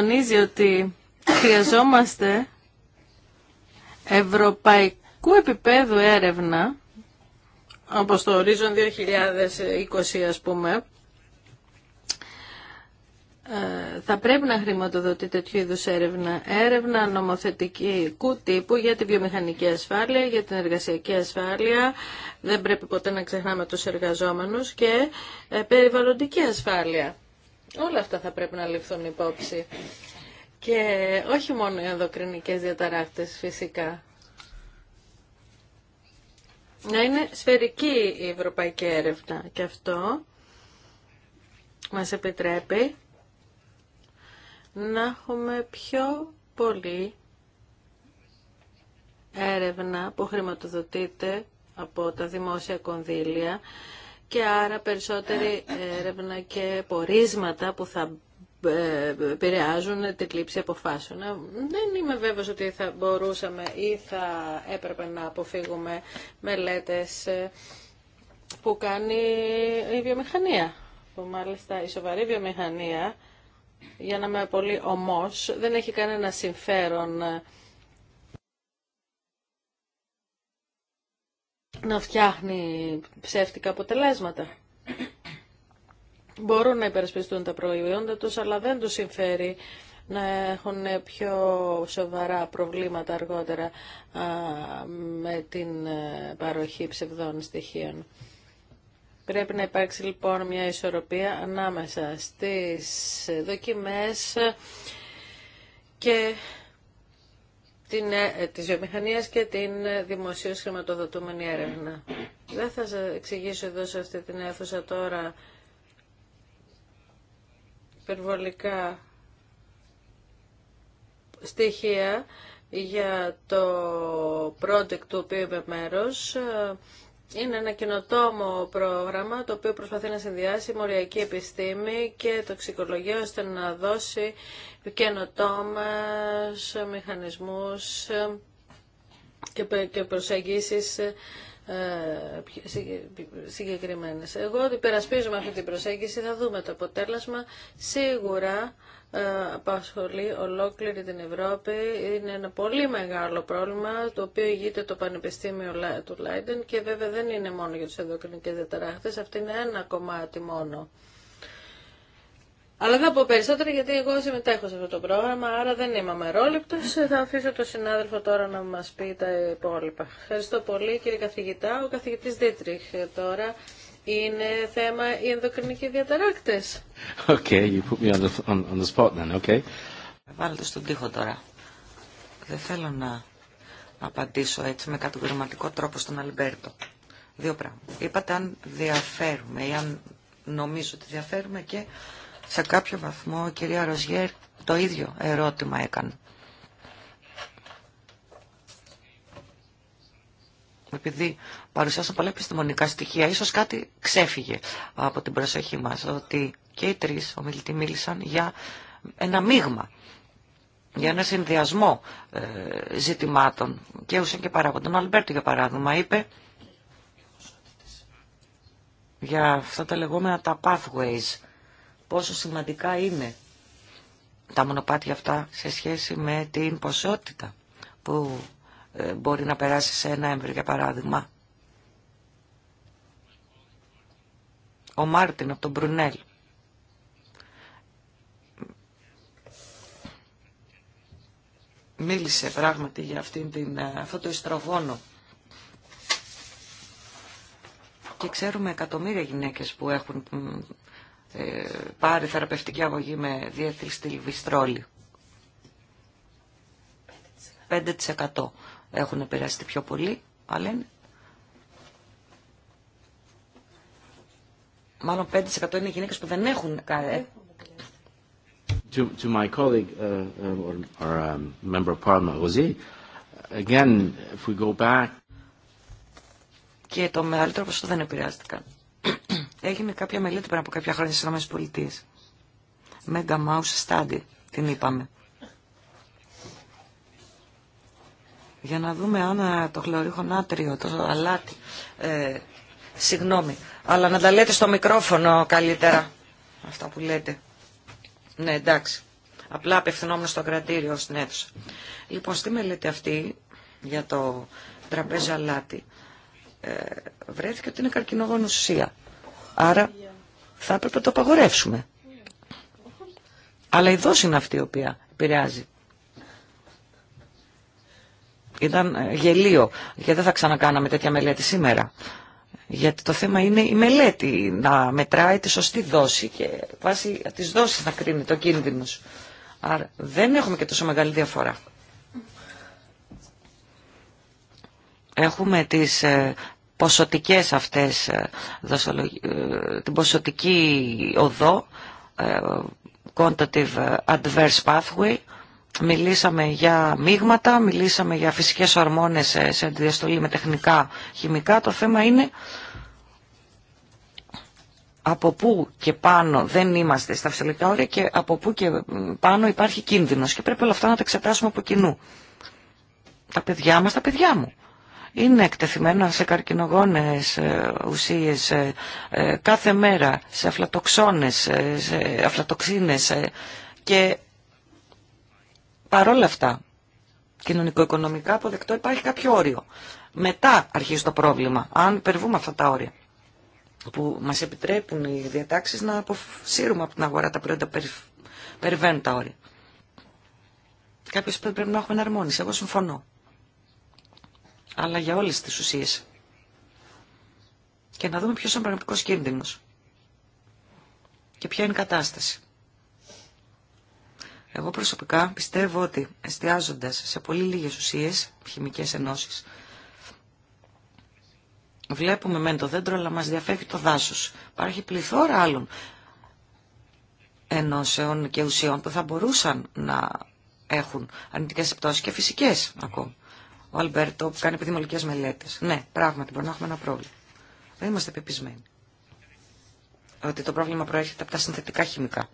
τονίζει ότι χρειαζόμαστε ευρωπαϊκού επίπεδου έρευνα, από το Horizon 2020 ας πούμε, ε, θα πρέπει να χρηματοδοτεί τέτοιου είδου έρευνα. Έρευνα νομοθετικού τύπου για τη βιομηχανική ασφάλεια, για την εργασιακή ασφάλεια, δεν πρέπει ποτέ να ξεχνάμε τους εργαζόμενους και ε, περιβαλλοντική ασφάλεια. Όλα αυτά θα πρέπει να ληφθούν υπόψη. Και όχι μόνο οι ενδοκρινικές διαταράκτες φυσικά. Να είναι σφαιρική η ευρωπαϊκή έρευνα και αυτό μας επιτρέπει να έχουμε πιο πολύ έρευνα που χρηματοδοτείται από τα δημόσια κονδύλια και άρα περισσότερη έρευνα και πορίσματα που θα ε, επηρεάζουν την κλήψη αποφάσεων. Ε, δεν είμαι βέβαιος ότι θα μπορούσαμε ή θα έπρεπε να αποφύγουμε μελέτες ε, που κάνει η βιομηχανία. Που μάλιστα η σοβαρή βιομηχανία, για να είμαι πολύ ομός, δεν έχει κανένα συμφέρον να φτιάχνει ψεύτικα αποτελέσματα. Μπορούν να υπερασπιστούν τα προϊόντα τους, αλλά δεν τους συμφέρει να έχουν πιο σοβαρά προβλήματα αργότερα με την ε, παροχή ψευδών στοιχείων. Πρέπει να υπάρξει λοιπόν μια ισορροπία ανάμεσα στις δοκιμές και την, ε, της και την ε, δημοσίω χρηματοδοτούμενη έρευνα. Δεν θα σα εξηγήσω εδώ σε αυτή την αίθουσα τώρα υπερβολικά στοιχεία για το project του οποίου είμαι μέρος. Είναι ένα καινοτόμο πρόγραμμα το οποίο προσπαθεί να συνδυάσει μοριακή επιστήμη και τοξικολογία ώστε να δώσει καινοτόμα μηχανισμούς και προσεγγίσεις ε, συγκεκριμένες. Εγώ υπερασπίζομαι αυτή την προσέγγιση, θα δούμε το αποτέλεσμα. Σίγουρα ε, απασχολεί ολόκληρη την Ευρώπη. Είναι ένα πολύ μεγάλο πρόβλημα το οποίο ηγείται το Πανεπιστήμιο του Λάιντεν και βέβαια δεν είναι μόνο για τους ενδοκρινικές διαταράχτες, αυτό είναι ένα κομμάτι μόνο. Αλλά δεν θα πω περισσότερα γιατί εγώ συμμετέχω σε αυτό το πρόγραμμα, άρα δεν είμαι αμερόληπτο. Θα αφήσω τον συνάδελφο τώρα να μας πει τα υπόλοιπα. Ευχαριστώ πολύ κύριε καθηγητά. Ο καθηγητής Δίτριχ τώρα είναι θέμα οι ενδοκρινικοί διαταράκτε. Okay, you put me on the, on, the spot then, okay. Βάλτε στον τοίχο τώρα. Δεν θέλω να απαντήσω έτσι με κατηγορηματικό τρόπο στον Αλμπέρτο. Δύο πράγματα. Είπατε αν διαφέρουμε ή αν νομίζω ότι διαφέρουμε και σε κάποιο βαθμό η κυρία Ροζιέρ το ίδιο ερώτημα έκανε. Επειδή παρουσιάσαν πολλά επιστημονικά στοιχεία, ίσως κάτι ξέφυγε από την προσοχή μας, ότι και οι τρεις ομιλητοί μίλησαν για ένα μείγμα για ένα συνδυασμό ε, ζητημάτων και ουσιαν και παράγοντων. Ο Αλμπέρτο, για παράδειγμα, είπε για αυτά τα λεγόμενα τα pathways, πόσο σημαντικά είναι τα μονοπάτια αυτά σε σχέση με την ποσότητα που ε, μπορεί να περάσει σε ένα έμβριο, για παράδειγμα. Ο Μάρτιν από τον Μπρουνέλ. Μίλησε πράγματι για αυτήν την, ε, αυτό το ιστρογόνο. Και ξέρουμε εκατομμύρια γυναίκες που έχουν ε, πάρει θεραπευτική αγωγή με διεθριστή λιβιστρόλη. 5% έχουν επηρεαστεί πιο πολύ, αλλά είναι... Μάλλον 5% είναι γυναίκες που δεν έχουν ε. To, to my colleague uh, uh or, um, member of Parliament, again, if we go back... Και το μεγαλύτερο ποσοστό δεν επηρεάστηκαν. Έγινε κάποια μελέτη πριν από κάποια χρόνια στις Πολιτείε. Mega Mouse Study, την είπαμε. Για να δούμε αν ε, το χλωρίχο νάτριο, το αλάτι, ε, συγγνώμη, αλλά να τα λέτε στο μικρόφωνο καλύτερα, αυτά που λέτε. Ναι, εντάξει. Απλά απευθυνόμουν στο κρατήριο στην αίθουσα. Λοιπόν, στη μελέτη αυτή για το τραπέζι αλάτι ε, βρέθηκε ότι είναι καρκινογόνο ουσία. Άρα θα έπρεπε να το απαγορεύσουμε. Αλλά η δόση είναι αυτή η οποία επηρεάζει. Ήταν ε, γελίο, γιατί δεν θα ξανακάναμε τέτοια μελέτη σήμερα. Γιατί το θέμα είναι η μελέτη, να μετράει τη σωστή δόση και βάσει τις δόσεις να κρίνει το κίνδυνος. Άρα δεν έχουμε και τόσο μεγάλη διαφορά. Έχουμε τις ε, ποσοτικές αυτές, ε, ε, την ποσοτική οδό, ε, quantitative adverse pathway, Μιλήσαμε για μείγματα, μιλήσαμε για φυσικές ορμόνες σε αντιδιαστολή με τεχνικά χημικά. Το θέμα είναι από πού και πάνω δεν είμαστε στα φυσικά όρια και από πού και πάνω υπάρχει κίνδυνος και πρέπει όλα αυτά να τα εξετάσουμε από κοινού. Τα παιδιά μας, τα παιδιά μου είναι εκτεθειμένα σε καρκινογόνες ουσίες κάθε μέρα, σε αφλατοξόνες, σε αφλατοξίνες και παρόλα αυτά κοινωνικο-οικονομικά αποδεκτό υπάρχει κάποιο όριο. Μετά αρχίζει το πρόβλημα, αν υπερβούμε αυτά τα όρια που μας επιτρέπουν οι διατάξεις να αποσύρουμε από την αγορά τα προϊόντα που περιβαίνουν τα όρια. Κάποιος πρέπει να έχουμε εναρμόνιση, εγώ συμφωνώ αλλά για όλες τις ουσίες. Και να δούμε ποιος είναι ο πραγματικός κίνδυνος και ποια είναι η κατάσταση. Εγώ προσωπικά πιστεύω ότι εστιάζοντας σε πολύ λίγες ουσίες, χημικές ενώσεις, βλέπουμε μεν το δέντρο αλλά μας διαφεύγει το δάσος. Υπάρχει πληθώρα άλλων ενώσεων και ουσιών που θα μπορούσαν να έχουν αρνητικές επιπτώσεις και φυσικές ακόμα ο Αλμπέρτο που κάνει επιδημολογικέ μελέτε. Ναι, πράγματι μπορεί να έχουμε ένα πρόβλημα. Δεν είμαστε πεπισμένοι ότι το πρόβλημα προέρχεται από τα συνθετικά χημικά.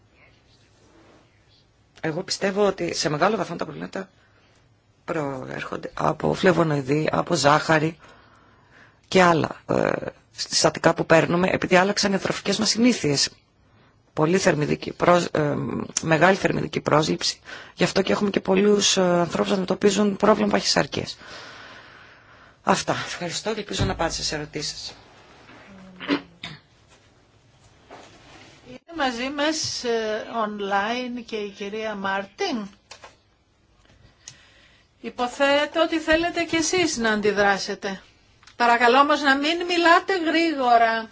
Εγώ πιστεύω ότι σε μεγάλο βαθμό τα προβλήματα προέρχονται από φλεβονοειδή, από ζάχαρη και άλλα συστατικά ε, που παίρνουμε, επειδή άλλαξαν οι μας συνήθειες πολύ θερμιδική ε, μεγάλη θερμιδική πρόσληψη. Γι' αυτό και έχουμε και πολλούς ε, ανθρώπους που αντιμετωπίζουν πρόβλημα παχυσαρκίας. Αυτά. Ευχαριστώ και ελπίζω να πάτε σε ερωτήσεις Είναι μαζί μας ε, online και η κυρία Μάρτιν. Υποθέτω ότι θέλετε κι εσείς να αντιδράσετε. Παρακαλώ όμως να μην μιλάτε γρήγορα.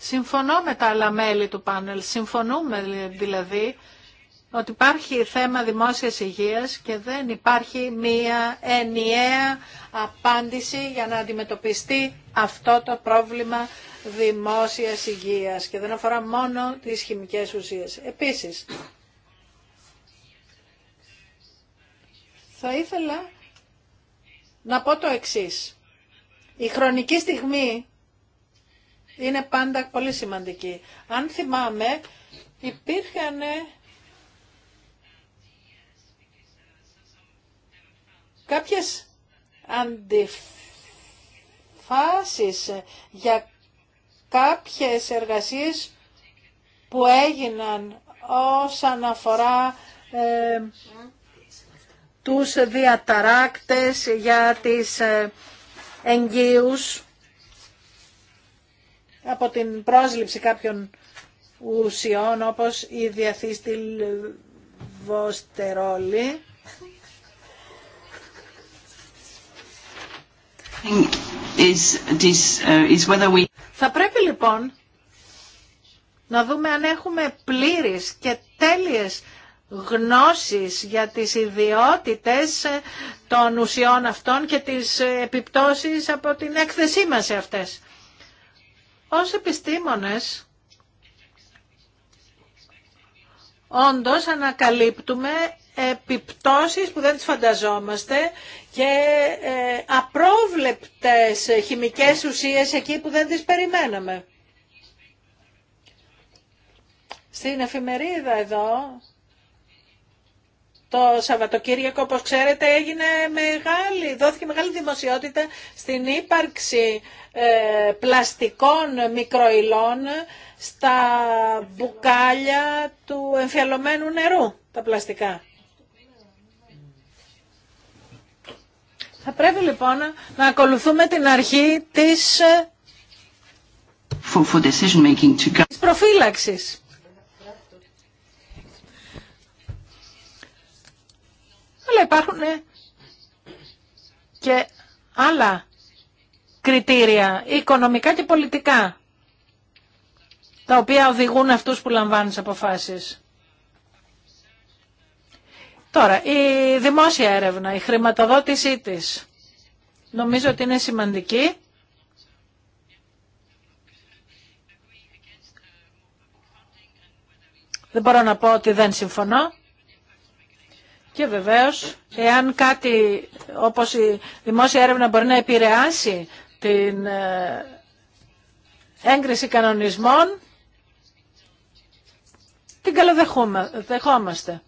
Συμφωνώ με τα άλλα μέλη του πάνελ. Συμφωνούμε δηλαδή ότι υπάρχει θέμα δημόσιας υγείας και δεν υπάρχει μία ενιαία απάντηση για να αντιμετωπιστεί αυτό το πρόβλημα δημόσιας υγείας και δεν αφορά μόνο τις χημικές ουσίες. Επίσης, θα ήθελα να πω το εξής. Η χρονική στιγμή είναι πάντα πολύ σημαντική. Αν θυμάμαι, υπήρχαν ε, κάποιες αντιφάσεις για κάποιες εργασίες που έγιναν όσον αφορά ε, τους διαταράκτες για τις ε, εγγύους από την πρόσληψη κάποιων ουσιών όπως η διαθύστη βοστερόλη. Uh, Θα πρέπει λοιπόν να δούμε αν έχουμε πλήρεις και τέλειες γνώσεις για τις ιδιότητες ε, των ουσιών αυτών και τις ε, επιπτώσεις από την έκθεσή μας σε αυτές. Ως επιστήμονες, όντως ανακαλύπτουμε επιπτώσεις που δεν τις φανταζόμαστε και ε, απρόβλεπτες χημικές ουσίες εκεί που δεν τις περιμέναμε. Στην εφημερίδα εδώ το Σαββατοκύριακο, όπως ξέρετε, έγινε μεγάλη, δόθηκε μεγάλη δημοσιότητα στην ύπαρξη ε, πλαστικών μικροϊλών στα μπουκάλια του εμφιαλωμένου νερού, τα πλαστικά. Θα πρέπει λοιπόν να ακολουθούμε την αρχή της, ε, for, της αλλά υπάρχουν ε, και άλλα κριτήρια, οικονομικά και πολιτικά, τα οποία οδηγούν αυτούς που λαμβάνουν τις αποφάσεις. Τώρα, η δημόσια έρευνα, η χρηματοδότησή της, νομίζω ότι είναι σημαντική. Δεν μπορώ να πω ότι δεν συμφωνώ. Και βεβαίως, εάν κάτι όπως η δημόσια έρευνα μπορεί να επηρεάσει την ε, έγκριση κανονισμών, την καλοδεχόμαστε.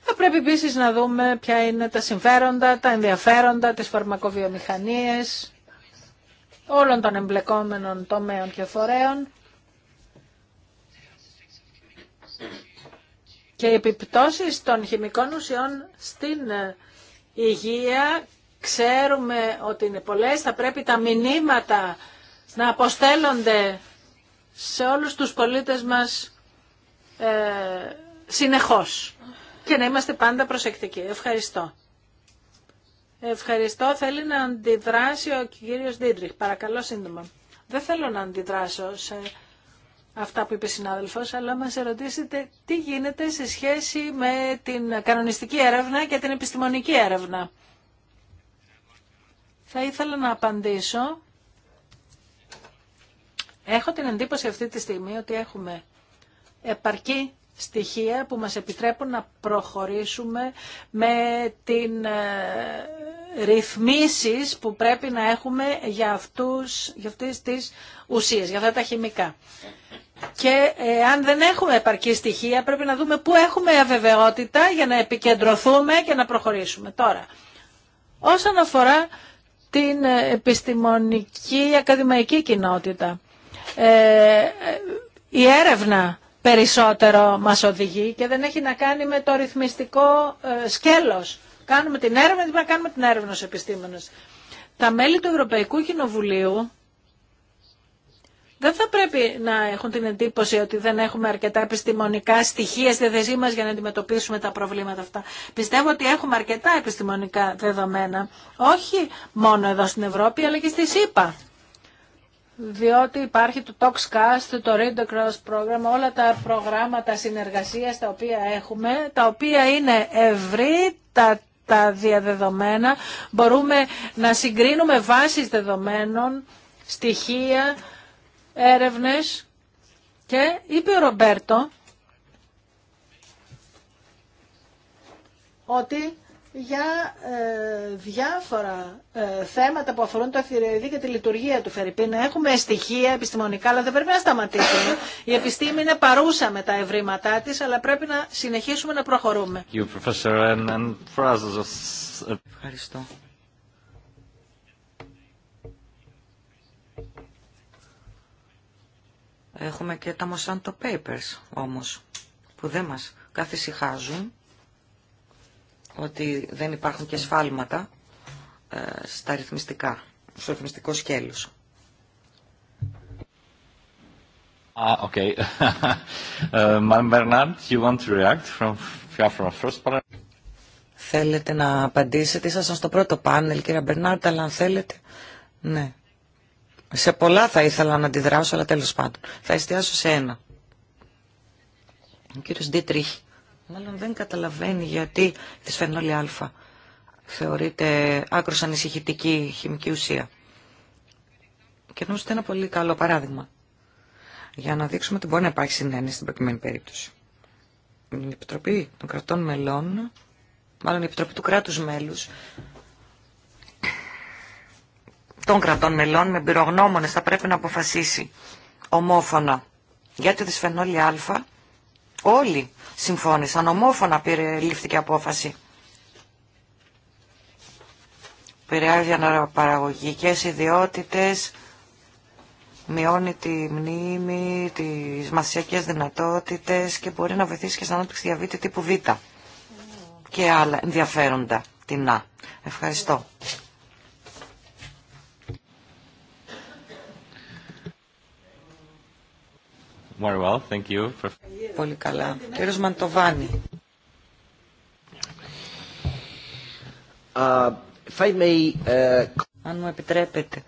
Θα πρέπει επίσης να δούμε ποια είναι τα συμφέροντα, τα ενδιαφέροντα, τις φαρμακοβιομηχανίες, όλων των εμπλεκόμενων τομέων και φορέων και οι επιπτώσεις των χημικών ουσιών στην ε, υγεία ξέρουμε ότι είναι πολλές. Θα πρέπει τα μηνύματα να αποστέλλονται σε όλους τους πολίτες μας ε, συνεχώς και να είμαστε πάντα προσεκτικοί. Ευχαριστώ. Ευχαριστώ. Θέλει να αντιδράσει ο κύριος Ντίντριχ. Παρακαλώ σύντομα. Δεν θέλω να αντιδράσω σε αυτά που είπε συνάδελφο, αλλά μας ερωτήσετε τι γίνεται σε σχέση με την κανονιστική έρευνα και την επιστημονική έρευνα. Θα ήθελα να απαντήσω. Έχω την εντύπωση αυτή τη στιγμή ότι έχουμε επαρκή στοιχεία που μας επιτρέπουν να προχωρήσουμε με την ε, ρυθμίσεις που πρέπει να έχουμε για, αυτούς, για αυτές τις ουσίες, για αυτά τα χημικά. Και ε, αν δεν έχουμε επαρκή στοιχεία πρέπει να δούμε πού έχουμε αβεβαιότητα για να επικεντρωθούμε και να προχωρήσουμε. Τώρα, όσον αφορά την ε, επιστημονική ακαδημαϊκή κοινότητα, ε, η έρευνα περισσότερο μας οδηγεί και δεν έχει να κάνει με το ρυθμιστικό σκέλος. Κάνουμε την έρευνα, δεν πρέπει να κάνουμε την έρευνα ως επιστήμονες. Τα μέλη του Ευρωπαϊκού Κοινοβουλίου δεν θα πρέπει να έχουν την εντύπωση ότι δεν έχουμε αρκετά επιστημονικά στοιχεία στη θέση μας για να αντιμετωπίσουμε τα προβλήματα αυτά. Πιστεύω ότι έχουμε αρκετά επιστημονικά δεδομένα, όχι μόνο εδώ στην Ευρώπη, αλλά και στη ΣΥΠΑ. Διότι υπάρχει το ToxCast, το Read Across Program, όλα τα προγράμματα συνεργασίας τα οποία έχουμε, τα οποία είναι ευρύτατα τα διαδεδομένα, μπορούμε να συγκρίνουμε βάσεις δεδομένων, στοιχεία, έρευνες και είπε ο Ρομπέρτο ότι για ε, διάφορα ε, θέματα που αφορούν το θηροειδή και τη λειτουργία του Φερρυπίνα. Έχουμε στοιχεία επιστημονικά, αλλά δεν πρέπει να σταματήσουμε. Η επιστήμη είναι παρούσα με τα ευρήματά της, αλλά πρέπει να συνεχίσουμε να προχωρούμε. Ε, Ευχαριστώ. Έχουμε και τα Monsanto Papers όμως, που δεν μας καθησυχάζουν ότι δεν υπάρχουν και σφάλματα ε, στα ρυθμιστικά, στο ρυθμιστικό σκέλος. Ah, okay. Uh, Bernard, you want to react from, from first panel? Θέλετε να απαντήσετε, ήσασταν στο πρώτο πάνελ, κύριε Bernard αλλά αν θέλετε, ναι. Σε πολλά θα ήθελα να αντιδράσω, αλλά τέλος πάντων. Θα εστιάσω σε ένα. Ο κύριος Ντίτριχ, μάλλον δεν καταλαβαίνει γιατί τη σφενόλη α θεωρείται άκρως ανησυχητική χημική ουσία. Και νομίζω ότι είναι ένα πολύ καλό παράδειγμα. Για να δείξουμε ότι μπορεί να υπάρχει συνένεση στην προκειμένη περίπτωση. Η Επιτροπή των Κρατών Μελών, μάλλον η Επιτροπή του Κράτους Μέλους, των κρατών μελών με πυρογνώμονες θα πρέπει να αποφασίσει ομόφωνα για τη δυσφενόλη α. Όλοι συμφώνησαν, ομόφωνα πήρε, λήφθηκε απόφαση. Πηρεάζει αναπαραγωγικές ιδιότητες, μειώνει τη μνήμη, τις μασιακές δυνατότητες και μπορεί να βοηθήσει και σαν ανάπτυξη διαβήτη τύπου Β και άλλα ενδιαφέροντα Α. Ευχαριστώ. Πολύ καλά. Κύριος Μαντοβάνη. Ε, Αν μου επιτρέπετε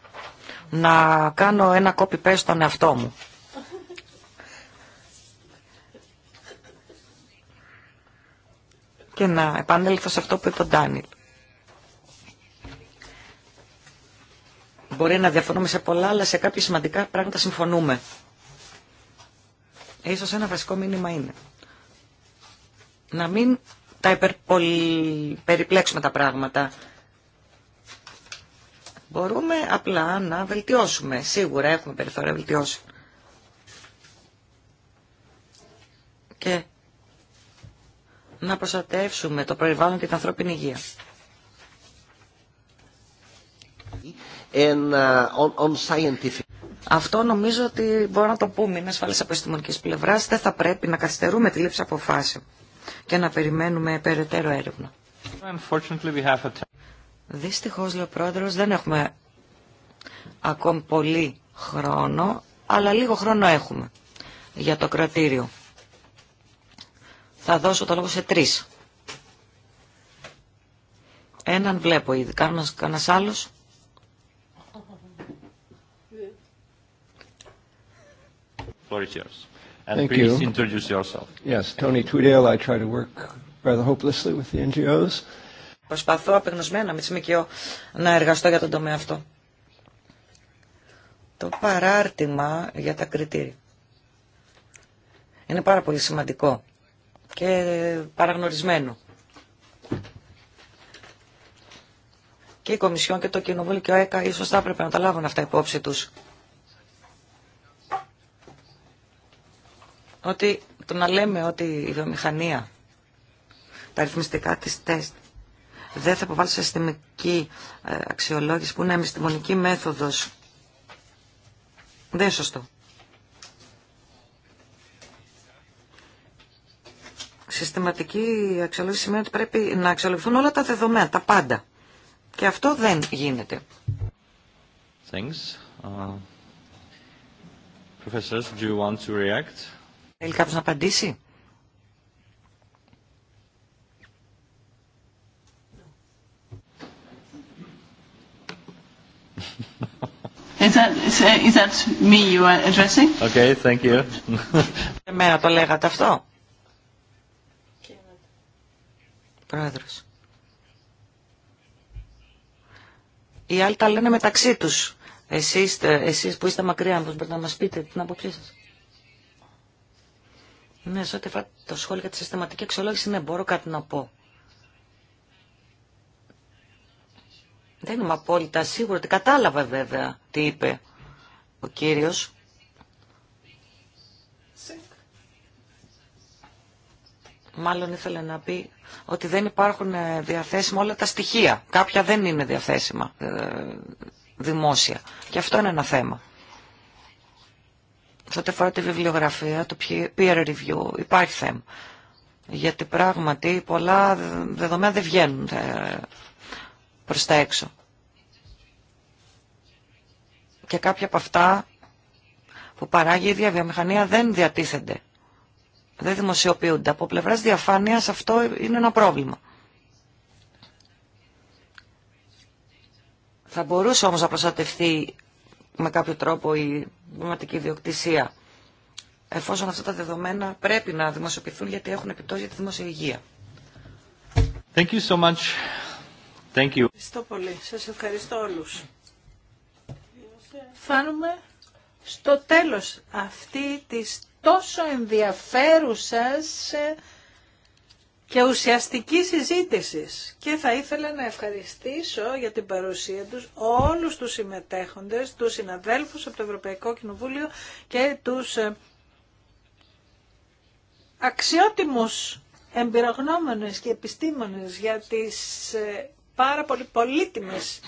να κάνω κόπι κόπ-πέ στον εαυτό μου. και να επανέλθω σε αυτό που είπε ο Ντάνιλ. Μπορεί να διαφωνούμε σε πολλά, αλλά σε κάποια σημαντικά πράγματα συμφωνούμε. Ίσως ένα βασικό μήνυμα είναι να μην τα υπερπολι... τα πράγματα. Μπορούμε απλά να βελτιώσουμε. Σίγουρα έχουμε περιθώρια βελτιώσεων. Και να προστατεύσουμε το περιβάλλον και την ανθρώπινη υγεία. on, on scientific. Αυτό νομίζω ότι μπορώ να το πούμε, είναι ασφαλή από επιστημονική πλευρά. Δεν θα πρέπει να καθυστερούμε τη λήψη αποφάσεων και να περιμένουμε περαιτέρω έρευνα. Δυστυχώ, λέει ο πρόεδρο, δεν έχουμε ακόμη πολύ χρόνο, αλλά λίγο χρόνο έχουμε για το κρατήριο. Θα δώσω το λόγο σε τρει. Έναν βλέπω ήδη. Κάνα άλλο. Προσπαθώ απεγνωσμένα με τις ΜΚΟ να εργαστώ για τον τομέα αυτό. Το παράρτημα για τα κριτήρια. Είναι πάρα πολύ σημαντικό και παραγνωρισμένο. Και η Κομισιόν και το Κοινοβούλιο και ο ΕΚΑ ίσως θα έπρεπε να τα λάβουν αυτά υπόψη τους ότι το να λέμε ότι η βιομηχανία, τα αριθμιστικά, της τεστ, δεν θα αποβάλει σε συστημική ε, αξιολόγηση που είναι επιστημονική μέθοδος. Δεν είναι σωστό. Συστηματική αξιολόγηση σημαίνει ότι πρέπει να αξιολογηθούν όλα τα δεδομένα, τα πάντα. Και αυτό δεν γίνεται. Thanks. Uh, professors, do you want to react? Θέλει κάποιος να απαντήσει. Is that, is that me you are addressing? Okay, thank you. Εμένα το λέγατε αυτό. Πρόεδρος. Οι άλλοι τα λένε μεταξύ τους. Εσείς, ε, εσείς που είστε μακριά, μπορείτε να μας πείτε την άποψή σας. Ναι, σε ό,τι αφορά το σχόλιο για τη συστηματική αξιολόγηση, ναι, μπορώ κάτι να πω. Δεν είμαι απόλυτα σίγουρη ότι κατάλαβα βέβαια τι είπε ο κύριος. Μάλλον ήθελε να πει ότι δεν υπάρχουν ε, διαθέσιμα όλα τα στοιχεία. Κάποια δεν είναι διαθέσιμα ε, δημόσια. Και αυτό είναι ένα θέμα. Σε ό,τι αφορά τη βιβλιογραφία, το peer review, υπάρχει θέμα. Γιατί πράγματι πολλά δεδομένα δεν βγαίνουν ε, προς τα έξω. Και κάποια από αυτά που παράγει η ίδια βιομηχανία δεν διατίθενται. Δεν δημοσιοποιούνται. Από πλευράς διαφάνειας αυτό είναι ένα πρόβλημα. Θα μπορούσε όμως να προστατευτεί με κάποιο τρόπο η δημοτική ιδιοκτησία. Εφόσον αυτά τα δεδομένα πρέπει να δημοσιοποιηθούν γιατί έχουν επιπτώσει για τη δημόσια υγεία. Thank you so much. Thank you. Ευχαριστώ πολύ. Σας ευχαριστώ όλους. Φτάνουμε στο τέλος αυτή της τόσο ενδιαφέρουσας και ουσιαστική συζήτηση. Και θα ήθελα να ευχαριστήσω για την παρουσία τους όλους τους συμμετέχοντες, τους συναδέλφους από το Ευρωπαϊκό Κοινοβούλιο και τους ε, αξιότιμους εμπειρογνώμονες και επιστήμονες για τις ε, πάρα πολύ πολύτιμες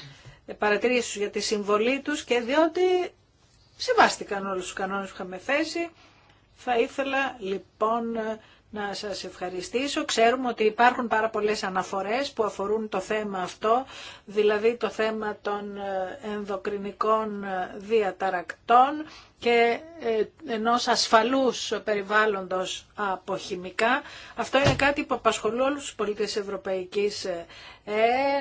παρατηρήσεις για τη συμβολή τους και διότι σεβάστηκαν όλους τους κανόνες που είχαμε θέσει. Θα ήθελα λοιπόν να σας ευχαριστήσω. Ξέρουμε ότι υπάρχουν πάρα πολλές αναφορές που αφορούν το θέμα αυτό, δηλαδή το θέμα των ε, ενδοκρινικών ε, διαταρακτών και ε, ενός ασφαλούς περιβάλλοντος από χημικά. Αυτό είναι κάτι που απασχολεί όλους τους πολίτες Ευρωπαϊκής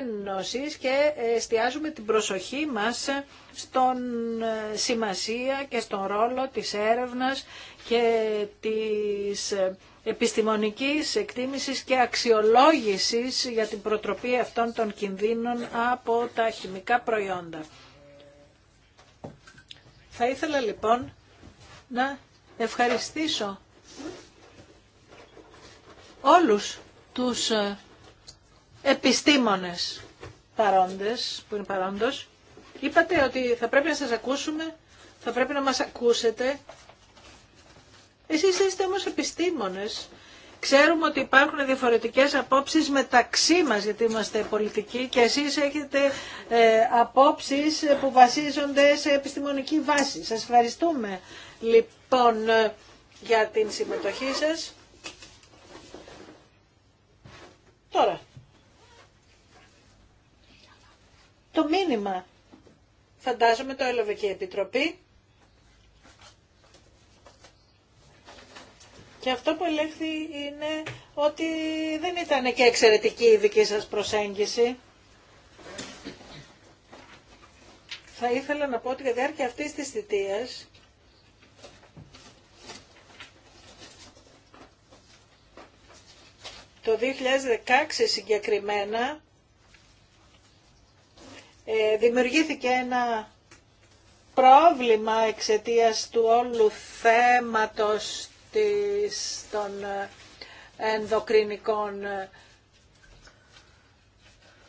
Ένωσης και εστιάζουμε την προσοχή μας στον σημασία και στον ρόλο της έρευνας και της επιστημονικής εκτίμησης και αξιολόγησης για την προτροπή αυτών των κινδύνων από τα χημικά προϊόντα. Θα ήθελα λοιπόν να ευχαριστήσω όλους τους ε, επιστήμονες παρόντες, που είναι παρόντος. Είπατε ότι θα πρέπει να σας ακούσουμε, θα πρέπει να μας ακούσετε εσείς είστε όμως επιστήμονες. Ξέρουμε ότι υπάρχουν διαφορετικές απόψεις μεταξύ μας, γιατί είμαστε πολιτικοί και εσείς έχετε ε, απόψεις που βασίζονται σε επιστημονική βάση. Σας ευχαριστούμε λοιπόν για την συμμετοχή σας. Τώρα, το μήνυμα φαντάζομαι το έλαβε Επιτροπή. Και αυτό που ελέγχθη είναι ότι δεν ήταν και εξαιρετική η δική σας προσέγγιση. Θα ήθελα να πω ότι για διάρκεια αυτής της θητείας το 2016 συγκεκριμένα ε, δημιουργήθηκε ένα πρόβλημα εξαιτίας του όλου θέματος των ε, ενδοκρινικών ε,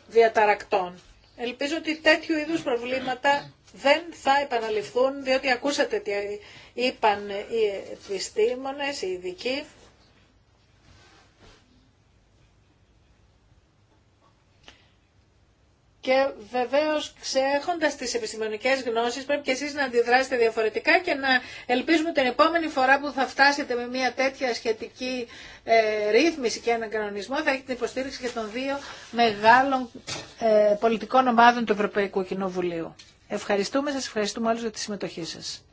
διαταρακτών. Ελπίζω ότι τέτοιου είδους προβλήματα δεν θα επαναληφθούν, διότι ακούσατε τι είπαν οι επιστήμονες, οι ειδικοί. Και βεβαίω, ξέχοντα τι επιστημονικέ γνώσει, πρέπει και εσεί να αντιδράσετε διαφορετικά και να ελπίζουμε την επόμενη φορά που θα φτάσετε με μια τέτοια σχετική ε, ρύθμιση και έναν κανονισμό, θα έχετε την υποστήριξη και των δύο μεγάλων ε, πολιτικών ομάδων του Ευρωπαϊκού Κοινοβουλίου. Ευχαριστούμε, σα ευχαριστούμε όλου για τη συμμετοχή σα.